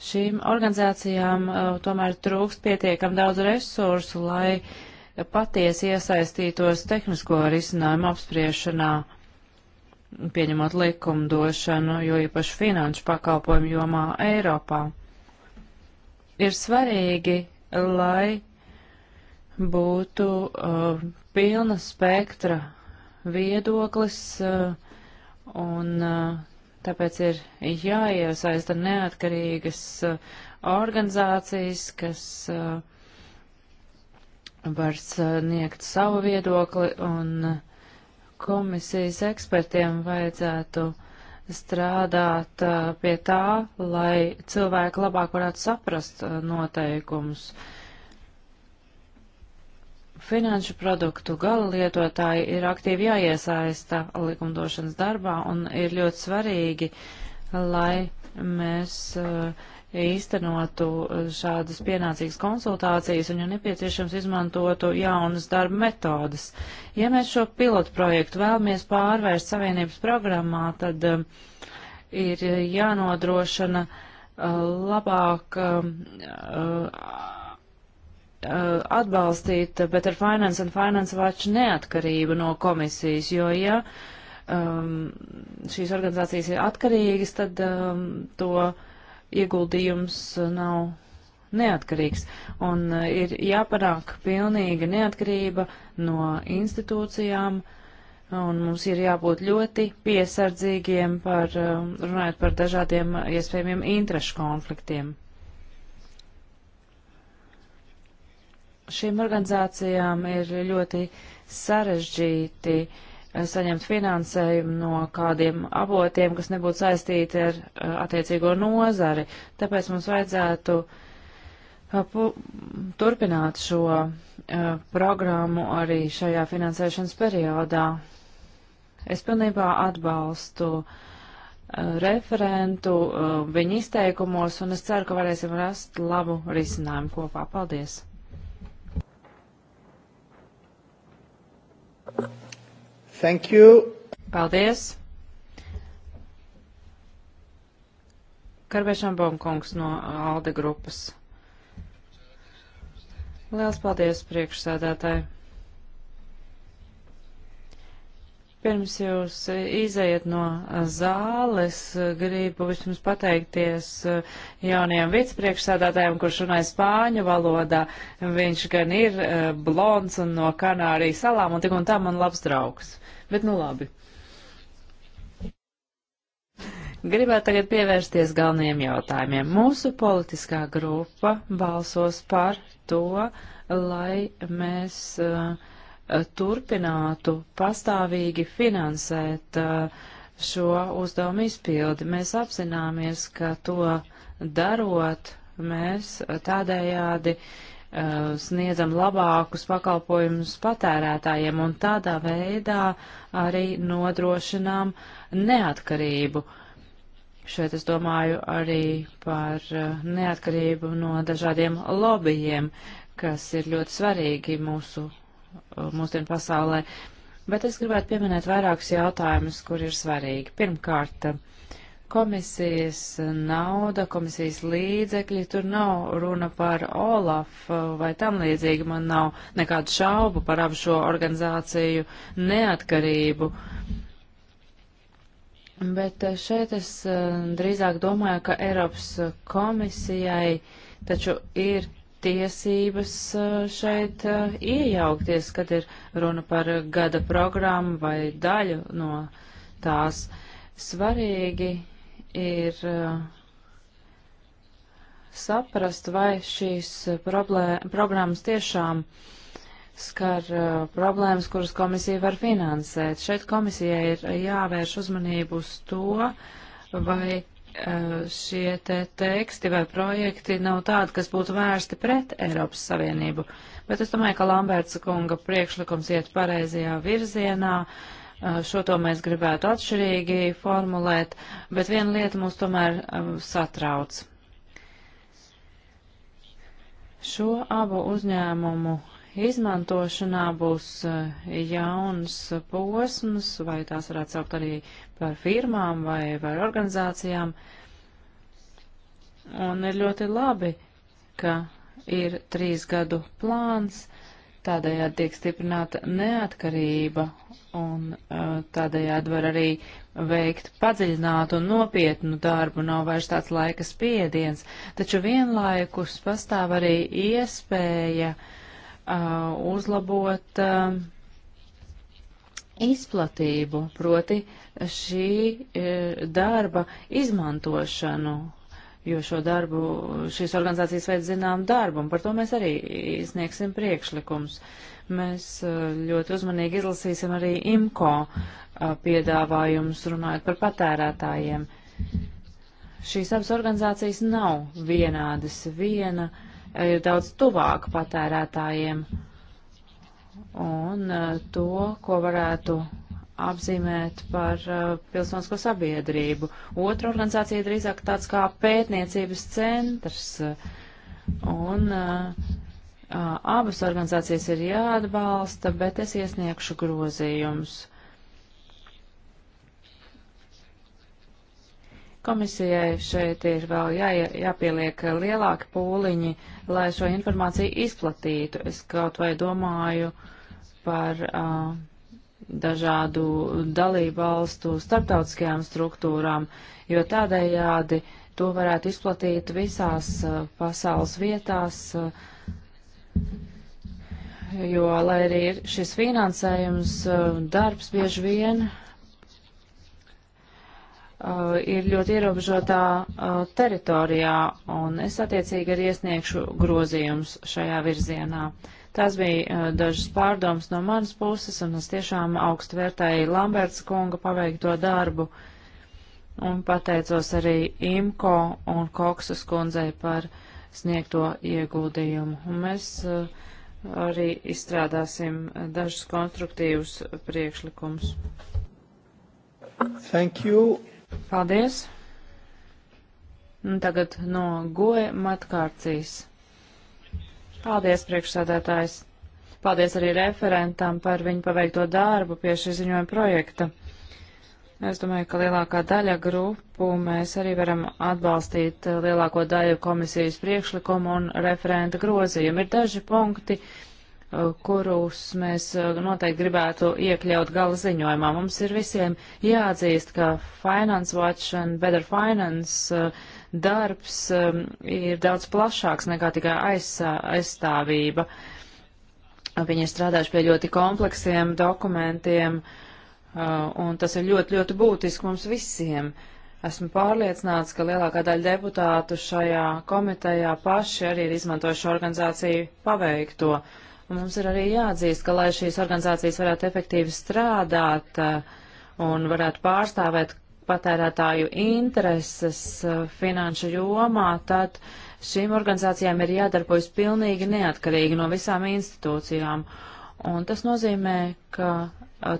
Šīm organizācijām uh, tomēr trūkst pietiekam daudz resursu, lai patiesi iesaistītos tehnisko risinājumu apspriešanā, pieņemot likumdošanu, jo īpaši finanšu pakalpojumu jomā Eiropā. Ir svarīgi, lai būtu uh, pilna spektra viedoklis, uh, un uh, tāpēc ir jāiesaista neatkarīgas uh, organizācijas, kas uh, var uh, sniegt savu viedokli, un uh, komisijas ekspertiem vajadzētu strādāt uh, pie tā, lai cilvēki labāk varētu saprast noteikumus. Uh, Finanšu produktu gala lietotāji ir aktīvi jāiesaista likumdošanas darbā un ir ļoti svarīgi, lai mēs eh, īstenotu eh, šādas pienācīgas konsultācijas un, ja nepieciešams, izmantotu jaunas darba metodas. Ja mēs šo pilotu projektu vēlamies pārvērst Savienības programmā, tad eh, ir jānodrošina labāk Uh, atbalstīt Better Finance un Finance Watch neatkarību no komisijas, jo ja um, šīs organizācijas ir atkarīgas, tad um, to ieguldījums nav neatkarīgs. Un uh, ir jāpanāk pilnīga neatkarība no institūcijām, un mums ir jābūt ļoti piesardzīgiem par, uh, runājot par dažādiem iespējamiem interešu konfliktiem. Šīm organizācijām ir ļoti sarežģīti eh, saņemt finansējumu no kādiem avotiem, kas nebūtu saistīti ar eh, attiecīgo nozari. Tāpēc mums vajadzētu eh, turpināt šo uh, programmu arī šajā finansēšanas periodā. Es pilnībā atbalstu uh, referentu uh, viņa izteikumos, un es ceru, ka varēsim rast labu risinājumu kopā. Paldies! Thank you. Paldies. Karvešām Bomkungs no Alde grupas. Liels paldies priekšsēdētāji. Pirms jūs e, izējat no e, zāles, e, gribu vispirms pateikties jaunajam vicepriekšsādātājam, kurš runāja spāņu valodā. Viņš gan ir blonds un no Kanārijas salām, un tik un tā man labs draugs. Bet nu labi. Gribētu tagad pievērsties galvenajiem jautājumiem. Mūsu politiskā grupa balsos par to, lai mēs. Uh, Eh, turpinātu pastāvīgi finansēt eh, šo uzdevumu izpildi. Mēs apzināmies, ka to darot, mēs tādējādi eh, sniedzam labākus pakalpojumus patērētājiem un tādā veidā arī nodrošinām neatkarību. Šeit es domāju arī par neatkarību no dažādiem lobbyiem, kas ir ļoti svarīgi mūsu Uh, mūsdienu pasaulē. Bet es gribētu pieminēt vairākus jautājumus, kur ir svarīgi. Pirmkārt, komisijas nauda, komisijas līdzekļi, tur nav runa par Olaf uh, vai tam līdzīgi. Man nav nekādu šaubu par abu šo organizāciju neatkarību. Bet uh, šeit es drīzāk domāju, ka Eiropas komisijai taču ir tiesības eh, šeit eh, iejaukties, kad ir runa par gada programmu vai daļu no tās. Svarīgi ir eh, saprast, vai šīs programmas tiešām skar problēmas, kuras komisija var finansēt. Šeit komisijai ir jāvērš uzmanību uz to, vai Eh, šie te teksti vai projekti nav tādi, kas būtu vērsti pret Eiropas Savienību. Bet es domāju, ka Lamberts kunga priekšlikums iet pareizajā virzienā. Eh, šo to mēs gribētu atšķirīgi formulēt, bet viena lieta mūs tomēr eh, satrauc. Šo abu uzņēmumu izmantošanā būs jauns posms, vai tās varētu saukt arī par firmām vai par organizācijām. Un ir ļoti labi, ka ir trīs gadu plāns, tādējādi tiek stiprināta neatkarība un uh, tādējādi var arī veikt padziļinātu un nopietnu darbu, nav vairs tāds laika spiediens, taču vienlaikus pastāv arī iespēja uh, uzlabot uh, izplatību, proti šī e, darba izmantošanu, jo šo darbu, šīs organizācijas veids zinām darbu, un par to mēs arī izniegsim priekšlikums. Mēs e, ļoti uzmanīgi izlasīsim arī IMCO e, piedāvājumus runājot par patērētājiem. Šīs abas organizācijas nav vienādas. Viena ir daudz tuvāka patērētājiem un uh, to, ko varētu apzīmēt par uh, pilsonisko sabiedrību. Otra organizācija drīzāk tāds kā pētniecības centrs, uh, un abas organizācijas ir jāatbalsta, bet es iesniegšu grozījumus. Komisijai šeit ir vēl jā, jāpieliek lielāki pūliņi, lai šo informāciju izplatītu. Es kaut vai domāju, uh, par uh, dažādu dalību valstu starptautiskajām struktūrām, jo tādējādi to varētu izplatīt visās uh, pasaules vietās. Uh, Jo, lai arī ir šis finansējums, uh, darbs bieži vien uh, ir ļoti ierobežotā uh, teritorijā, un es attiecīgi arī iesniegšu grozījumus šajā virzienā. Uh, Tās bija eh, dažas pārdomas no manas puses, un es tiešām augstu vērtēju Lamberts kunga paveikto darbu, un pateicos arī Imko un Koksas kundzei par sniegto ieguldījumu. Un mēs eh, arī izstrādāsim dažus konstruktīvus priekšlikumus. Thank you. Paldies. Un tagad no goja matkārcīs. Paldies, priekšsādātājs. Paldies arī referentam par viņu paveikto darbu pie šī ziņojuma projekta. Es domāju, ka lielākā daļa grupu mēs arī varam atbalstīt lielāko daļu komisijas priekšlikumu un referenta grozījumu. Ir daži punkti, kurus mēs noteikti gribētu iekļaut gala ziņojumā. Mums ir visiem jāatzīst, ka Finance Watch un Better Finance uh, darbs um, ir daudz plašāks nekā tikai aizsā, aizstāvība. Viņi ir strādājuši pie ļoti kompleksiem dokumentiem, uh, un tas ir ļoti, ļoti būtiski mums visiem. Esmu pārliecināts, ka lielākā daļa deputātu šajā komitejā paši arī ir izmantojuši organizāciju paveikto. Un mums ir arī jāatzīst, ka lai šīs organizācijas varētu efektīvi strādāt, uh, un varētu pārstāvēt patērētāju intereses uh, finanšu jomā, tad šīm organizācijām ir jādarbojas pilnīgi neatkarīgi no visām institūcijām. Un tas nozīmē, ka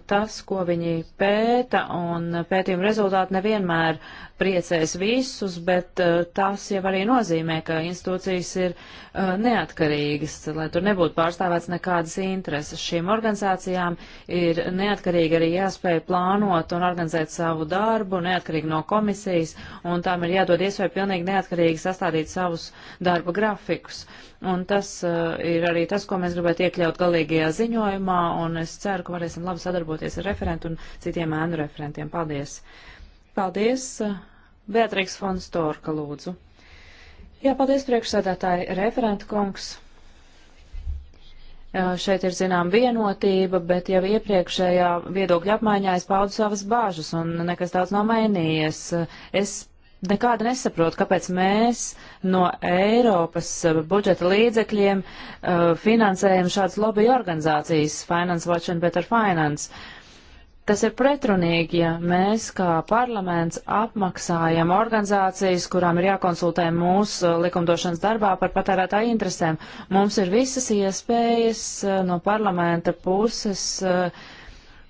tas, ko viņi pēta, un pētījuma rezultāti nevienmēr priecēs visus, bet uh, tas jau arī nozīmē, ka institūcijas ir uh, neatkarīgas, lai tur nebūtu pārstāvēts nekādas intereses. Šīm organizācijām ir neatkarīgi arī jāspēj plānot un organizēt savu darbu, neatkarīgi no komisijas, un tām ir jādod iespēja pilnīgi neatkarīgi sastādīt savus darba grafikus. Uh, Un tas uh, ir arī tas, ko mēs gribētu iekļaut galīgajā ziņojumā, un es ceru, ka varēsim labi sadarboties ar referentu un citiem ēnu referentiem. Paldies! Paldies! Eh, Beatriks Fons Torka, lūdzu. Jā, paldies priekšsēdētāji, referenta kungs. Šeit ir zinām vienotība, bet jau iepriekšējā viedokļa apmaiņā es paudu savas bāžas un nekas daudz nav mainījies. Es nekādi nesaprot, kāpēc mēs no Eiropas eh, budžeta līdzekļiem uh, finansējam šādas lobby organizācijas Finance Watch and Better Finance. Tas ir pretrunīgi, ja mēs kā parlaments apmaksājam organizācijas, kurām ir jākonsultē mūsu eh, likumdošanas darbā par patērētāju interesēm. Mums ir visas iespējas no parlamenta puses uh,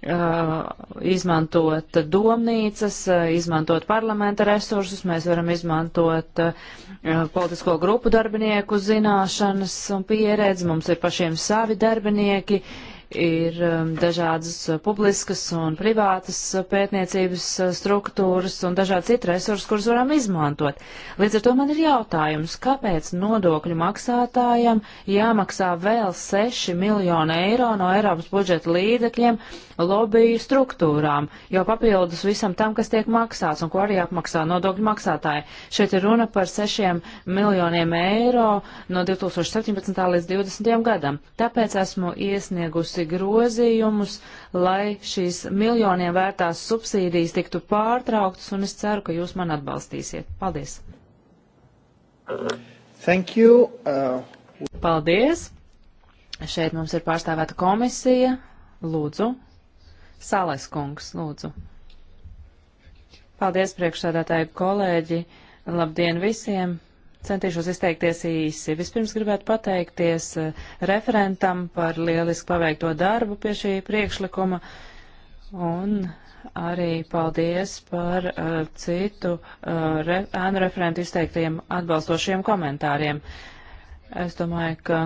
Uh, izmantot domnīcas, uh, izmantot parlamenta resursus, mēs varam izmantot uh, politisko grupu darbinieku zināšanas un pieredzi, mums ir pašiem savi darbinieki, ir um, dažādas publiskas un privātas pētniecības uh, struktūras un dažādi citi resursi, kurus varam izmantot. Līdz ar to man ir jautājums, kāpēc nodokļu maksātājiem jāmaksā vēl 6 miljonu eiro no Eiropas budžeta līdzekļiem lobiju struktūrām, jo papildus visam tam, kas tiek maksāts un ko arī apmaksā nodokļu maksātāji. Šeit ir runa par 6 miljoniem eiro no 2017. līdz 2020. gadam. Tāpēc esmu iesniegusi iesniegusi grozījumus, lai šīs miljoniem vērtās subsīdijas tiktu pārtrauktas, un es ceru, ka jūs man atbalstīsiet. Paldies! Thank you. Uh... Paldies! Šeit mums ir pārstāvēta komisija. Lūdzu. Sālais kungs, lūdzu. Paldies, priekšsādātāji kolēģi. Labdien visiem! Centīšos izteikties īsi. Vispirms gribētu pateikties eh, referentam par lieliski paveikto darbu pie šī priekšlikuma un arī paldies par uh, citu eh, ēnu uh, re, referentu izteiktajiem atbalstošiem komentāriem. Es domāju, ka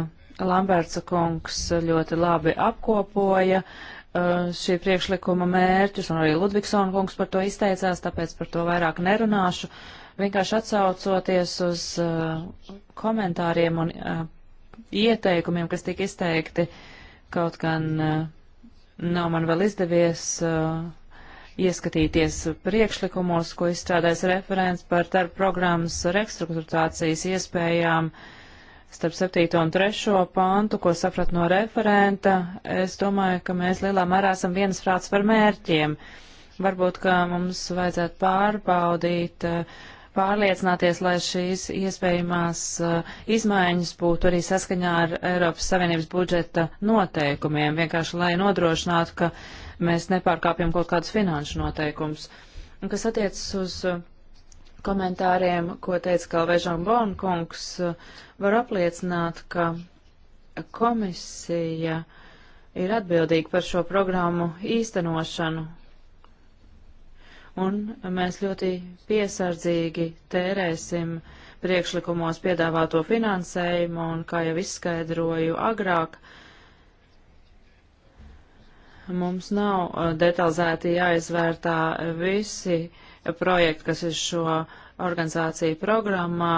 Lamberts kungs ļoti labi apkopoja uh, šī priekšlikuma mērķus, un arī Ludvigsona kungs par to izteicās, tāpēc par to vairāk nerunāšu. Uh, vienkārši atsaucoties uz uh, komentāriem un uh, ieteikumiem, kas tika izteikti, kaut gan uh, nav man vēl izdevies uh, ieskatīties priekšlikumos, ko izstrādājas referents par darba programmas rekstrukturācijas iespējām starp 7. un 3. pantu, ko saprat no referenta. Es domāju, ka mēs lielā mērā esam viensprāts par mērķiem. Varbūt, ka mums vajadzētu pārbaudīt uh, pārliecināties, lai šīs iespējamās uh, izmaiņas būtu arī saskaņā ar Eiropas Savienības budžeta noteikumiem, vienkārši lai nodrošinātu, ka mēs nepārkāpjam kaut kādus finanšu noteikumus. Un kas attiecas uz uh, komentāriem, ko teica Kalvežam Bonkungs, uh, var apliecināt, ka komisija ir atbildīga par šo programmu īstenošanu un mēs ļoti piesardzīgi tērēsim priekšlikumos piedāvāto finansējumu, un, kā jau izskaidroju agrāk, mums nav uh, detalizēti jāizvērtā visi projekti, kas ir šo organizāciju programmā,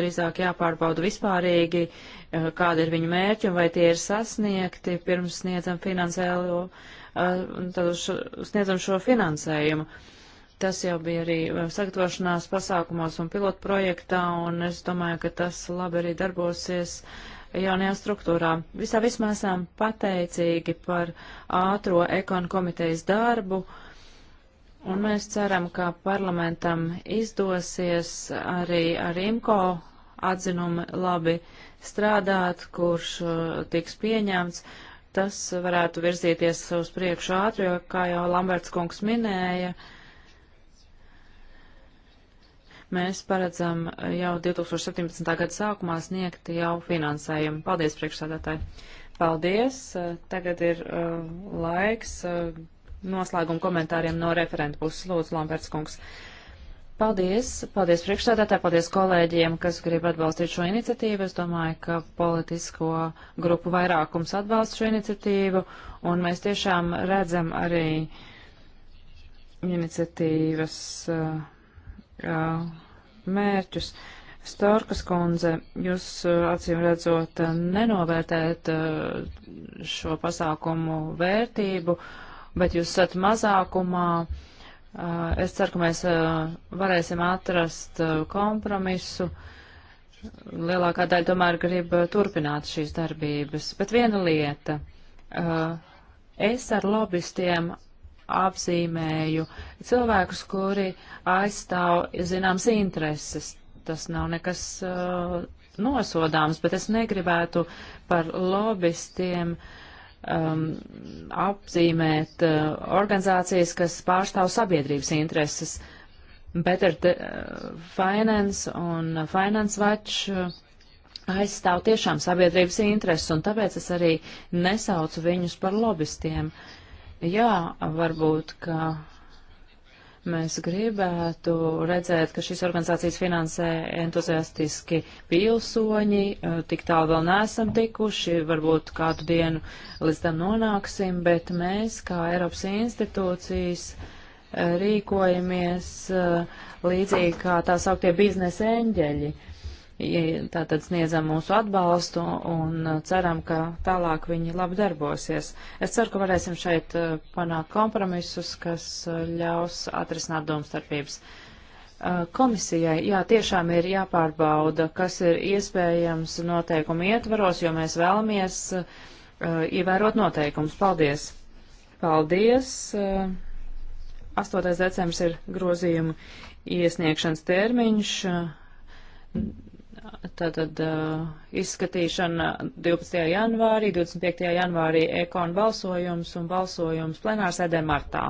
drīzāk jāpārbauda vispārīgi, uh, kāda ir viņu mērķi un vai tie ir sasniegti, pirms sniedzam, uh, sniedzam šo finansējumu. Tas jau bija arī uh, sagatavošanās pasākumos un pilotprojektā, un es domāju, ka tas labi arī darbosies jaunajā struktūrā. Visā vismā esam pateicīgi par ātro ekonu komitejas darbu, un mēs ceram, ka parlamentam izdosies arī ar IMCO atzinumu labi strādāt, kurš uh, tiks pieņemts tas varētu virzīties uz priekšu ātri, jo, kā jau Lamberts kungs minēja, uh, mēs paredzam jau 2017. gada sākumā sniegt jau finansējumu. Paldies, priekšsādātāji! Paldies! Tagad ir uh, laiks uh, noslēguma komentāriem no referenta puses. Lūdzu, Lamberts kungs! Paldies, paldies priekšstādātāji, paldies kolēģiem, kas grib atbalstīt šo iniciatīvu. Es domāju, ka politisko grupu vairākums atbalsta šo iniciatīvu, un mēs tiešām redzam arī iniciatīvas uh, mērķus. Storkas kundze, jūs eh, acīm redzot eh, nenovērtējat eh, šo pasākumu vērtību, bet jūs esat mazākumā. Es ceru, ka mēs varēsim atrast kompromisu. Lielākā daļa tomēr grib turpināt šīs darbības. Bet viena lieta. Es ar lobbystiem apzīmēju cilvēkus, kuri aizstāv zināms intereses. Tas nav nekas uh, nosodāms, bet es negribētu par lobistiem um, apzīmēt uh, organizācijas, kas pārstāv sabiedrības intereses. Better de, uh, Finance un Finance Watch uh, aizstāv tiešām sabiedrības intereses, un tāpēc es arī nesaucu viņus par lobistiem. Uh, Jā, varbūt, ka mēs gribētu redzēt, ka šīs organizācijas finansē entuziastiski pilsoņi, eh, tik tālu vēl neesam tikuši, varbūt kādu dienu līdz tam nonāksim, bet mēs, kā Eiropas institūcijas, eh, rīkojamies eh, līdzīgi kā tā sauktie biznesa eņģeļi. Uh, tātad sniedzam mūsu atbalstu un uh, ceram, ka tālāk viņi labi darbosies. Es ceru, ka varēsim šeit uh, panākt kompromisus, kas uh, ļaus atrisināt domstarpības. Komisijai, jā, tiešām ir jāpārbauda, kas ir iespējams noteikumu ietvaros, jo mēs vēlamies ievērot noteikumus. Paldies! Paldies! 8. decembris ir grozījuma iesniegšanas termiņš. Tātad uh, izskatīšana 12. janvārī, 25. janvārī ekon balsojums un balsojums plenārsēdē martā.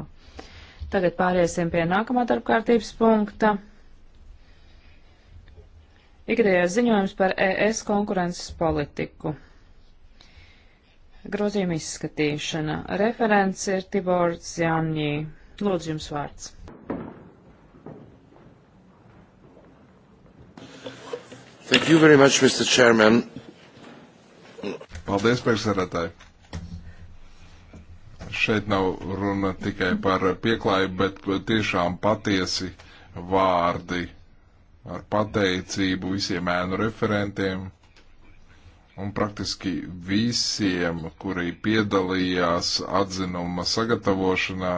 Tagad pāriesim pie nākamā darbkārtības punkta. Ikdējais ziņojums par ES konkurences politiku. Grozījuma izskatīšana. Referents ir Tibor Zjanjī. Lūdzu jums vārds. Thank you very much, Mr. Chairman. Paldies, priekšsēdētāji. Šeit nav runa tikai par pieklājību, bet tiešām patiesi vārdi ar pateicību visiem ēnu referentiem un praktiski visiem, kuri piedalījās atzinuma sagatavošanā.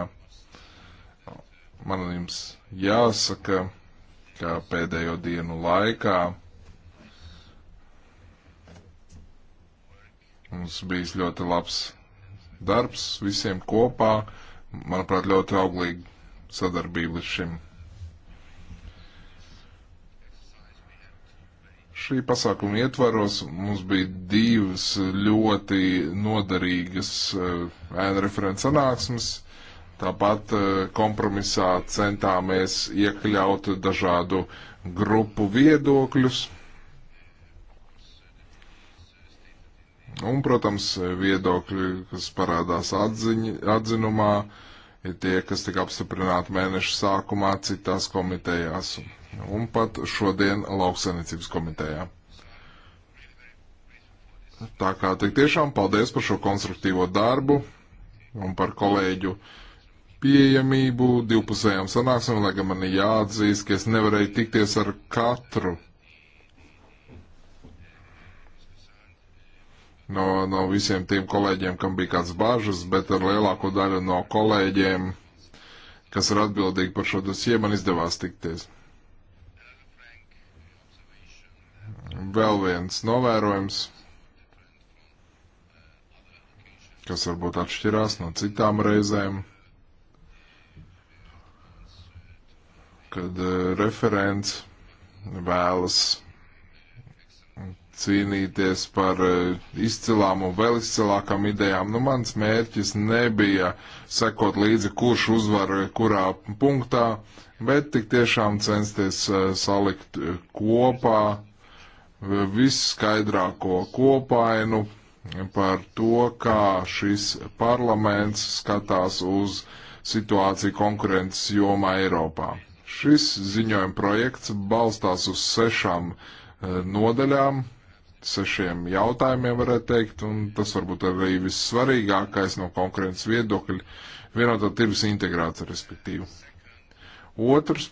Man jums jāsaka, ka pēdējo dienu laikā Mums bijis ļoti labs darbs visiem kopā. Manuprāt, ļoti auglīga sadarbība līdz šim. Šī pasākuma ietvaros mums bija divas ļoti noderīgas eh, ēna referents sanāksmes. Tāpat eh, kompromisā centāmies iekļaut dažādu grupu viedokļus. Un, protams, viedokļi, kas parādās atziņ, atzinumā, ir tie, kas tika apstiprināti mēneša sākumā citās komitejās un pat šodien lauksanicības komitejā. Tā kā tik tiešām paldies par šo konstruktīvo darbu un par kolēģu pieejamību divpusējām sanāksmēm, lai gan man jāatzīst, ka es nevarēju tikties ar katru no, no visiem tiem kolēģiem, kam bija kāds bažas, bet ar lielāko daļu no kolēģiem, kas ir atbildīgi par šo dosie, man izdevās tikties. Vēl viens novērojums, kas varbūt atšķirās no citām reizēm, kad uh, referents vēlas cīnīties par eh, izcilām un vēl izcilākām idejām. Nu, mans mērķis nebija sekot līdzi, kurš uzvar eh, kurā punktā, bet tik tiešām censties eh, salikt kopā visskaidrāko kopainu par to, kā šis parlaments skatās uz situāciju konkurences jomā Eiropā. Šis ziņojuma projekts balstās uz sešām nodaļām, sešiem jautājumiem, varētu teikt, un tas varbūt arī vissvarīgākais no konkurences viedokļa - vienotā tirgus integrācija, respektīvi. Otrs,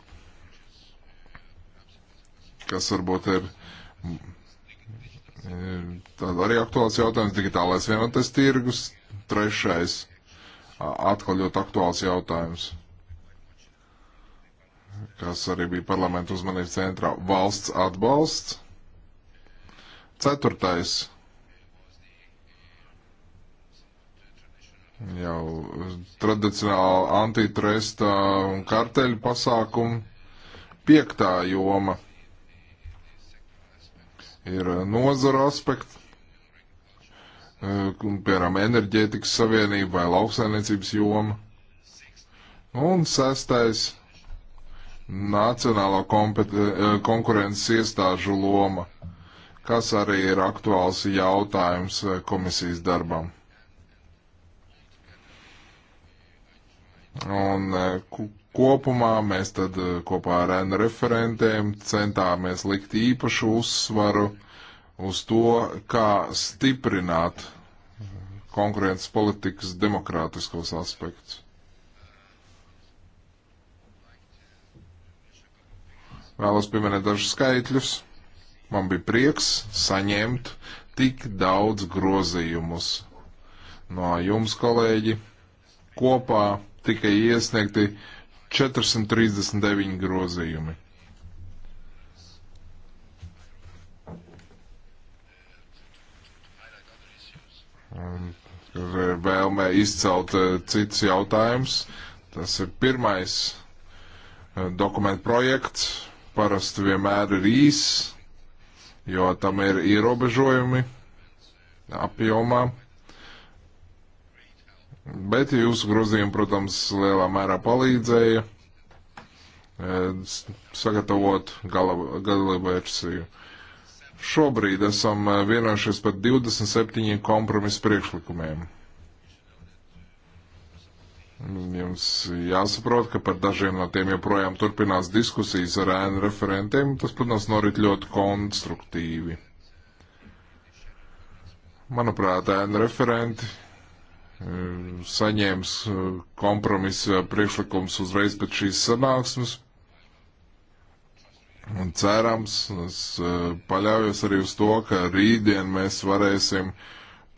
kas varbūt ir mm, tāda arī aktuāls jautājums - digitālais vienotais tirgus. Trešais, atkal ļoti aktuāls jautājums kas arī bija parlamentu uzmanības centrā, valsts atbalsts Ceturtais jau tradicionāli antitresta un karteļu pasākumu. Piektā joma ir nozara aspekts, eh, piemēram, enerģētikas savienība vai lauksainiecības joma. Un sestais - nacionālo eh, konkurences iestāžu loma kas arī ir aktuāls jautājums eh, komisijas darbam. Un eh, kopumā mēs tad eh, kopā ar N referentiem centāmies likt īpašu uzsvaru uz to, kā stiprināt konkurences politikas demokrātiskos aspektus. Vēlos pieminēt dažus skaitļus. Man bija prieks saņemt tik daudz grozījumus no jums, kolēģi. Kopā tika iesniegti 439 grozījumi. Un vēlmē izcelt eh, cits jautājums. Tas ir pirmais eh, dokumentu projekts. Parasti vienmēr ir īss, jo tam ir ierobežojumi apjomā. Bet jūsu grozījumi, protams, lielā mērā palīdzēja eh, sagatavot gala, gala versiju. Šobrīd esam eh, vienojušies par 27 kompromisu priekšlikumiem. Jums jāsaprot, ka par dažiem no tiem joprojām turpinās diskusijas ar ēnu referentiem. Tas, protams, norit ļoti konstruktīvi. Manuprāt, ēnu referenti eh, saņēms eh, kompromisa priekšlikums uzreiz pēc šīs sanāksmes. Un cerams, es eh, paļaujos arī uz to, ka rītdien mēs varēsim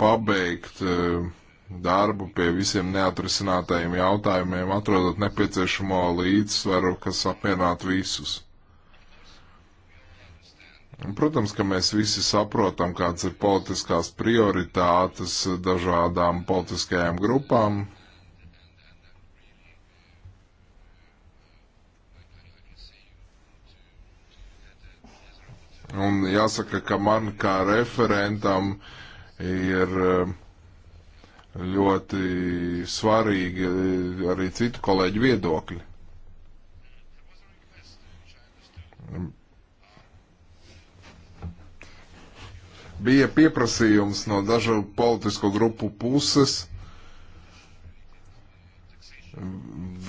pabeigt uh, darbu pie visiem neatrisinātajiem jautājumiem, atrodot nepieciešamo līdzsvaru, kas apmierinātu visus. Protams, ka mēs visi saprotam, kāds ir politiskās prioritātes dažādām politiskajām grupām, Un jāsaka, ka man kā referentam ir eh, ļoti svarīgi arī citu kolēģu viedokļi. Bija pieprasījums no dažu politisko grupu puses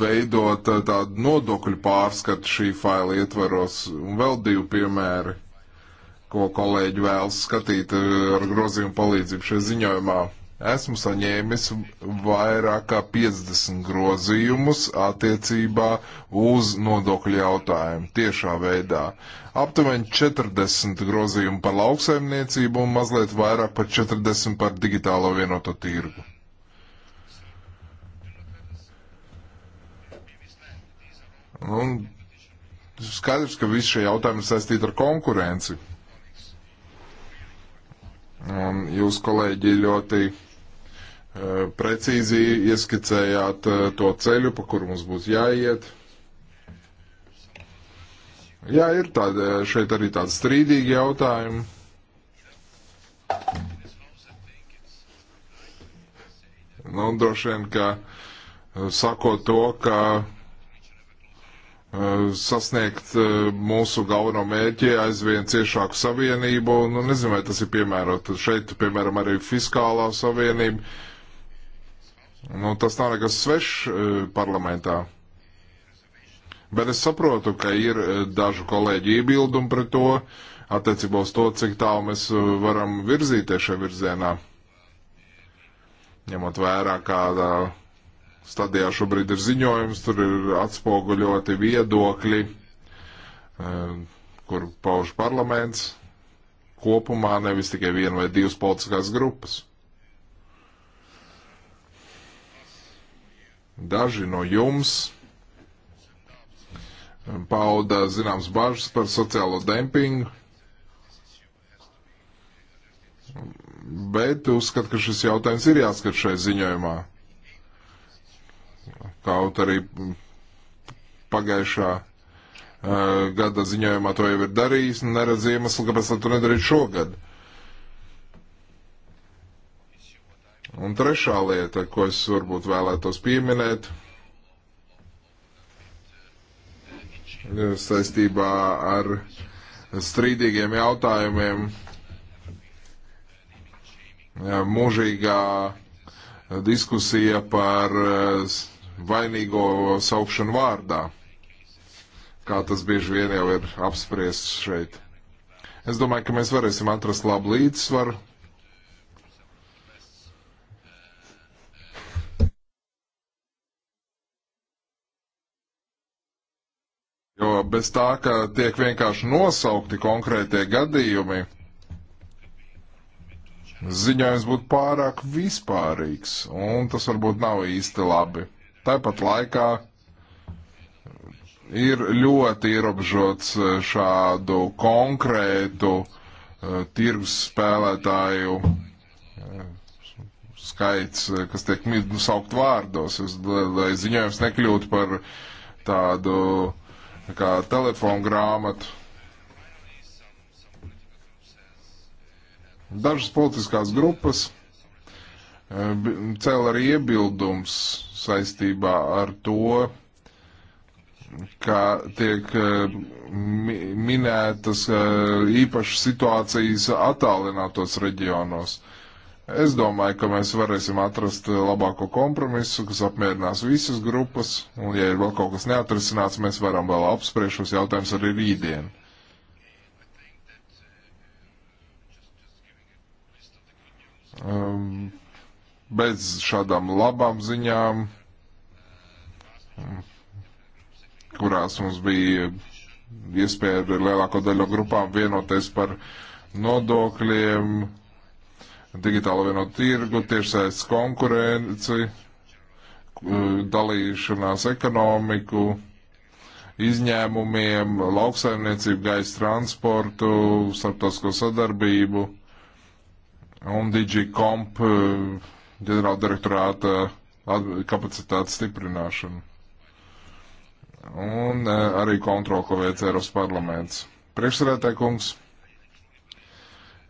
veidot eh, tādu nodokļu pārskatu šī faila ietvaros, un vēl divi piemēri, ko kolēģi vēlas skatīt eh, ar grozījumu palīdzību šajā ziņojumā. Esmu saņēmis vairāk kā 50 grozījumus attiecībā uz nodokļu jautājumu tiešā veidā. Aptuveni 40 grozījumu par lauksaimniecību un mazliet vairāk par 40 par digitālo vienoto tirgu. Un skaidrs, ka visi šie jautājumi ir saistīti ar konkurenci. Un jūs, kolēģi, ļoti Eh, precīzi ieskicējāt eh, to ceļu, pa kuru mums būs jāiet. Jā, ir tāda, eh, šeit arī tādi strīdīgi jautājumi. Nu, droši vien, ka sakot to, ka sasniegt mūsu galveno mērķi aizvien ciešāku savienību, nu, nezinu, vai tas ir piemērot. Šeit, piemēram, arī fiskālā savienība Nu, tas nav nekas svešs eh, parlamentā. Bet es saprotu, ka ir eh, dažu kolēģi iebildumi pret to, attiecībā uz to, cik tālu mēs eh, varam virzīties šajā virzienā. Ņemot vērā, kādā stadijā šobrīd ir ziņojums, tur ir atspoguļoti viedokļi, kur pauž parlaments kopumā, nevis tikai viena vai divas politiskās grupas. Daži no jums pauda zināms bažas par sociālo dempingu, bet uzskat, ka šis jautājums ir jāskat šai ziņojumā. Kaut arī pagājušā uh, gada ziņojumā to jau ir darījis, neredz iemeslu, kāpēc to nedarīt šogad. Uh, Un trešā lieta, ko es varbūt vēlētos pieminēt, saistībā ar strīdīgiem jautājumiem, mūžīgā diskusija par eh, vainīgo saukšanu vārdā, kā tas bieži vien jau ir apspriests šeit. Es domāju, ka mēs varēsim atrast labu līdzsvaru jo bez tā, ka tiek vienkārši nosaukti konkrētie gadījumi, ziņojums būtu pārāk vispārīgs, un tas varbūt nav īsti labi. Tāpat laikā ir ļoti ierobežots e, šādu konkrētu uh, tirgus spēlētāju uh, skaits, kas tiek nu, saukt vārdos, lai ziņojums nekļūtu par tādu kā telefonu grāmatu. Dažas politiskās grupas eh, cēl arī iebildums saistībā ar to, ka tiek eh, minētas eh, īpašas situācijas attālinātos reģionos. Es domāju, ka mēs varēsim atrast labāko kompromisu, kas apmierinās visas grupas, un ja ir vēl kaut kas neatrisināts, mēs varam vēl apspriest šos jautājumus arī rītdien. Um, bez šādām labām ziņām, kurās mums bija iespēja ar lielāko daļu grupām vienoties par nodokļiem, digitālo vienotu tirgu, tiešsaistes konkurenci, dalīšanās ekonomiku, izņēmumiem, lauksaimniecību, gaisa transportu, starptautisko sadarbību un DigiComp eh, ģenerāldirektorāta kapacitātes stiprināšanu. Un eh, arī kontroli, ko veic Eiropas parlaments. Priekšsēdētāj kungs.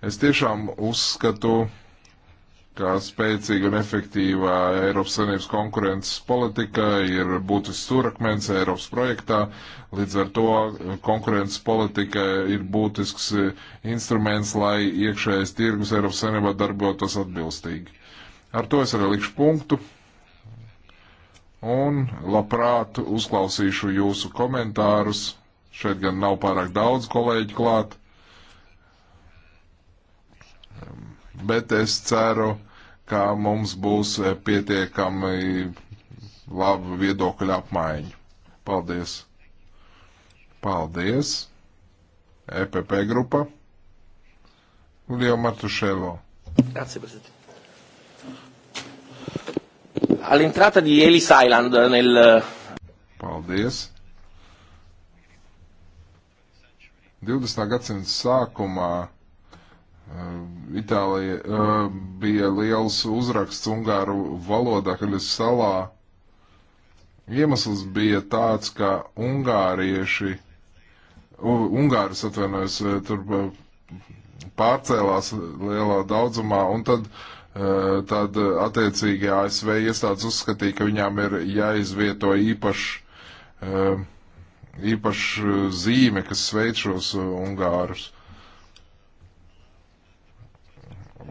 Es tiešām uzskatu, kā spēcīga un efektīvā Eiropas Savienības konkurences politika ir būtisks stūrakmens Eiropas projektā. Līdz ar to konkurences politika ir būtisks instruments, lai iekšējais tirgus Eiropas Savienībā darbotos atbilstīgi. Ar to es arī likšu punktu. Un labprāt uzklausīšu jūsu komentārus. Šeit gan nav pārāk daudz kolēģi klāt. bet es ceru, ka mums būs eh, pietiekami laba viedokļa apmaiņa. Paldies! Paldies! EPP grupa. Julio Martuscello. Grazie Presidente. All'entrata di Ellis Island nel... Paldies. 20. gadsimta sākumā Ehm, Itālija ehm, bija liels uzraksts Ungāru valodā, kad es salā. Iemesls bija tāds, ka ungārieši, ungāris atvainojas, eh, tur eh, pārcēlās lielā daudzumā, un tad, eh, tad attiecīgi ASV iestādes uzskatīja, ka viņām ir jāizvieto īpašs ehm, īpaš zīme, kas sveic šos ungārus.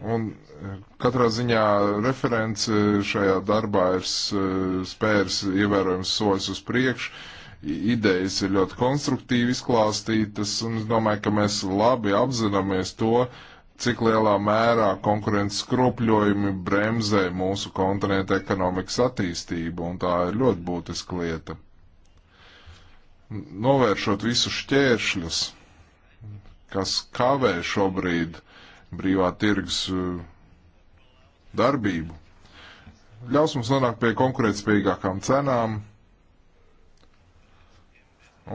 Un eh, katrā ziņā referents eh, šajā darbā ir eh, spērs ievērojams soļus uz priekšu. Idejas ir ļoti konstruktīvi izklāstītas, un es domāju, ka mēs labi apzināmies to, cik lielā mērā konkurences skropļojumi bremzē mūsu kontinenta ekonomikas attīstību, un tā ir ļoti būtiska lieta. Novēršot visus šķēršļus, kas kavē šobrīd uh, brīvā tirgus eh, darbību. Ļaus mums nonākt pie konkurētspējīgākām cenām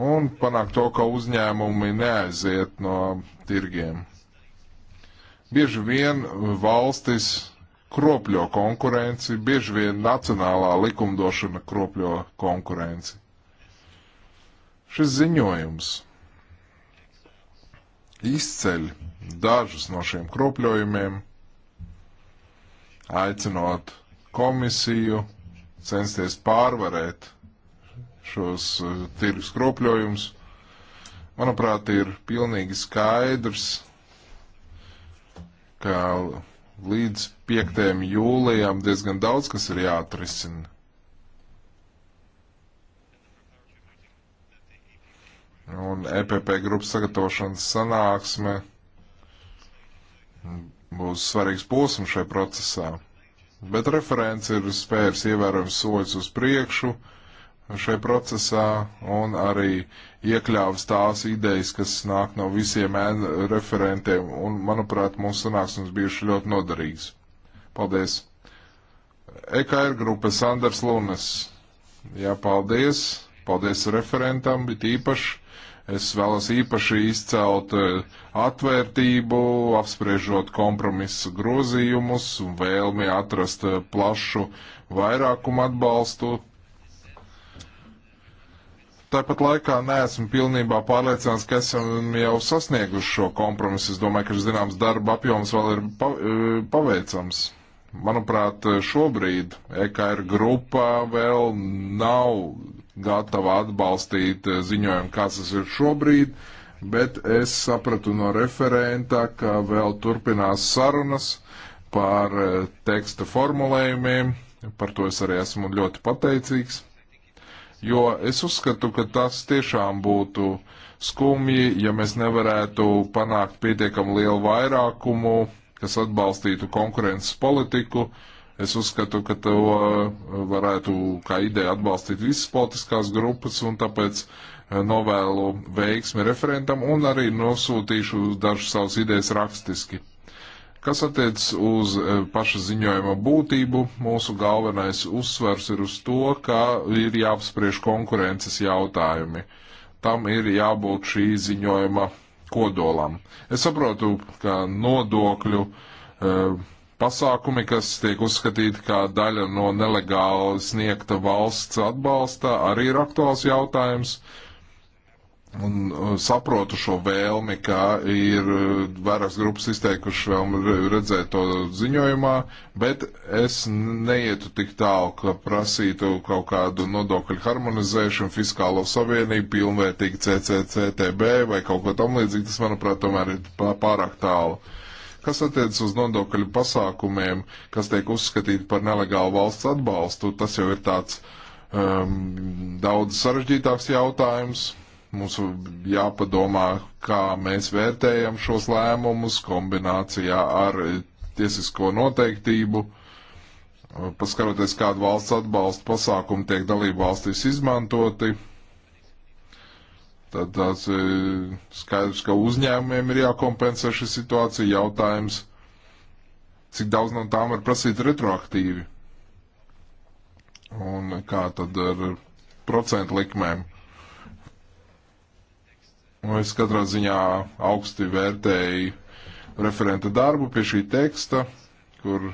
un panākt to, ka uzņēmumi neaiziet no tirgiem. Bieži vien eh, valstis kropļo konkurenci, bieži vien nacionālā likumdošana kropļo konkurenci. Šis ziņojums izceļ dažus no šiem kropļojumiem, aicinot komisiju censties pārvarēt šos eh, tirgus kropļojumus. Manuprāt, ir pilnīgi skaidrs, ka līdz 5. jūlijam diezgan daudz kas ir jāatrisina. Un EPP grupas sagatavošanas sanāksme būs svarīgs posms šajā procesā. Bet referents ir spērs ievērojams soļus uz priekšu šajā procesā un arī iekļāvis tās idejas, kas nāk no visiem referentiem. Un, manuprāt, mūsu sanāksmes bijuši ļoti noderīgs. Paldies! EKR er grupas Anders Lunes. Jā, paldies! Paldies referentam, bet īpaši Es vēlos īpaši izcelt e, atvērtību, apspriežot kompromisu grozījumus un vēlmi atrast e, plašu vairākumu atbalstu. Tāpat laikā neesmu pilnībā pārliecināts, ka esam jau sasnieguši šo kompromisu. Es domāju, ka zināms darba apjoms vēl ir e, paveicams. Manuprāt, šobrīd EKR grupa vēl nav gatava atbalstīt eh, ziņojumu, kāds tas ir šobrīd, bet es sapratu no referenta, ka vēl turpinās sarunas par eh, teksta formulējumiem. Par to es arī esmu ļoti pateicīgs. Jo es uzskatu, ka tas tiešām būtu skumji, ja mēs nevarētu panākt pietiekam lielu vairākumu, kas atbalstītu konkurences politiku, uh, Es uzskatu, ka to eh, varētu kā ideja atbalstīt visas politiskās grupas, un tāpēc eh, novēlu veiksmi referentam un arī nosūtīšu dažas savas idejas rakstiski. Kas attiecas uz eh, paša ziņojuma būtību, mūsu galvenais uzsvers ir uz to, ka ir jāapspriež konkurences jautājumi. Tam ir jābūt šī ziņojuma kodolam. Es saprotu, ka nodokļu uh, Pasākumi, kas tiek uzskatīti kā daļa no nelegāli sniegta valsts atbalsta, arī ir aktuāls jautājums. Un uh, saprotu šo vēlmi, ka ir uh, vairākas grupas izteikuši vēlmi redzēt to ziņojumā, bet es neietu tik tālu, ka prasītu kaut kādu nodokļu harmonizēšanu, fiskālo savienību, pilnvērtīgi CCCTB vai kaut ko tam līdzīgi. Tas, manuprāt, tomēr ir pārāk tālu. Uh, Kas attiecas uz nodokļu pasākumiem, kas tiek uzskatīti par nelegālu valsts atbalstu, tas jau ir tāds um, daudz sarežģītāks jautājums. Mums jāpadomā, kā mēs vērtējam šos lēmumus kombinācijā ar tiesisko noteiktību paskaroties, kādu valsts atbalstu pasākumu tiek dalību valstīs izmantoti, Tad tāds e, skaidrs, ka uzņēmumiem ir jākompensē šī situācija. Jautājums, cik daudz no tām var prasīt retroaktīvi? Un kā tad ar procentu likmēm? Un nu, es katrā ziņā augsti vērtēju referenta darbu pie šī teksta, kur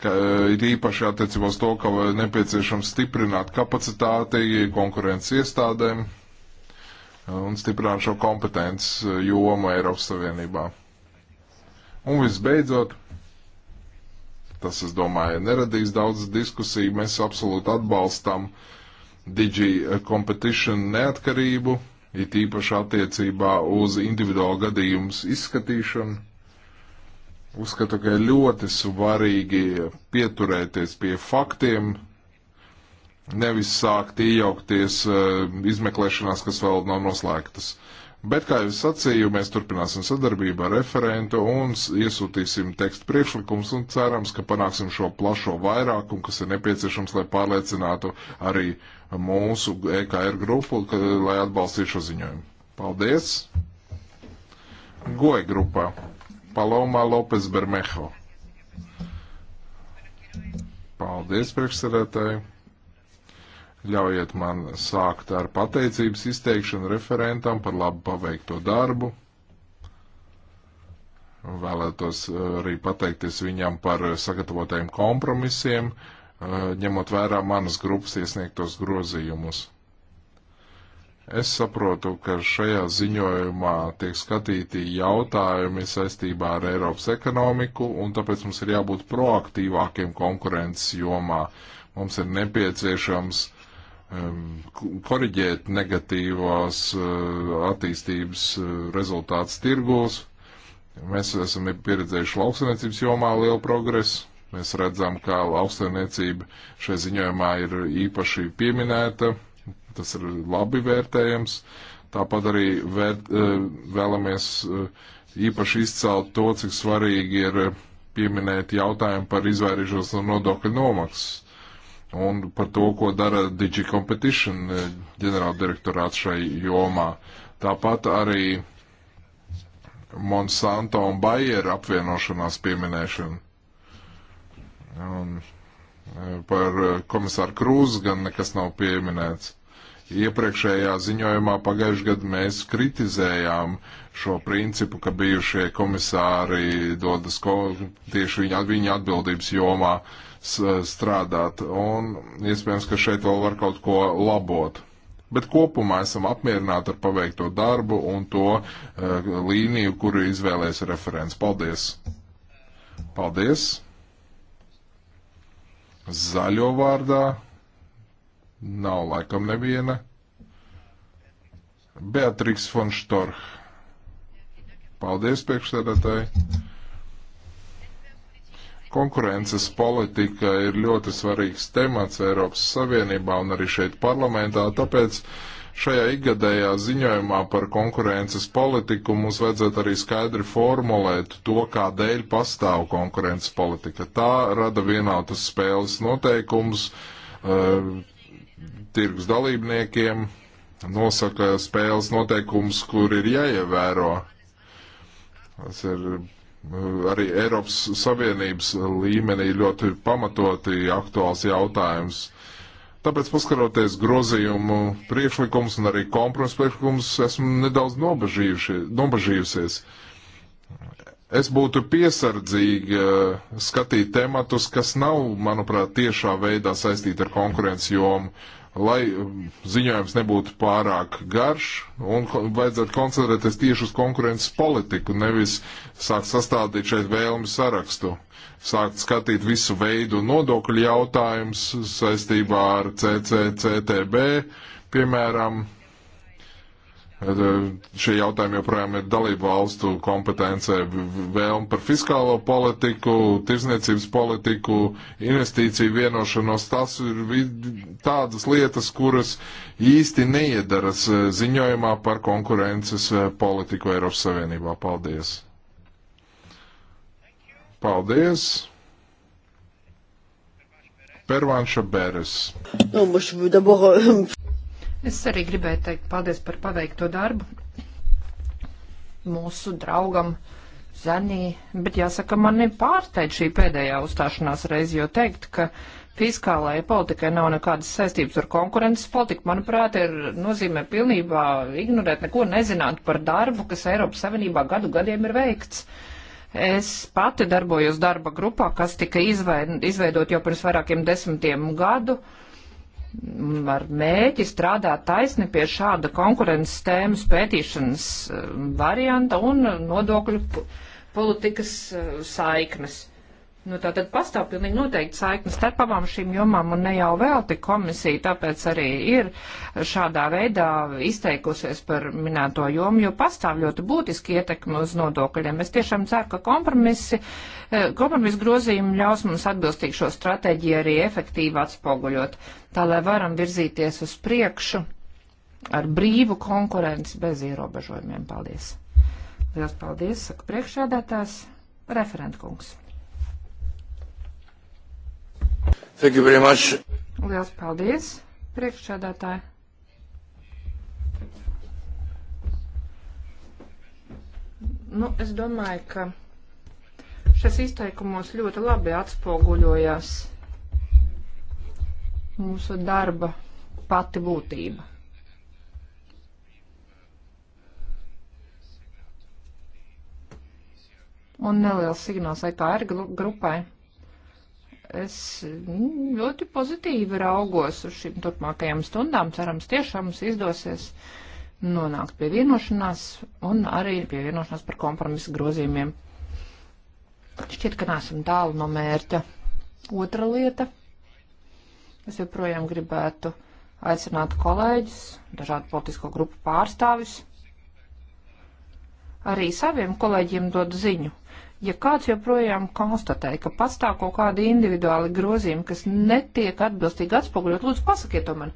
ir īpaši attiecībā uz to, ka nepieciešams stiprināt kapacitāti konkurences iestādēm un stiprināt šo kompetences eh, jomu Eiropas Savienībā. Un visbeidzot, tas, es domāju, neradīs daudz diskusiju, mēs absolūti atbalstam Digi eh, Competition neatkarību, it īpaši attiecībā uz individuālu gadījumus izskatīšanu. Uzskatu, ka ir ļoti svarīgi pieturēties pie faktiem, nevis sākt iejaukties eh, izmeklēšanās, kas vēl nav noslēgtas. Bet, kā jau es sacīju, mēs turpināsim sadarbību ar referentu un iesūtīsim tekstu priekšlikums un cerams, ka panāksim šo plašo vairākumu, kas ir nepieciešams, lai pārliecinātu arī mūsu EKR grupu, ka, lai atbalstītu šo ziņojumu. Paldies! Goja grupā Paloma Lopes Bermejo. Paldies, priekšsēdētāji! Ļaujiet man sākt ar pateicības izteikšanu referentam par labu paveikto darbu. Vēlētos eh, arī pateikties viņam par sagatavotajiem kompromisiem, eh, ņemot vērā manas grupas iesniegtos grozījumus. Es saprotu, ka šajā ziņojumā tiek skatīti jautājumi saistībā ar Eiropas ekonomiku, un tāpēc mums ir jābūt proaktīvākiem konkurences jomā. Mums ir nepieciešams koriģēt negatīvās eh, attīstības eh, rezultātus tirgos. Mēs esam pieredzējuši lauksaimniecības jomā lielu progresu. Mēs redzam, kā lauksaimniecība šajā ziņojumā ir īpaši pieminēta. Tas ir labi vērtējams. Tāpat arī vērt, eh, vēlamies īpaši izcelt to, cik svarīgi ir pieminēt jautājumu par izvairīšanos no nodokļu nomaksas un par to, ko dara Digi Competition eh, ģenerāldirektorāts šai jomā. Tāpat arī Monsanto un Bayer apvienošanās pieminēšana. Un eh, par eh, komisāru Krūzu gan nekas nav pieminēts. Iepriekšējā ziņojumā pagājušajā gadā mēs kritizējām šo principu, ka bijušie komisāri dodas ko, tieši viņa, viņa atbildības jomā uh, strādāt, un iespējams, ka šeit vēl var kaut ko labot. Bet kopumā esam apmierināti ar paveikto darbu un to uh, līniju, kuru izvēlēs referents. Paldies! Paldies! Zaļo vārdā nav laikam neviena. Beatriks von Štorh. Paldies priekšsēdētāji! Konkurences politika ir ļoti svarīgs temats Eiropas Savienībā un arī šeit parlamentā, tāpēc šajā ikgadējā ziņojumā par konkurences politiku mums vajadzētu arī skaidri formulēt to, kādēļ pastāv konkurences politika. Tā rada vienautas spēles noteikumus uh, tirgus dalībniekiem, nosaka spēles noteikumus, kur ir jāievēro. Tas ir arī Eiropas Savienības līmenī ļoti pamatoti aktuāls jautājums. Tāpēc, paskaroties grozījumu priekšlikums un arī kompromisu priekšlikums, esmu nedaudz nobažījusies. Es būtu piesardzīgi eh, skatīt tematus, kas nav, manuprāt, tiešā veidā saistīti ar konkurences jomu lai um, ziņojums nebūtu pārāk garš un vajadzētu koncentrēties tieši uz konkurences politiku, nevis sākt sastādīt šeit vēlmi sarakstu, sākt skatīt visu veidu nodokļu jautājumus saistībā ar CCCTB, piemēram, Eh, šie jautājumi joprojām ir dalību valstu kompetencē, vēlme par fiskālo politiku, tirzniecības politiku, investīciju vienošanos. Tas ir tādas lietas, kuras īsti neiedaras eh, ziņojumā par konkurences eh, politiku Eiropas Savienībā. Paldies! Paldies! Pervanša Beres. Non, moi, je veux d'abord euh, Es arī gribēju teikt paldies par paveikto darbu mūsu draugam Zanī, bet jāsaka, man nepārsteidz šī pēdējā uzstāšanās reize, jo teikt, ka fiskālajai politikai nav nekādas saistības ar konkurences politiku, manuprāt, ir nozīmē pilnībā ignorēt neko nezināt par darbu, kas Eiropas Savienībā gadu gadiem ir veikts. Es pati darbojos darba grupā, kas tika izveidot jau pirms vairākiem desmitiem gadu. Uh, ar mēķi strādāt taisni pie šāda konkurences tēmas pētīšanas eh, varianta un nodokļu politikas eh, saiknes. Nu, tā tad pastāv pilnīgi noteikti saikne starp abām šīm jomām, un ne jau velti komisija, tāpēc arī ir šādā veidā izteikusies par minēto jomu, jo pastāv ļoti būtiski ietekmi uz nodokļiem. Es tiešām ceru, ka kompromisi, eh, kompromisa grozījumi ļaus mums atbilstīgi šo stratēģiju arī efektīvi atspoguļot, tā lai varam virzīties uz priekšu ar brīvu konkurenci bez ierobežojumiem. Paldies! Liels paldies, saka priekšādātājs, referentkungs. Thank you very much. Liels paldies, priekšsādātāji. Nu, es domāju, ka šis izteikumos ļoti labi atspoguļojās mūsu darba pati būtība. Un neliels signāls EKR grupai es mm, ļoti pozitīvi raugos uz šīm turpmākajām stundām. Cerams, tiešām mums izdosies nonākt pie vienošanās un arī pie vienošanās par kompromisu grozījumiem. Šķiet, ka neesam tālu no mērķa. Otra lieta. Es joprojām gribētu aicināt kolēģis, dažādu politisko grupu pārstāvis, arī saviem kolēģiem dod ziņu Ja kāds joprojām konstatē, ka pastāv kaut kādi individuāli grozījumi, kas netiek atbilstīgi atspoguļot, lūdzu pasakiet to man.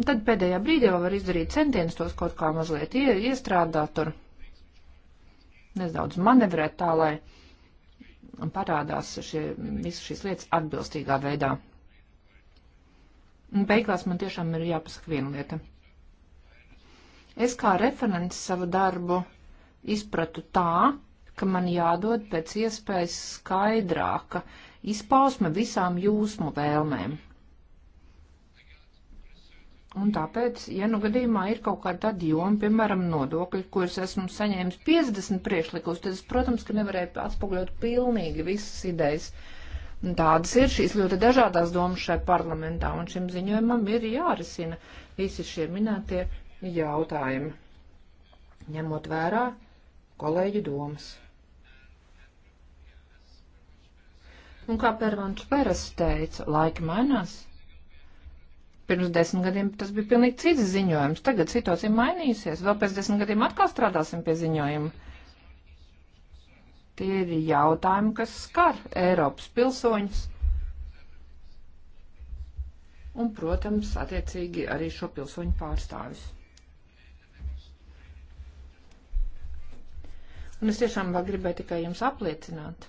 Un tad pēdējā brīdī vēl var izdarīt centienus tos kaut kā mazliet ie, iestrādāt un nedaudz manevrēt tā, lai parādās šie, visu šīs lietas atbilstīgā veidā. Un beigās man tiešām ir jāpasaka viena lieta. Es kā referents savu darbu izpratu tā, ka man jādod pēc iespējas skaidrāka izpausme visām jūsmu vēlmēm. Un tāpēc, ja nu gadījumā ir kaut kāda tāda joma, piemēram, nodokļi, kuras esmu saņēmis 50 priekšlikumus, tad es, protams, ka nevarēju atspogļot pilnīgi visas idejas. Un tādas ir šīs ļoti dažādas domas šai parlamentā, un šim ziņojumam ir jārisina visi šie minētie jautājumi. Ņemot vērā kolēģu domas. Un kā Pērvanš Peres teica, laika mainās. Pirms desmit gadiem tas bija pilnīgi cits ziņojums. Tagad situācija mainīsies. Vēl pēc desmit gadiem atkal strādāsim pie ziņojuma. Tie ir jautājumi, kas skar Eiropas pilsoņus. Un, protams, attiecīgi arī šo pilsoņu pārstāvis. Un es tiešām vēl gribēju tikai jums apliecināt,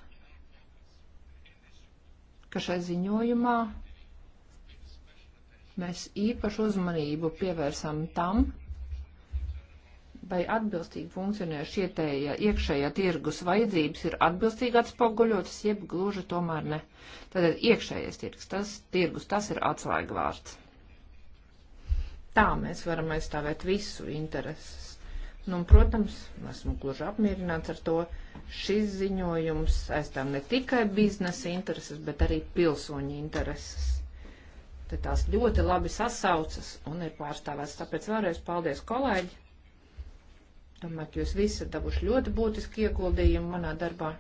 ka šai ziņojumā mēs īpašu uzmanību pievērsām tam, vai atbilstīgi funkcionē šietējā iekšējā tirgus vajadzības ir atbilstīgi atspoguļotas, jeb gluži tomēr ne. Tātad iekšējais tirgus, tas tirgus, tas ir atslēgvārds. Tā mēs varam aizstāvēt visu intereses. Nu, protams, esmu gluži apmierināts ar to. Šis ziņojums aizstāv ne tikai biznesa intereses, bet arī pilsoņu intereses. Te tās ļoti labi sasaucas un ir pārstāvēts. Tāpēc vēlreiz paldies, kolēģi! Domāju, ka jūs visi esat devuši ļoti būtiski ieguldījumu manā darbā.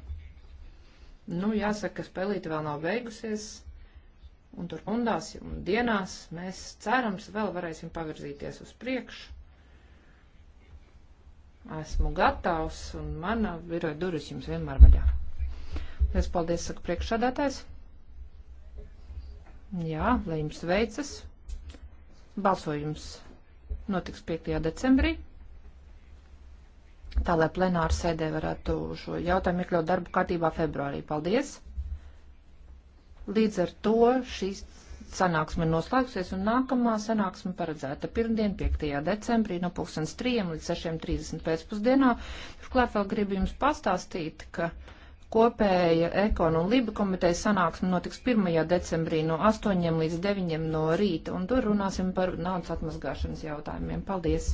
Nu, jāsaka, ka spēlīte vēl nav beigusies un tur rundās un dienās mēs cerams vēl varēsim pavirzīties uz priekšu. Esmu gatavs un mana biroja durvis jums vienmēr vaļā. Es paldies, saka priekšsādātājs. Jā, lai jums veicas. Balsojums notiks 5. decembrī. Tā, lai plenāra sēdē varētu šo jautājumu iekļaut darbu kārtībā februārī. Paldies! Līdz ar to šīs sanāksme noslēgsies un nākamā sanāksme paredzēta pirmdien, 5. decembrī, no 2003 līdz 6.30 pēcpusdienā. Turklāt vēl gribu jums pastāstīt, ka kopēja Ekon un Liba komiteja sanāksme notiks 1. decembrī no 8 līdz 9 no rīta, un tur runāsim par naudas atmazgāšanas jautājumiem. Paldies!